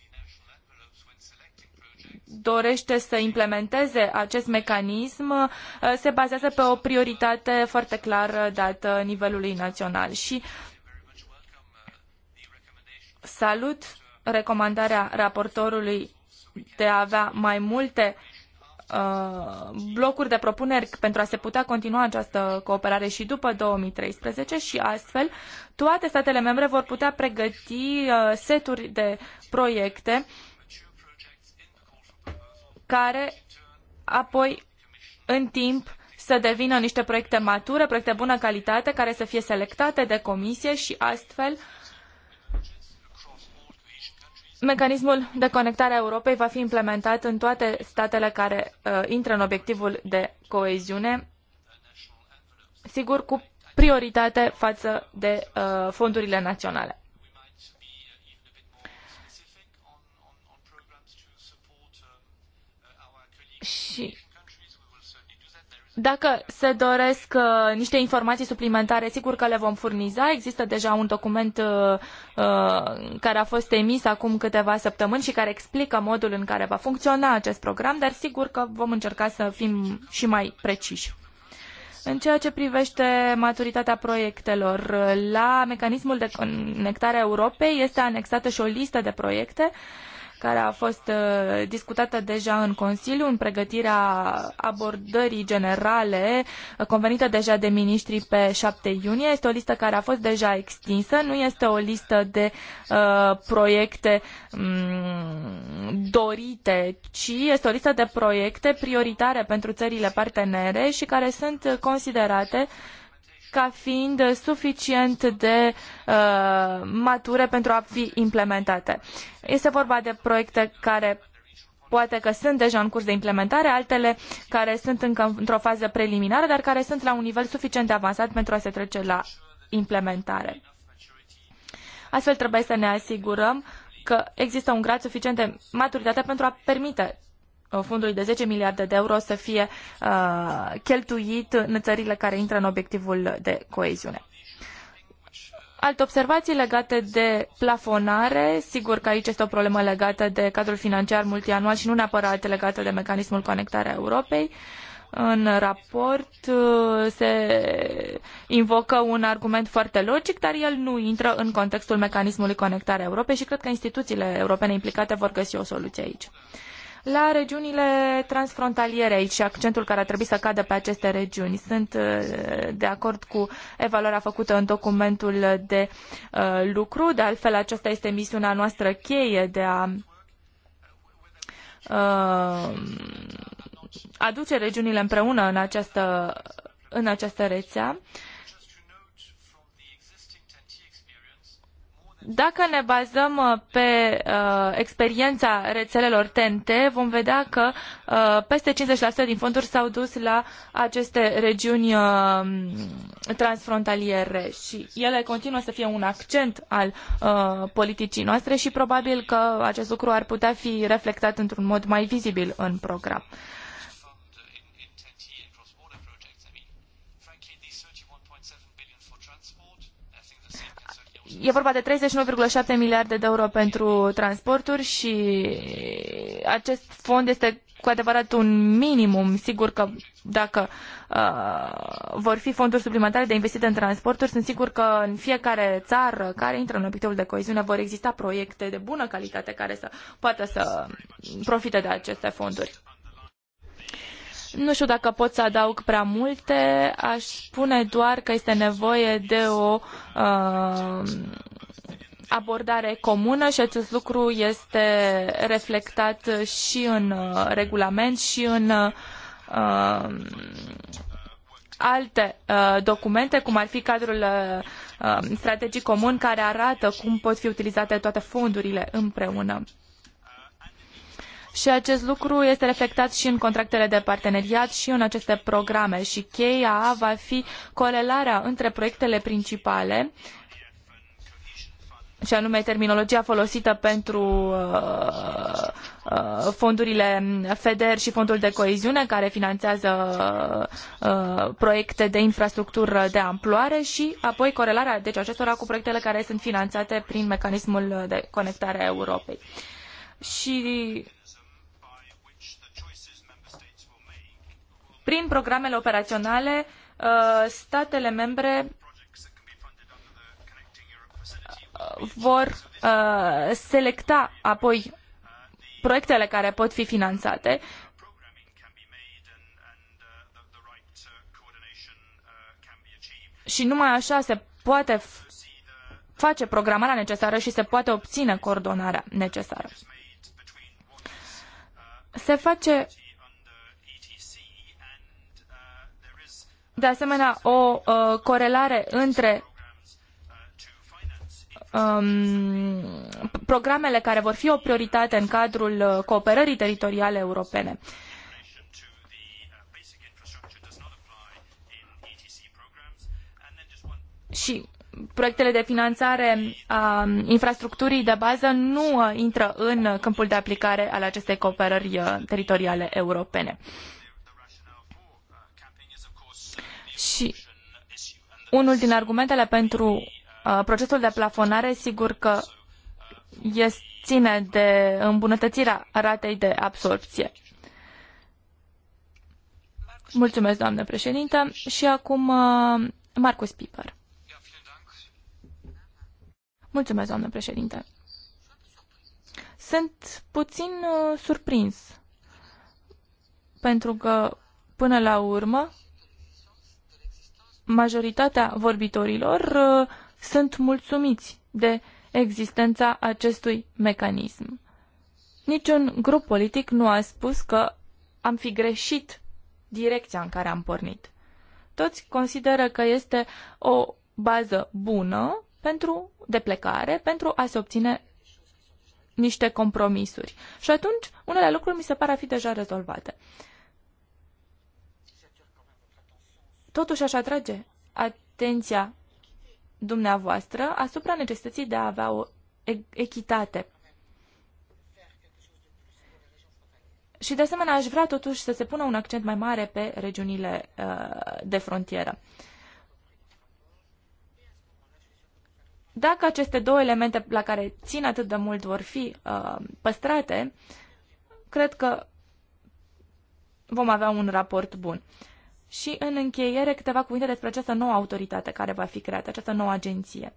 dorește să implementeze acest mecanism uh, se bazează pe o prioritate foarte clară dată nivelului național. Și salut recomandarea raportorului de a avea mai multe uh, blocuri de propuneri pentru a se putea continua această cooperare și după 2013 și astfel toate statele membre vor putea pregăti uh, seturi de proiecte care apoi în timp să devină niște proiecte mature, proiecte bună calitate, care să fie selectate de comisie și astfel uh, Mecanismul de conectare a Europei va fi implementat în toate statele care uh, intră în obiectivul de coeziune, sigur cu prioritate față de uh, fondurile naționale. Și dacă se doresc uh, niște informații suplimentare, sigur că le vom furniza. Există deja un document uh, uh, care a fost emis acum câteva săptămâni și care explică modul în care va funcționa acest program, dar sigur că vom încerca să fim și mai preciși. În ceea ce privește maturitatea proiectelor, la mecanismul de conectare a Europei este anexată și o listă de proiecte uh, care a fost uh, discutată deja în Consiliu în pregătirea abordării generale uh, convenită deja de miniștri pe 7 iunie. Este o listă care a fost deja extinsă, nu este o listă de uh, proiecte um, dorite, ci este o listă de proiecte prioritare pentru țările partenere și care sunt considerate uh, ca fiind suficient de uh, mature pentru a fi implementate. Este vorba de proiecte care poate că sunt deja în curs de implementare, altele care sunt încă într-o fază preliminară, dar care sunt la un nivel suficient de avansat pentru a se trece la implementare. Astfel trebuie să ne asigurăm că există un grad suficient de maturitate pentru a permite Uh, fondului de 10 miliarde de euro să fie uh, cheltuit în țările care intră în obiectivul de coeziune. Alte observații legate de plafonare, sigur că aici este o problemă legată de cadrul financiar multianual și nu neapărat legată de mecanismul conectarea Europei. În raport uh, se invocă un argument foarte logic, dar el nu intră în contextul mecanismului conectarea Europei și cred că instituțiile europene implicate vor găsi o soluție aici la regiunile transfrontaliere aici și accentul care ar trebui să cadă pe aceste regiuni. Sunt uh, de acord cu evaluarea făcută în documentul de uh, lucru, de altfel aceasta este misiunea noastră cheie de a uh, aduce regiunile împreună în această, în această rețea. Dacă ne bazăm uh, pe uh, experiența rețelelor TNT, vom vedea că uh, peste 50% din fonduri s-au dus la aceste regiuni uh, transfrontaliere și ele continuă să fie un accent al uh, politicii noastre și probabil că acest lucru ar putea fi reflectat într-un mod mai vizibil în program. Uh, E vorba de 39,7 miliarde de euro pentru transporturi și acest fond este cu adevărat un minimum. Sigur că dacă uh, vor fi fonduri suplimentare de investit în transporturi, sunt sigur că în fiecare țară care intră în obiectivul de coeziune vor exista proiecte de bună calitate care să poată să profite de aceste fonduri. Nu știu dacă pot să adaug prea multe, aș spune doar că este nevoie de o uh, abordare comună și acest lucru este reflectat și în uh, regulament și în uh, alte uh, documente, cum ar fi cadrul uh, uh strategic comun care arată cum pot fi utilizate toate fondurile împreună și acest lucru este reflectat și în contractele de parteneriat și în aceste programe și cheia va fi corelarea între proiectele principale și anume terminologia folosită pentru uh, uh, fondurile FEDER și fondul de coeziune care finanțează uh, proiecte de infrastructură de amploare și apoi corelarea deci acestora cu proiectele care sunt finanțate prin mecanismul de conectare a Europei. Și Prin programele operaționale, uh, statele membre uh, vor uh, selecta apoi proiectele care pot fi finanțate și numai așa se poate face programarea necesară și se poate obține coordonarea necesară. Se face de asemenea o uh, corelare între um, programele care vor fi o prioritate în cadrul uh, cooperării teritoriale europene. Și proiectele de finanțare a um, infrastructurii de bază nu uh, intră în uh, câmpul de aplicare al acestei cooperări teritoriale europene. Și unul din argumentele pentru uh, procesul de plafonare, sigur că este, ține de îmbunătățirea ratei de absorpție. Mulțumesc, doamnă președintă. Și acum uh, Marcus Piper. Mulțumesc, doamnă președinte. Sunt puțin uh, surprins pentru că, până la urmă, majoritatea vorbitorilor uh, sunt mulțumiți de existența acestui mecanism. Niciun grup politic nu a spus că am fi greșit direcția în care am pornit. Toți consideră că este o bază bună pentru de plecare, pentru a se obține niște compromisuri. Și atunci, unele lucruri mi se par a fi deja rezolvate. Totuși aș atrage atenția dumneavoastră asupra necesității de a avea o echitate. Și de asemenea aș vrea totuși să se pună un accent mai mare pe regiunile uh, de frontieră. Dacă aceste două elemente la care țin atât de mult vor fi uh, păstrate, cred că vom avea un raport bun. Uh, și în încheiere câteva cuvinte despre această nouă autoritate care va fi creată, această nouă agenție.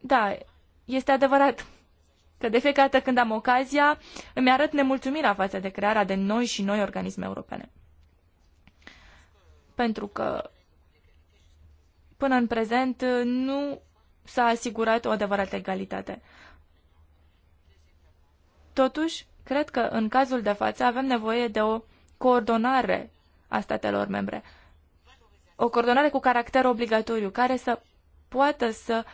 Da, este adevărat că de fiecare dată când am ocazia, îmi arăt nemulțumirea față de crearea de noi și noi organisme europene. Pentru că până în prezent nu s-a asigurat o adevărată egalitate. Totuși, cred că în cazul de față avem nevoie de o coordonare a statelor membre. O coordonare cu caracter obligatoriu, care să poată să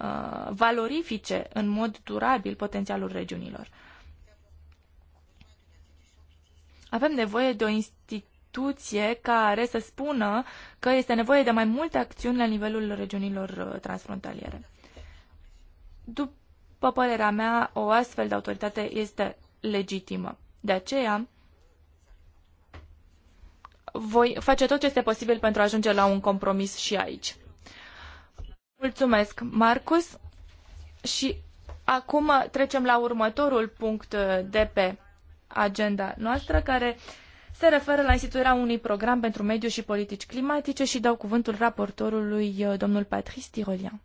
uh, valorifice în mod durabil potențialul regiunilor. Avem nevoie de o instituție care să spună că este nevoie de mai multe acțiuni la nivelul regiunilor uh, transfrontaliere. După părerea mea, o astfel de autoritate este legitimă. De aceea, voi face tot ce este posibil pentru a ajunge la un compromis și aici. Mulțumesc, Marcus. Și acum trecem la următorul punct de pe agenda noastră, care se referă la instituirea unui program pentru mediu și politici climatice și dau cuvântul raportorului uh, domnul Patrice Tirolian.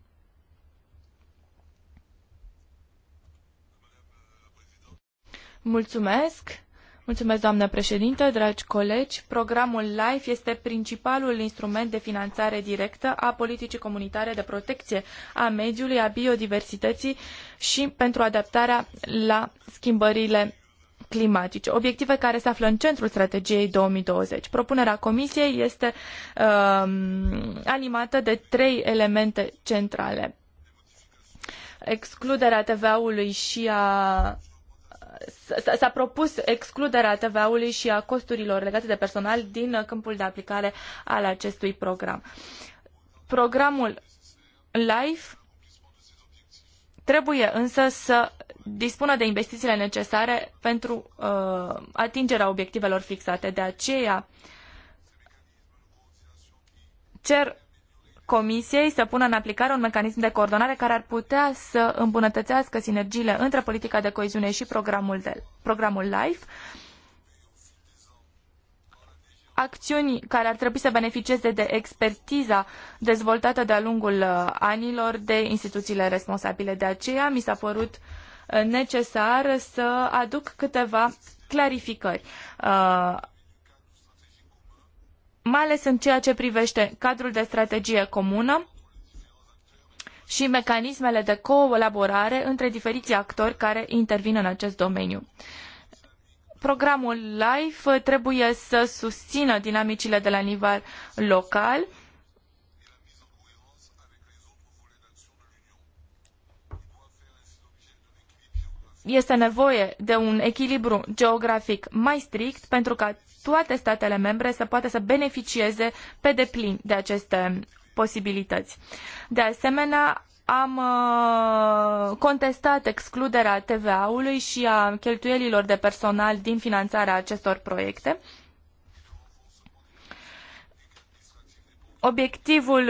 Mulțumesc. Mulțumesc, doamnă președinte, dragi colegi. Programul LIFE este principalul instrument de finanțare directă a politicii comunitare de protecție a mediului, a biodiversității și pentru adaptarea la schimbările climatice, obiective care se află în centrul strategiei 2020. Propunerea Comisiei este um, animată de trei elemente centrale. Excluderea TVA-ului și a s-a propus excluderea TVA-ului și a costurilor legate de personal din câmpul de aplicare al acestui program. Programul LIFE trebuie însă să dispună de investițiile necesare pentru uh, atingerea obiectivelor fixate. De aceea cer Comisiei să pună în aplicare un mecanism de coordonare care ar putea să îmbunătățească sinergiile între politica de coeziune și programul, de, programul LIFE, acțiuni care ar trebui să beneficieze de expertiza dezvoltată de-a lungul uh, anilor de instituțiile responsabile. De aceea mi s-a părut uh, necesar să aduc câteva clarificări. Uh, mai ales în ceea ce privește cadrul de strategie comună și mecanismele de colaborare între diferiții actori care intervin în acest domeniu. Programul LIFE trebuie să susțină dinamicile de la nivel local, este nevoie de un echilibru geografic mai strict pentru ca toate statele membre să poată să beneficieze pe deplin de aceste posibilități. De asemenea, am uh, contestat excluderea TVA-ului și a cheltuielilor de personal din finanțarea acestor proiecte. Obiectivul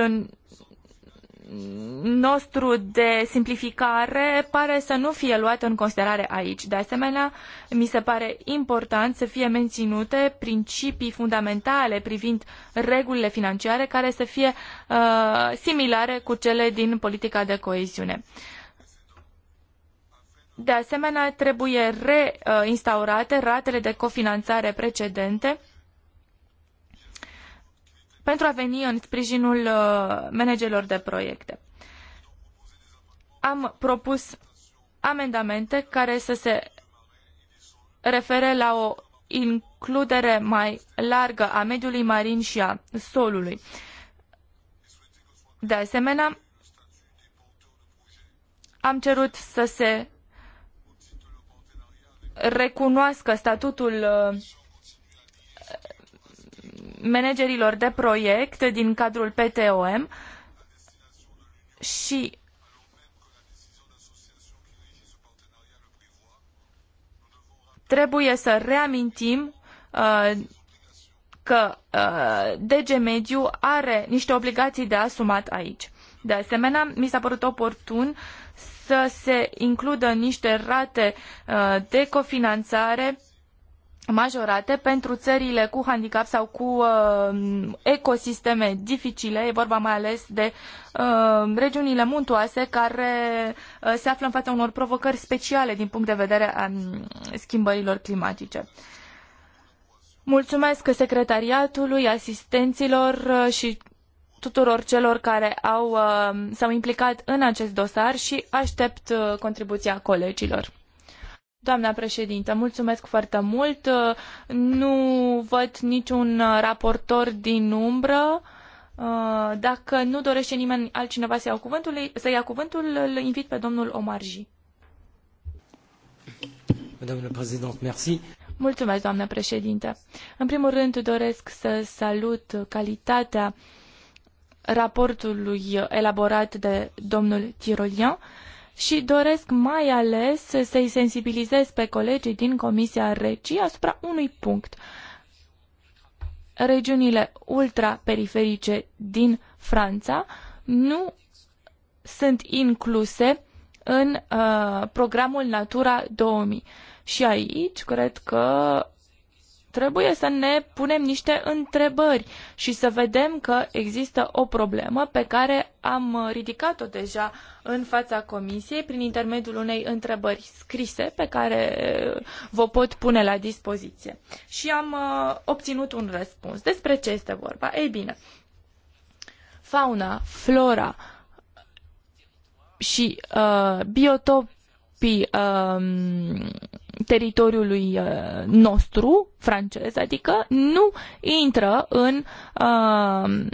nostru de simplificare pare să nu fie luat în considerare aici. De asemenea, mi se pare important să fie menținute principii fundamentale privind regulile financiare care să fie uh, similare cu cele din politica de coeziune. De asemenea, trebuie reinstaurate ratele de cofinanțare precedente pentru a veni în sprijinul uh, managerilor de proiecte. Am propus amendamente care să se refere la o includere mai largă a mediului marin și a solului. De asemenea, am cerut să se recunoască statutul uh, managerilor de proiect din cadrul PTOM și trebuie să reamintim uh, că uh, DG Mediu are niște obligații de asumat aici. De asemenea, mi s-a părut oportun să se includă niște rate uh, de cofinanțare majorate pentru țările cu handicap sau cu uh, ecosisteme dificile. E vorba mai ales de uh, regiunile muntoase care uh, se află în fața unor provocări speciale din punct de vedere a mm, schimbărilor climatice. Mulțumesc secretariatului, asistenților uh, și tuturor celor care au, uh, s-au implicat în acest dosar și aștept uh, contribuția colegilor. Doamna președintă, mulțumesc foarte mult. Nu văd niciun raportor din umbră. Uh, dacă nu dorește nimeni altcineva să ia cuvântul, să ia cuvântul îl invit pe domnul Omarji. merci. Mulțumesc, doamnă președinte. În primul rând doresc să salut calitatea raportului elaborat de domnul Tirolian și doresc mai ales să-i sensibilizez pe colegii din Comisia Regii asupra unui punct. Regiunile ultraperiferice din Franța nu sunt incluse în uh, programul Natura 2000. Și aici cred că Trebuie să ne punem niște întrebări și să vedem că există o problemă pe care am ridicat-o deja în fața comisiei prin intermediul unei întrebări scrise pe care eh, vă pot pune la dispoziție. Și am eh, obținut un răspuns. Despre ce este vorba? Ei bine, fauna, flora și uh, eh, biotop apropii um, teritoriului uh, nostru, francez, adică nu intră în um,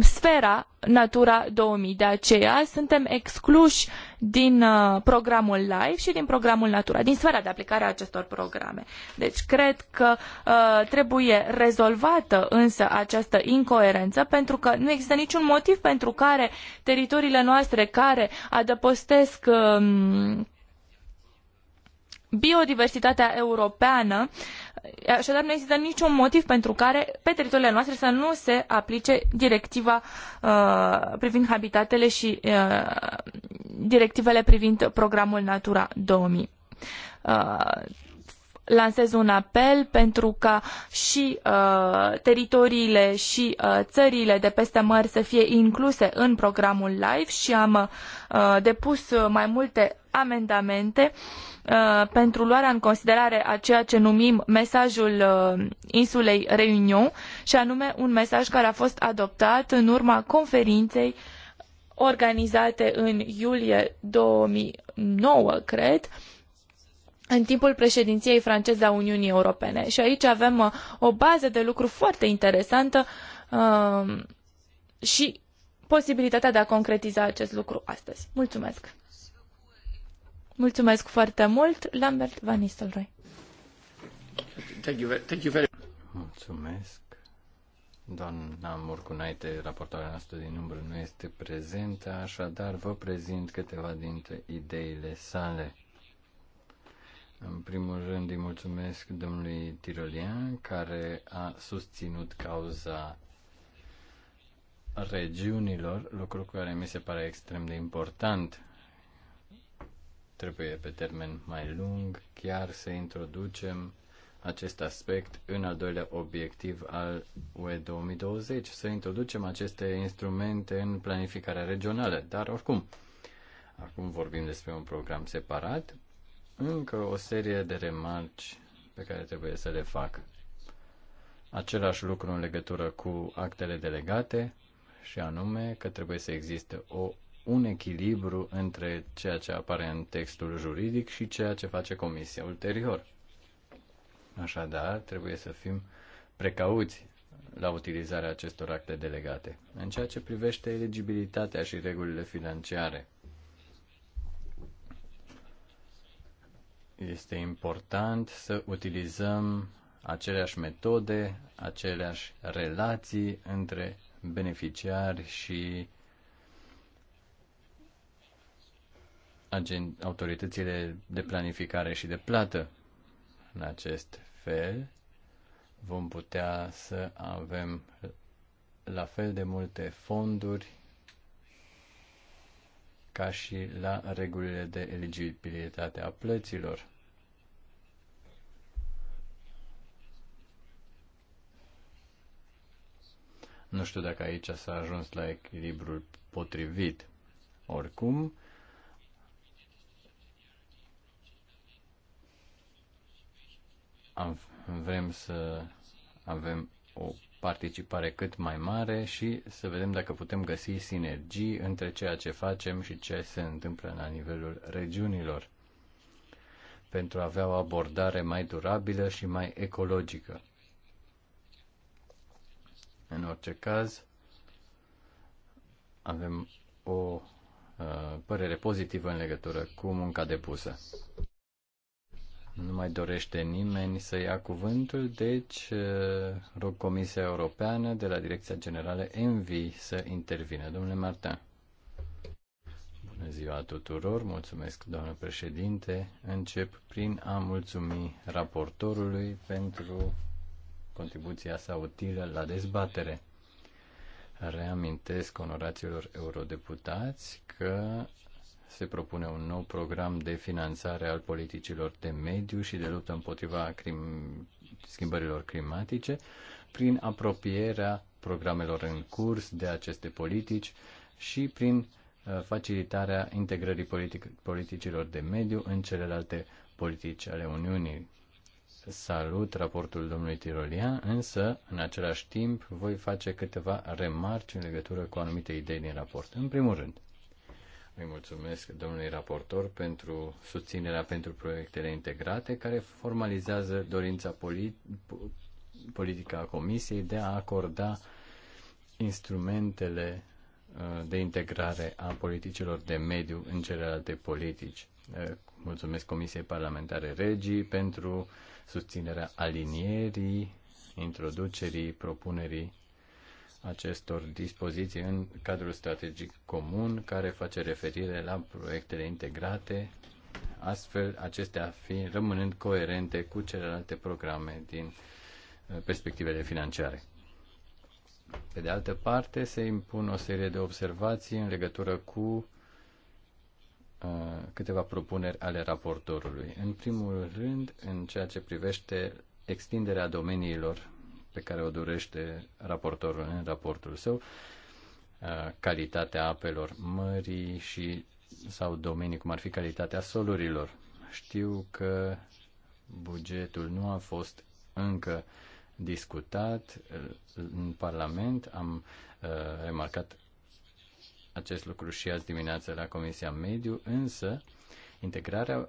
sfera Natura 2000. De aceea suntem excluși din uh, programul LIFE și din programul Natura, din sfera de aplicare a acestor programe. Deci cred că uh, trebuie rezolvată însă această incoerență pentru că nu există niciun motiv pentru care teritoriile noastre care adăpostesc um, biodiversitatea europeană. aadar nu există niciun motiv pentru care pe teritoriile noastre să nu se aplice directiva uh, privind habitatele și uh, directivele privind programul Natura 2000. Uh, lansez un apel pentru ca și uh, teritoriile și uh, țările de peste mări să fie incluse în programul LIFE și am uh, depus mai multe amendamente uh, pentru luarea în considerare a ceea ce numim mesajul uh, insulei Reunion și anume un mesaj care a fost adoptat în urma conferinței organizate în iulie 2009, cred, uh, în timpul președinției franceze a Uniunii Europene. Și aici avem uh, o bază de lucru foarte interesantă uh, și posibilitatea de a concretiza acest lucru astăzi. Mulțumesc! Mulțumesc foarte mult, Lambert Van Nistelrooy. Thank you, thank you very... Mulțumesc. Doamna Morcunaite, raportoarea noastră din umbră, nu este prezentă, așadar vă prezint câteva dintre ideile sale. În primul rând îi mulțumesc domnului Tirolian care a susținut cauza regiunilor, lucru care mi se pare extrem de important. Trebuie pe termen mai lung chiar să introducem acest aspect în al doilea obiectiv al UE 2020, să introducem aceste instrumente în planificarea regională. Dar oricum, acum vorbim despre un program separat încă o serie de remarci pe care trebuie să le fac. Același lucru în legătură cu actele delegate și anume că trebuie să existe o, un echilibru între ceea ce apare în textul juridic și ceea ce face comisia ulterior. Așadar, trebuie să fim precauți la utilizarea acestor acte delegate. În ceea ce privește eligibilitatea și regulile financiare, Este important să utilizăm aceleași metode, aceleași relații între beneficiari și autoritățile de planificare și de plată. În acest fel vom putea să avem la fel de multe fonduri ca și la regulile de eligibilitate a plăților. Nu știu dacă aici s-a ajuns la echilibrul potrivit. Oricum, am, vrem să avem o participare cât mai mare și să vedem dacă putem găsi sinergii între ceea ce facem și ce se întâmplă la nivelul regiunilor pentru a avea o abordare mai durabilă și mai ecologică. În orice caz, avem o uh, părere pozitivă în legătură cu munca depusă. Nu mai dorește nimeni să ia cuvântul, deci uh, rog Comisia Europeană de la Direcția Generală ENVI să intervină. Domnule Martin. Bună ziua tuturor, mulțumesc doamnă președinte. Încep prin a mulțumi raportorului pentru contribuția sa utilă la dezbatere. Reamintesc onoraților eurodeputați că se propune un nou program de finanțare al politicilor de mediu și de luptă împotriva crim, schimbărilor climatice prin apropierea programelor în curs de aceste politici și prin uh, facilitarea integrării politic, politicilor de mediu în celelalte politici ale Uniunii. Salut raportul domnului Tirolian, însă, în același timp, voi face câteva remarci în legătură cu anumite idei din raport. În primul rând, îi mulțumesc domnului raportor pentru susținerea pentru proiectele integrate care formalizează dorința polit- politică a Comisiei de a acorda instrumentele uh, de integrare a politicilor de mediu în celelalte politici. Uh, mulțumesc Comisiei Parlamentare Regii pentru susținerea alinierii, introducerii, propunerii acestor dispoziții în cadrul strategic comun care face referire la proiectele integrate, astfel acestea fi rămânând coerente cu celelalte programe din uh, perspectivele financiare. Pe de altă parte, se impun o serie de observații în legătură cu uh, câteva propuneri ale raportorului. În primul rând, în ceea ce privește extinderea domeniilor pe care o dorește raportorul în raportul său, calitatea apelor mării și sau domenii cum ar fi calitatea solurilor. Știu că bugetul nu a fost încă discutat în Parlament. Am uh, remarcat acest lucru și azi dimineață la Comisia Mediu, însă Integrarea,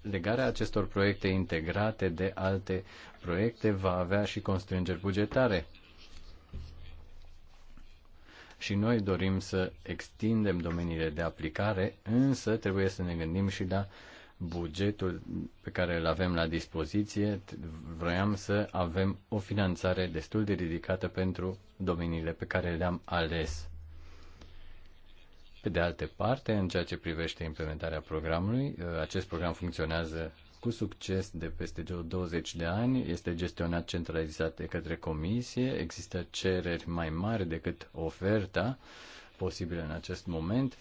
legarea acestor proiecte integrate de alte proiecte va avea și constrângeri bugetare. Și noi dorim să extindem domeniile de aplicare, însă trebuie să ne gândim și la bugetul pe care îl avem la dispoziție. Vroiam să avem o finanțare destul de ridicată pentru domeniile pe care le-am ales pe de altă parte, în ceea ce privește implementarea programului, uh, acest program funcționează cu succes de peste 20 de ani, este gestionat centralizat de către comisie, există cereri mai mari decât oferta posibilă în acest moment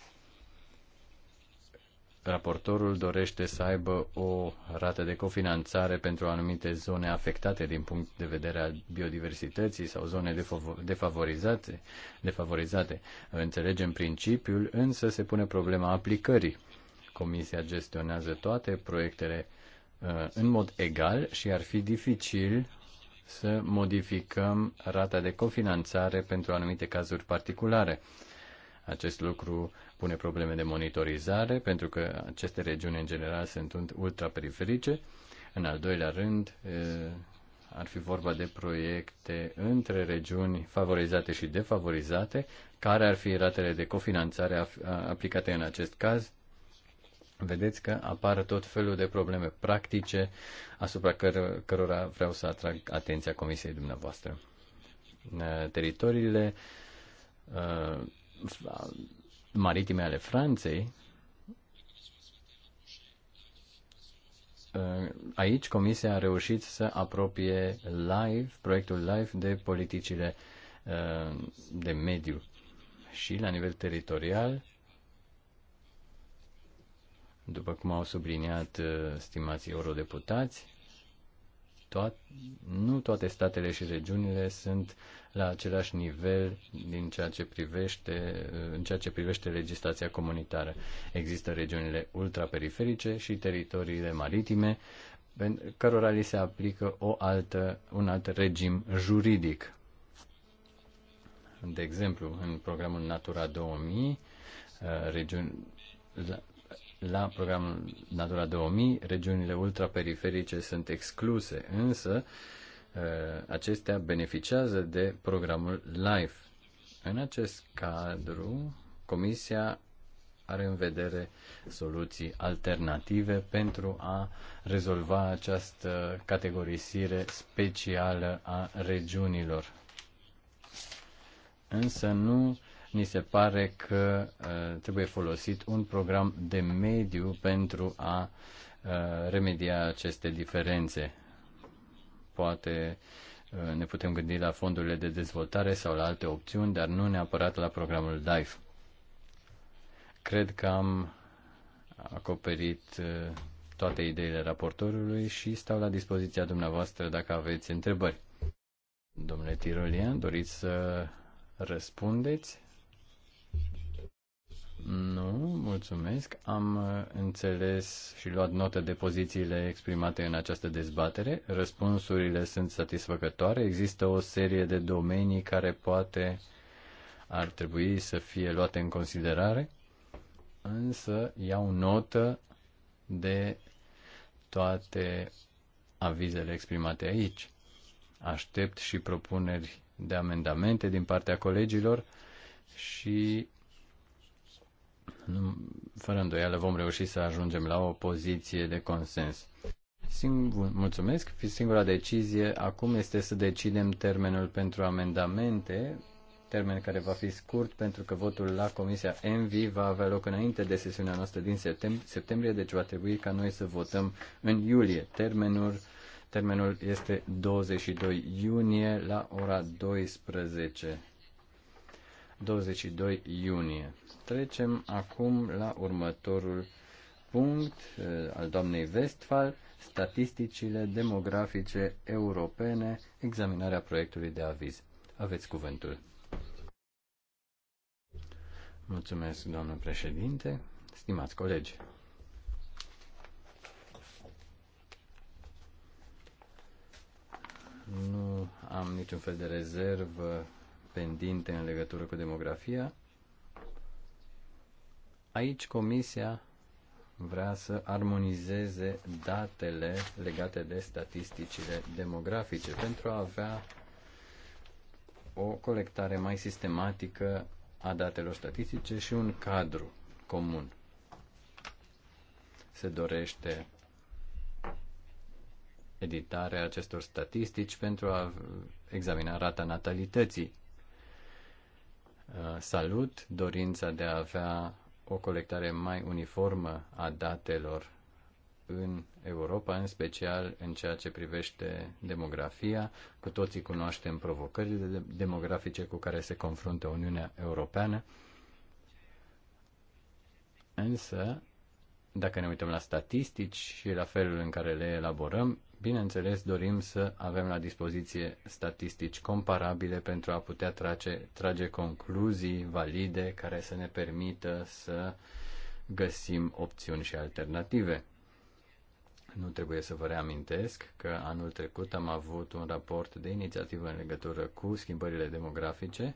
raportorul dorește să aibă o rată de cofinanțare pentru anumite zone afectate din punct de vedere al biodiversității sau zone defavorizate, defavorizate. Înțelegem principiul, însă se pune problema aplicării. Comisia gestionează toate proiectele uh, în mod egal și ar fi dificil să modificăm rata de cofinanțare pentru anumite cazuri particulare. Acest lucru uh, pune probleme de monitorizare, pentru că aceste regiuni în general sunt ultraperiferice. În al doilea rând, ar fi vorba de proiecte între regiuni favorizate și defavorizate, care ar fi ratele de cofinanțare aplicate în acest caz. Vedeți că apar tot felul de probleme practice asupra căr- cărora vreau să atrag atenția Comisiei dumneavoastră. Teritoriile maritime ale Franței, ă, aici Comisia a reușit să apropie live, proiectul live de politicile ă, de mediu și la nivel teritorial, după cum au subliniat ă, stimații eurodeputați, toat- nu toate statele și regiunile sunt la același nivel din ceea ce privește, în ceea ce privește legislația comunitară. Există regiunile ultraperiferice și teritoriile maritime, cărora li se aplică o altă, un alt regim juridic. De exemplu, în programul Natura 2000, uh, regiuni, la programul Natura 2000, regiunile ultraperiferice sunt excluse, însă uh, acestea beneficiază de programul LIFE. În acest cadru, Comisia are în vedere soluții alternative pentru a rezolva această categorisire specială a regiunilor. Însă nu ni se pare că uh, trebuie folosit un program de mediu pentru a uh, remedia aceste diferențe. Poate uh, ne putem gândi la fondurile de dezvoltare sau la alte opțiuni, dar nu neapărat la programul DIFE. Cred că am acoperit toate ideile raportorului și stau la dispoziția dumneavoastră dacă aveți întrebări. Domnule Tirolian, doriți să răspundeți nu, mulțumesc. Am uh, înțeles și luat notă de pozițiile exprimate în această dezbatere. Răspunsurile sunt satisfăcătoare. Există o serie de domenii care poate ar trebui să fie luate în considerare, însă iau notă de toate avizele exprimate aici. Aștept și propuneri de amendamente din partea colegilor și fără îndoială vom reuși să ajungem la o poziție de consens. Singur, mulțumesc. Singura decizie acum este să decidem termenul pentru amendamente, termen care va fi scurt pentru că votul la Comisia ENVI va avea loc înainte de sesiunea noastră din septem- septembrie, deci va trebui ca noi să votăm în iulie. Termenul, termenul este 22 iunie la ora 12. 22 iunie. Trecem acum la următorul punct eh, al doamnei Westphal, statisticile demografice europene, examinarea proiectului de aviz. Aveți cuvântul. Mulțumesc, doamnă președinte, stimați colegi. Nu am niciun fel de rezervă pendinte în legătură cu demografia. Aici Comisia vrea să armonizeze datele legate de statisticile demografice pentru a avea o colectare mai sistematică a datelor statistice și un cadru comun. Se dorește editarea acestor statistici pentru a examina rata natalității. Uh, salut dorința de a avea o colectare mai uniformă a datelor în Europa, în special în ceea ce privește demografia. Cu toții cunoaștem provocările demografice cu care se confruntă Uniunea Europeană. Însă, dacă ne uităm la statistici și la felul în care le elaborăm, Bineînțeles, dorim să avem la dispoziție statistici comparabile pentru a putea trage, trage concluzii valide care să ne permită să găsim opțiuni și alternative. Nu trebuie să vă reamintesc că anul trecut am avut un raport de inițiativă în legătură cu schimbările demografice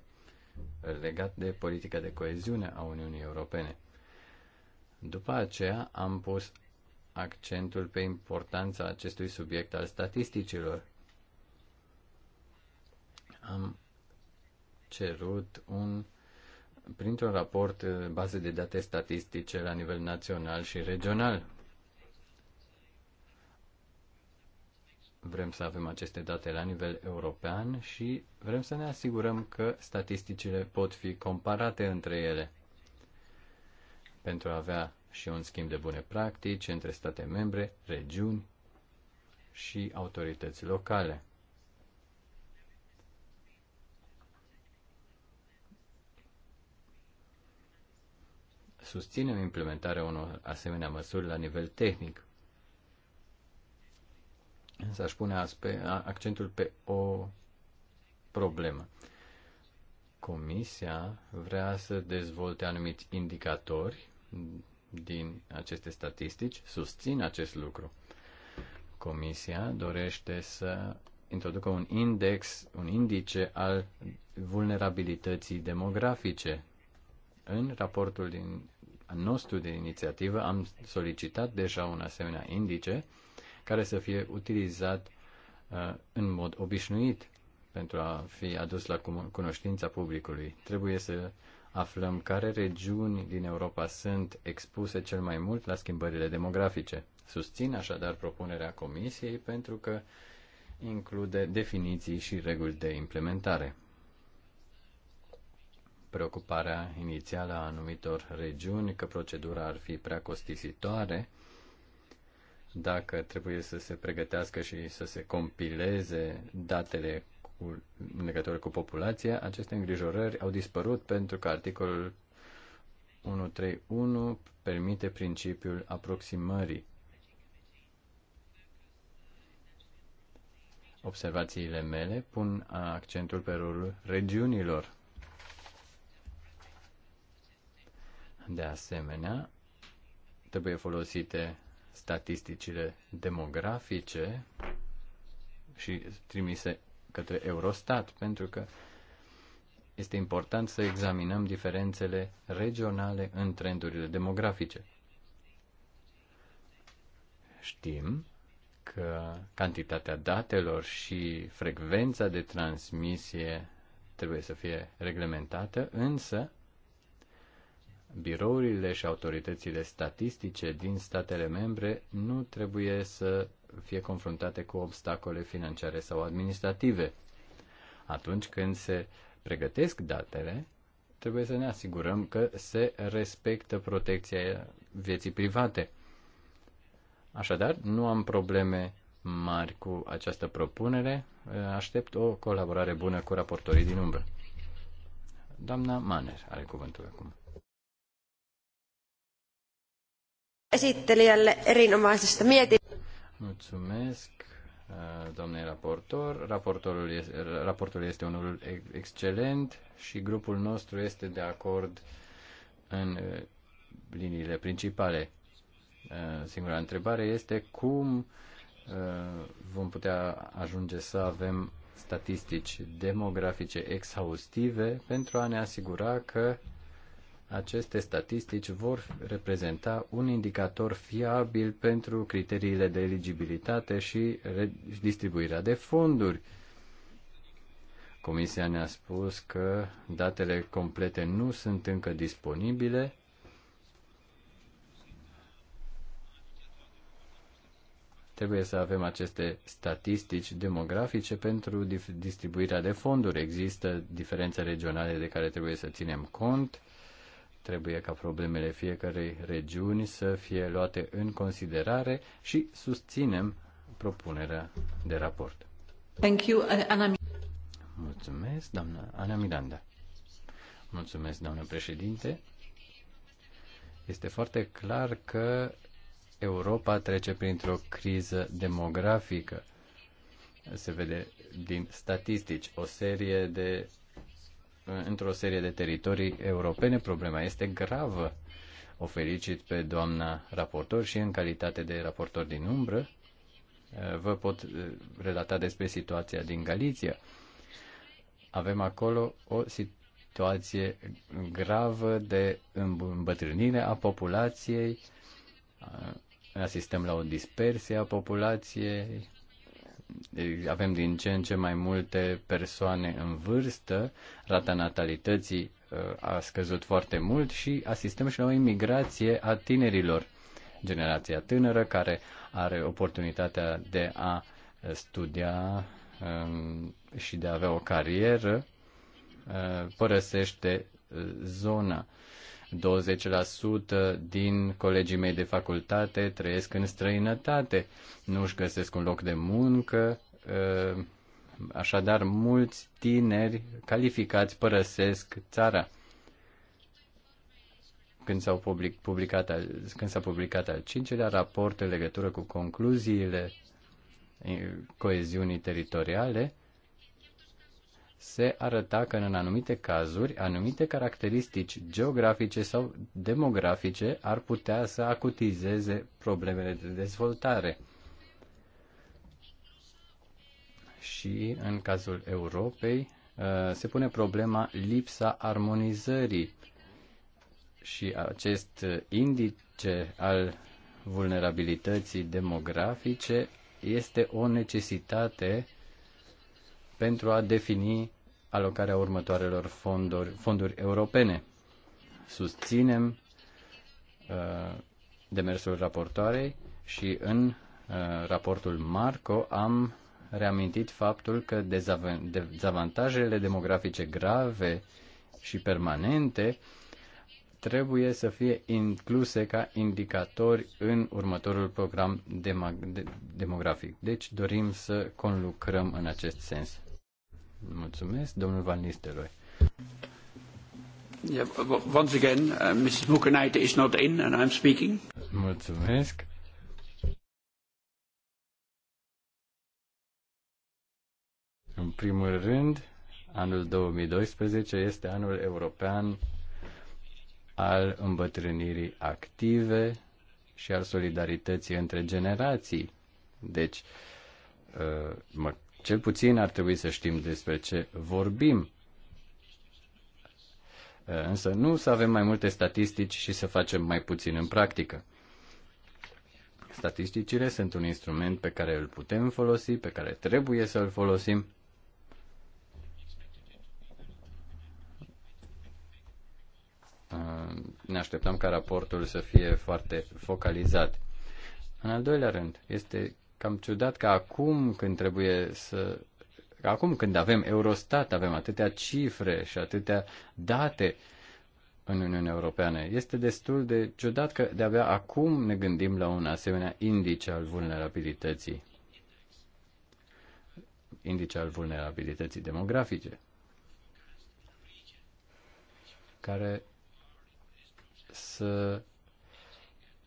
legat de politica de coeziune a Uniunii Europene. După aceea am pus accentul pe importanța acestui subiect al statisticilor. Am cerut un printr-un raport eh, bază de date statistice la nivel național și regional. Vrem să avem aceste date la nivel european și vrem să ne asigurăm că statisticile pot fi comparate între ele pentru a avea și un schimb de bune practici între state membre, regiuni și autorități locale. Susținem implementarea unor asemenea măsuri la nivel tehnic. Însă aș pune accentul pe o problemă. Comisia vrea să dezvolte anumiți indicatori din aceste statistici susțin acest lucru. Comisia dorește să introducă un index, un indice al vulnerabilității demografice. În raportul din, nostru de inițiativă am solicitat deja un asemenea indice care să fie utilizat uh, în mod obișnuit pentru a fi adus la cunoștința publicului. Trebuie să uh, aflăm care regiuni din Europa sunt expuse cel mai mult la schimbările demografice. Susțin așadar propunerea Comisiei pentru că include definiții și reguli de implementare. Preocuparea inițială a anumitor regiuni că procedura ar fi prea costisitoare dacă trebuie să se pregătească și să se compileze datele în legătură cu populația, aceste îngrijorări au dispărut pentru că articolul 131 permite principiul aproximării. Observațiile mele pun accentul pe rolul regiunilor. De asemenea, trebuie folosite statisticile demografice și trimise către Eurostat, pentru că este important să examinăm diferențele regionale în trendurile demografice. Știm că cantitatea datelor și frecvența de transmisie trebuie să fie reglementată, însă birourile și autoritățile statistice din statele membre nu trebuie să fie confruntate cu obstacole financiare sau administrative. Atunci când se pregătesc datele, trebuie să ne asigurăm că se respectă protecția vieții private. Așadar, nu am probleme mari cu această propunere. Aștept o colaborare bună cu raportorii din umbră. Doamna Maner are cuvântul acum. Esittelijälle erinomaisesta mietin. Mulțumesc, uh, domnule raportor. Raportorul este, raportul este unul excelent și grupul nostru este de acord în uh, liniile principale. Uh, singura întrebare este cum vom putea ajunge să avem statistici demografice exhaustive pentru a ne asigura că aceste statistici vor reprezenta un indicator fiabil pentru criteriile de eligibilitate și distribuirea de fonduri. Comisia ne-a spus că datele complete nu sunt încă disponibile. Trebuie să avem aceste statistici demografice pentru distribuirea de fonduri. Există diferențe regionale de care trebuie să ținem cont Trebuie ca problemele fiecarei regiuni să fie luate în considerare și susținem propunerea de raport. Thank you, uh, Ana. Mulțumesc, doamna Ana Miranda. Mulțumesc, doamnă președinte. Este foarte clar că Europa trece printr-o criză demografică. Se vede din statistici o serie de într-o serie de teritorii europene. Problema este gravă. O felicit pe doamna raportor și în calitate de raportor din umbră vă pot eh, relata despre situația din Galiția. Avem acolo o situație gravă de îmbătrânire a populației, eh, asistăm la o dispersie a populației, avem din ce în ce mai multe persoane în vârstă, rata natalității uh, a scăzut foarte mult și asistăm și la o imigrație a tinerilor. Generația tânără care are oportunitatea de a studia um, și de a avea o carieră uh, părăsește uh, zona 20% din colegii mei de facultate trăiesc în străinătate, nu își găsesc un loc de muncă, ă, așadar mulți tineri calificați părăsesc țara. Când, s-au public, publicat, când s-a publicat al cincilea raport în legătură cu concluziile coeziunii teritoriale, se arăta că în anumite cazuri, anumite caracteristici geografice sau demografice ar putea să acutizeze problemele de dezvoltare. Și în cazul Europei uh, se pune problema lipsa armonizării și acest indice al vulnerabilității demografice este o necesitate pentru a defini alocarea următoarelor fonduri, fonduri europene. Susținem uh, demersul raportoarei și în uh, raportul Marco am reamintit faptul că dezavantajele demografice grave și permanente trebuie să fie incluse ca indicatori în următorul program demografic. Deci dorim să conlucrăm în acest sens. Mulțumesc, domnul Van Nistelrooy. Yeah, once again, uh, Mrs. Mukenaite is not in and I'm speaking. Mulțumesc. În primul rând, anul 2012 este anul european al îmbătrânirii active și al solidarității între generații. Deci, uh, mă cel puțin ar trebui să știm despre ce vorbim. Eh, însă nu să avem mai multe statistici și să facem mai puțin în practică. Statisticile sunt un instrument pe care îl putem folosi, pe care trebuie să îl folosim. Eh, ne așteptăm ca raportul să fie foarte focalizat. În al doilea rând, este cam ciudat că acum când trebuie să acum când avem Eurostat, avem atâtea cifre și atâtea date în Uniunea Europeană. Este destul de ciudat că de-abia acum ne gândim la un asemenea indice al vulnerabilității. Indice al vulnerabilității demografice. Care să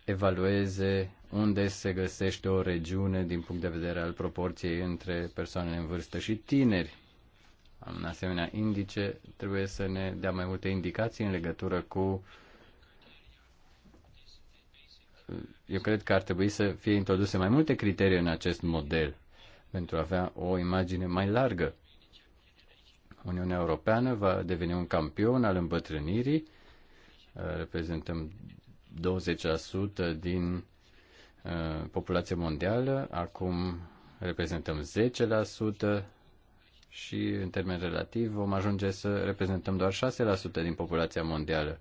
evalueze unde se găsește o regiune din punct de vedere al proporției între persoanele în vârstă și tineri. În asemenea indice trebuie să ne dea mai multe indicații în legătură cu eu cred că ar trebui să fie introduse mai multe criterii în acest model pentru a avea o imagine mai largă. Uniunea Europeană va deveni un campion al îmbătrânirii. Reprezentăm 20% din uh, populația mondială, acum reprezentăm 10% și în termen relativ vom ajunge să reprezentăm doar 6% din populația mondială.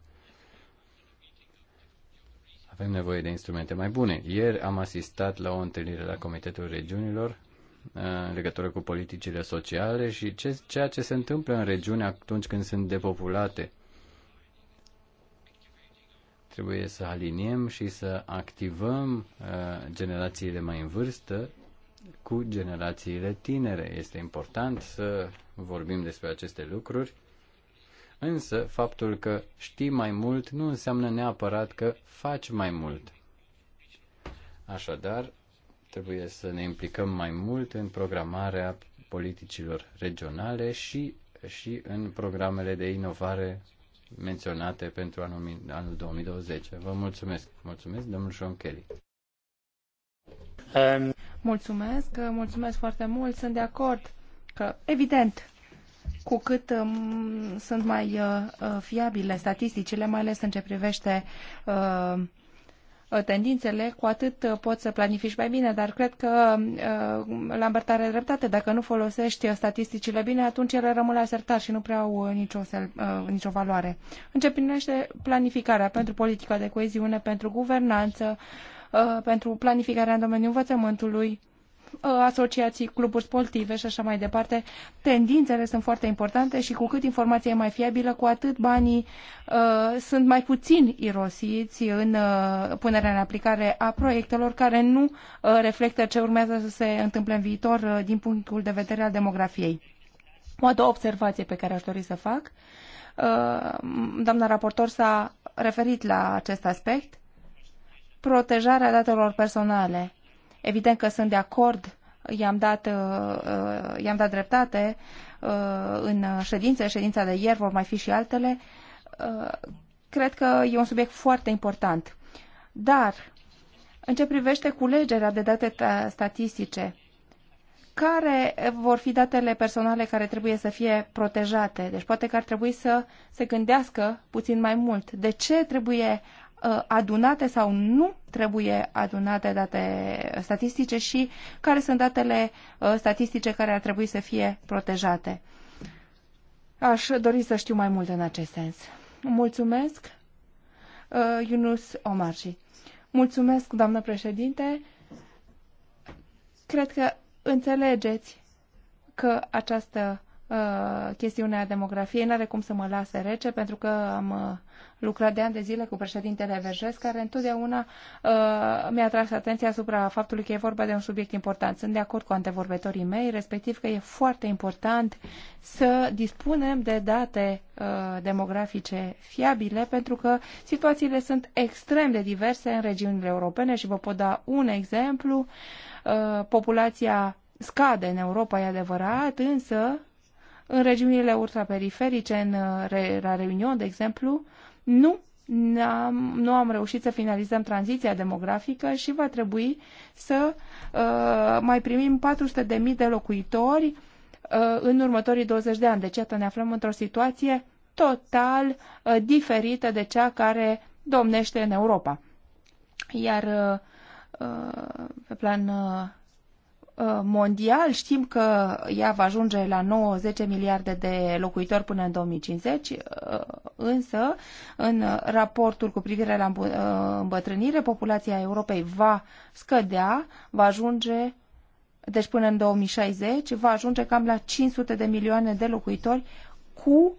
Avem nevoie de instrumente mai bune. Ieri am asistat la o întâlnire la Comitetul Regiunilor uh, în legătură cu politicile sociale și ce, ceea ce se întâmplă în regiuni atunci când sunt depopulate. Trebuie să aliniem și să activăm uh, generațiile mai în vârstă cu generațiile tinere. Este important să vorbim despre aceste lucruri, însă faptul că știi mai mult nu înseamnă neapărat că faci mai mult. Așadar, trebuie să ne implicăm mai mult în programarea politicilor regionale și, și în programele de inovare menționate pentru anul, anul 2020. Vă mulțumesc. Mulțumesc, domnul Sean Kelly. Um, mulțumesc, mulțumesc foarte mult. Sunt de acord că, evident, cu cât um, sunt mai uh, uh fiabile statisticile, mai ales în ce privește uh, Uh, tendințele, cu atât uh, poți să planifici mai bine, dar cred că uh, la îmbărtare dreptate. Dacă nu folosești statisticile bine, atunci ele rămân la sertar și nu prea au nicio, nicio valoare. Începinește planificarea pentru politica de coeziune, pentru guvernanță, pentru planificarea în domeniul învățământului, Uh, asociații, cluburi sportive și așa mai departe. Tendințele sunt foarte importante și cu cât informația e mai fiabilă, cu atât banii uh, sunt mai puțin irosiți în uh, punerea în aplicare a proiectelor care nu uh, reflectă ce urmează să se întâmple în viitor uh, din punctul de vedere al demografiei. O a doua observație pe care aș dori să fac, uh, doamna raportor s-a referit la acest aspect, protejarea datelor personale Evident că sunt de acord, i-am dat, uh, uh, i-am dat dreptate uh, în ședință, ședința de ieri, vor mai fi și altele. Cred că e un subiect foarte important. Dar, în ce privește culegerea de date statistice, care vor fi datele personale care trebuie să fie protejate. Deci poate că ar trebui să se gândească puțin mai mult. De ce trebuie Uh, adunate sau nu trebuie adunate date statistice și care sunt datele uh, statistice care ar trebui să fie protejate. Aș dori să știu mai mult în acest sens. Mulțumesc, uh, Yunus Omarji. Mulțumesc, doamnă președinte. Cred că înțelegeți că această uh, chestiune a demografiei n-are cum să mă lase rece pentru că am lucrat de ani de zile cu președintele Vergez, care întotdeauna uh, mi-a tras atenția asupra faptului că e vorba de un subiect important. Sunt de acord cu antevorbitorii mei, respectiv că e foarte important să dispunem de date uh, demografice fiabile, pentru că situațiile sunt extrem de diverse în regiunile europene și vă pot da un exemplu. Uh, populația scade în Europa, e adevărat, însă în regiunile ultraperiferice, în uh, La Reunion, de exemplu, nu am nu am reușit să finalizăm tranziția demografică și va trebui să uh, mai primim 400.000 de locuitori uh, în următorii 20 de ani. Deci, iată, ne aflăm într-o situație total uh, diferită de cea care domnește în Europa. Iar uh, uh pe plan uh, Uh, mondial știm că ea va ajunge la 9-10 miliarde de locuitori până în 2050, uh, însă în raportul cu privire la uh, îmbătrânire, populația Europei va scădea, va ajunge deci până în 2060 va ajunge cam la 500 de milioane de locuitori cu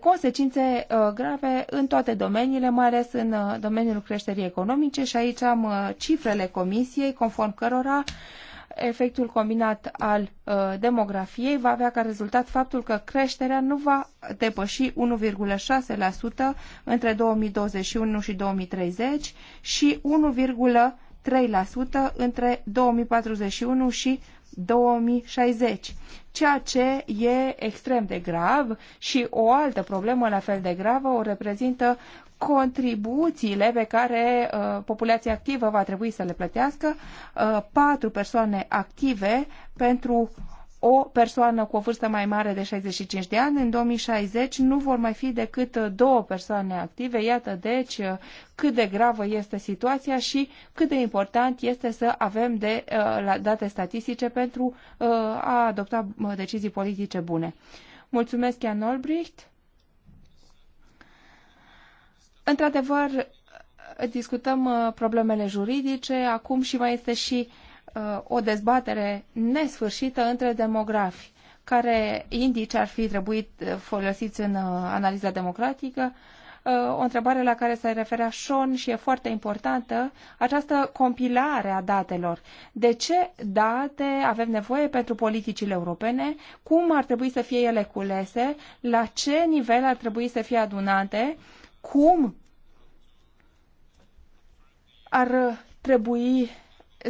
consecințe grave în toate domeniile, mai ales în domeniul creșterii economice și aici am cifrele comisiei conform cărora efectul combinat al uh, demografiei va avea ca rezultat faptul că creșterea nu va depăși 1,6% între 2021 și 2030 și 1,3% între 2041 și 2060, ceea ce e extrem de grav și o altă problemă la fel de gravă o reprezintă contribuțiile pe care uh, populația activă va trebui să le plătească, uh, patru persoane active pentru o persoană cu o vârstă mai mare de 65 de ani, în 2060 nu vor mai fi decât uh, două persoane active. Iată, deci, uh, cât de gravă este situația și cât de important este să avem de uh, date statistice pentru a adopta decizii politice bune. Mulțumesc, Ian Olbricht. Într-adevăr, discutăm uh, problemele juridice, acum și mai este și uh, o dezbatere nesfârșită între demografi. Care indice ar fi trebuit uh, folosiți în analiza democratică? o întrebare la care se referea Sean și e foarte importantă, această compilare a datelor. De ce date avem nevoie pentru politicile europene? Cum ar trebui să fie ele culese? La ce nivel ar trebui să fie adunate? Uh, cum ar trebui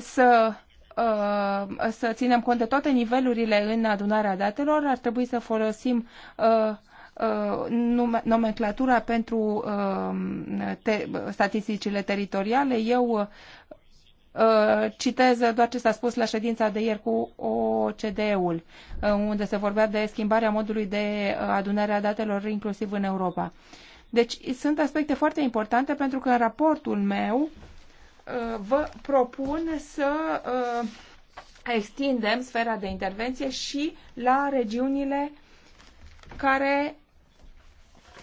să uh, să ținem cont de toate nivelurile în adunarea datelor, ar trebui să folosim uh, uh, nomenclatura pentru te statisticile teritoriale. Eu citez doar ce s-a spus la ședința de ieri cu OCDE-ul, unde se vorbea de schimbarea modului de adunare a datelor inclusiv în Europa. Deci sunt aspecte foarte importante pentru că în raportul meu uh, vă propun să uh, extindem sfera de intervenție și la regiunile care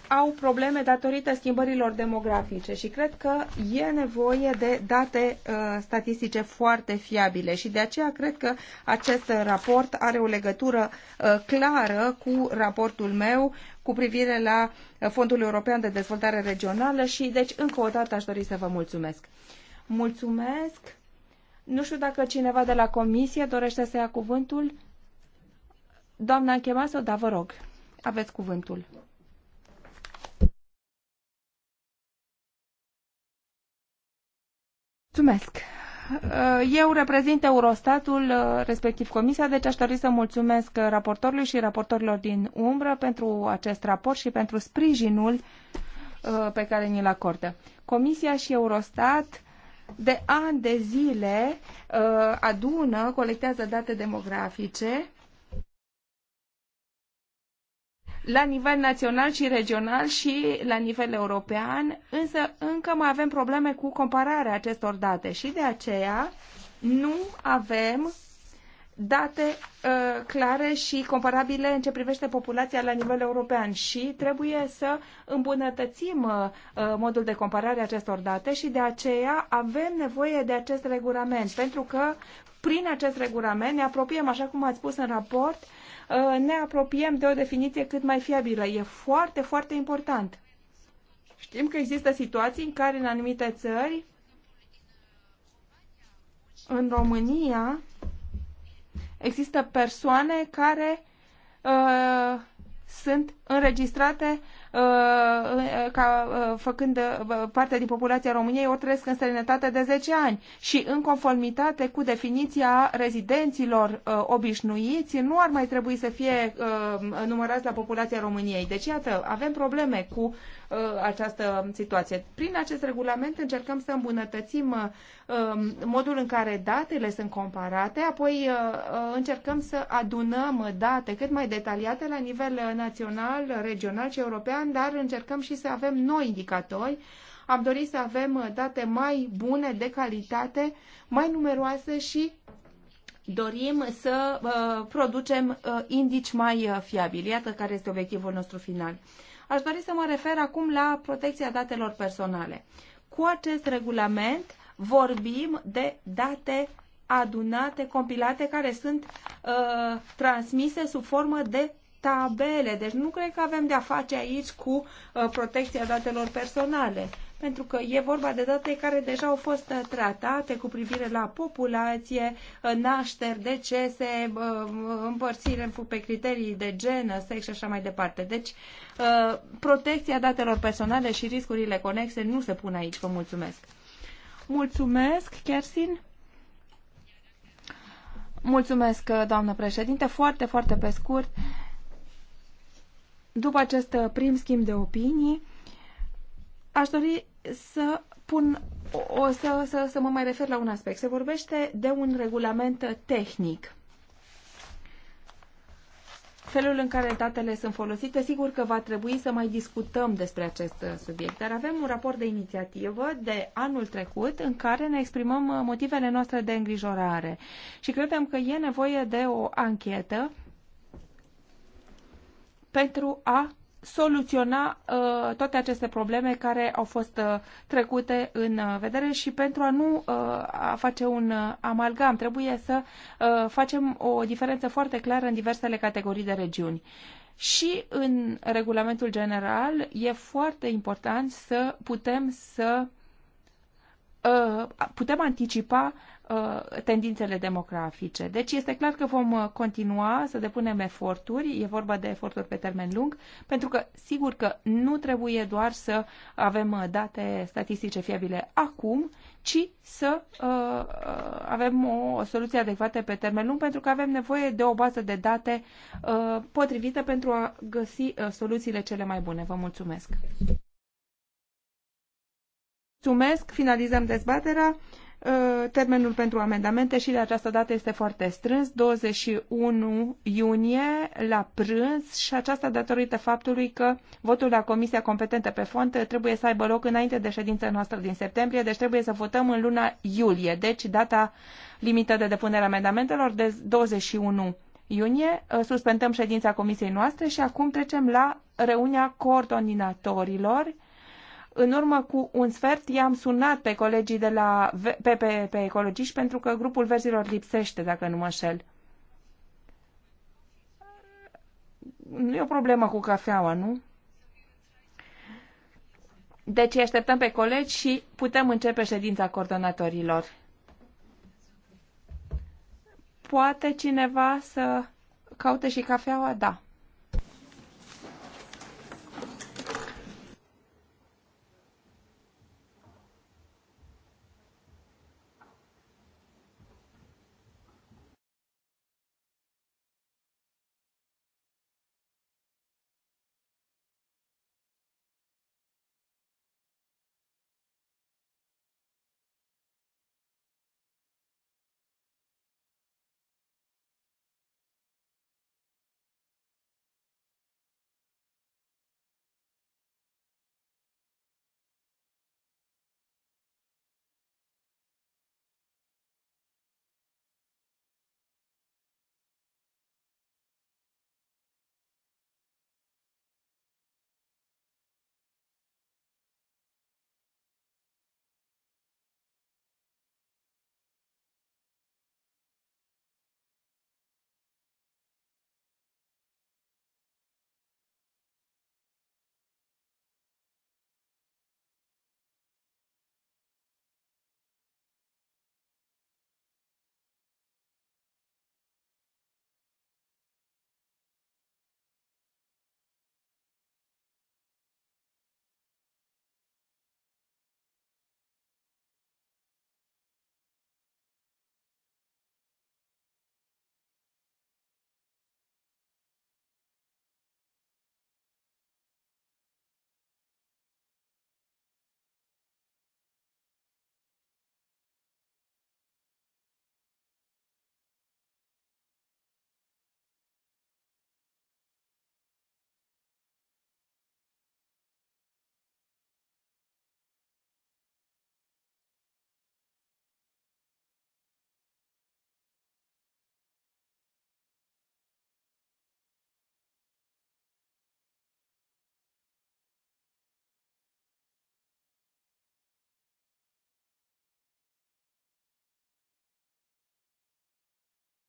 au probleme datorită schimbărilor demografice și cred că e nevoie de date uh, statistice foarte fiabile și de aceea cred că acest raport are o legătură uh, clară cu raportul meu cu privire la uh, Fondul European de Dezvoltare Regională și deci încă o dată aș dori să vă mulțumesc. Mulțumesc. Nu știu dacă cineva de la comisie dorește să ia cuvântul. Doamna Chemaso, da, vă rog. Aveți cuvântul. Mulțumesc! Uh, eu reprezint Eurostatul, uh, respectiv Comisia, deci aș dori să mulțumesc raportorului și raportorilor din umbră pentru acest raport și pentru sprijinul uh, pe care ni-l acordă. Comisia și Eurostat de ani de zile adună, colectează date demografice la nivel național și regional și la nivel european, însă încă mai avem probleme cu compararea acestor date și de aceea nu avem date uh, clare și comparabile în ce privește populația la nivel european și trebuie să îmbunătățim uh, modul de comparare a acestor date și de aceea avem nevoie de acest regulament pentru că prin acest regulament ne apropiem, așa cum ați spus în raport, Uh, ne apropiem de o definiție cât mai fiabilă. E foarte, foarte important. Știm că există situații în care în anumite țări, în România, există persoane care uh, sunt înregistrate Uh, uh, ca uh, făcând parte din populația României, o trăiesc în străinătate de 10 ani și în conformitate cu definiția rezidenților obișnuiți, nu ar mai trebui să fie numărați la populația României. Deci, iată, avem probleme cu Uh, această situație. Prin acest regulament încercăm să îmbunătățim um, modul în care datele sunt comparate, apoi uh, uh, încercăm să adunăm date cât mai detaliate la nivel național, regional și european, dar încercăm și să avem noi indicatori am dorit să avem date mai bune, de calitate, mai numeroase și dorim să uh, producem uh, indici mai uh, fiabili. Iată care este obiectivul nostru final. Aș dori să mă refer acum la protecția datelor personale. Cu acest regulament vorbim de date adunate, compilate, care sunt uh, transmise sub formă de tabele. Deci nu cred că avem de-a face aici cu uh, protecția datelor personale pentru că e vorba de date care deja au fost tratate cu privire la populație, nașteri, decese, uh, împărțire pe criterii de gen, sex și așa mai departe. Deci, uh, protecția datelor personale și riscurile conexe nu se pun aici. Vă mulțumesc! Mulțumesc, Kersin! Mulțumesc, doamnă președinte. Foarte, foarte pe scurt, după acest prim schimb de opinii, aș dori să pun o să, să, să mă mai refer la un aspect. Se vorbește de un regulament tehnic. Felul în care datele sunt folosite, sigur că va trebui să mai discutăm despre acest subiect, dar avem un raport de inițiativă de anul trecut în care ne exprimăm motivele noastre de îngrijorare și credem că e nevoie de o anchetă pentru a soluționa uh, toate aceste probleme care au fost uh, trecute în uh, vedere și pentru a nu uh, a face un uh, amalgam, trebuie să uh, facem o diferență foarte clară în diversele categorii de regiuni. Și în regulamentul general e foarte important să putem să Uh, putem anticipa uh, tendințele demografice. Deci este clar că vom uh, continua să depunem eforturi, e vorba de eforturi pe termen lung, pentru că sigur că nu trebuie doar să avem date statistice fiabile acum, ci să uh, avem o soluție adecvată pe termen lung, pentru că avem nevoie de o bază de date uh, potrivită pentru a găsi uh, soluțiile cele mai bune. Vă mulțumesc! Mulțumesc, finalizăm dezbaterea. Uh, termenul pentru amendamente și de această dată este foarte strâns, 21 iunie la prânz și aceasta datorită faptului că votul la Comisia Competentă pe Fond trebuie să aibă loc înainte de ședința noastră din septembrie, deci trebuie să votăm în luna iulie, deci data limită de depunere a amendamentelor de 21 iunie. Uh, suspendăm ședința Comisiei noastre și acum trecem la reuniunea coordonatorilor. În urmă cu un sfert i-am sunat pe colegii de la pe, pe, pe ecologiști pentru că grupul verzilor lipsește, dacă nu mă șel. Nu e o problemă cu cafeaua, nu? Deci îi așteptăm pe colegi și putem începe ședința coordonatorilor. Poate cineva să caute și cafeaua? Da.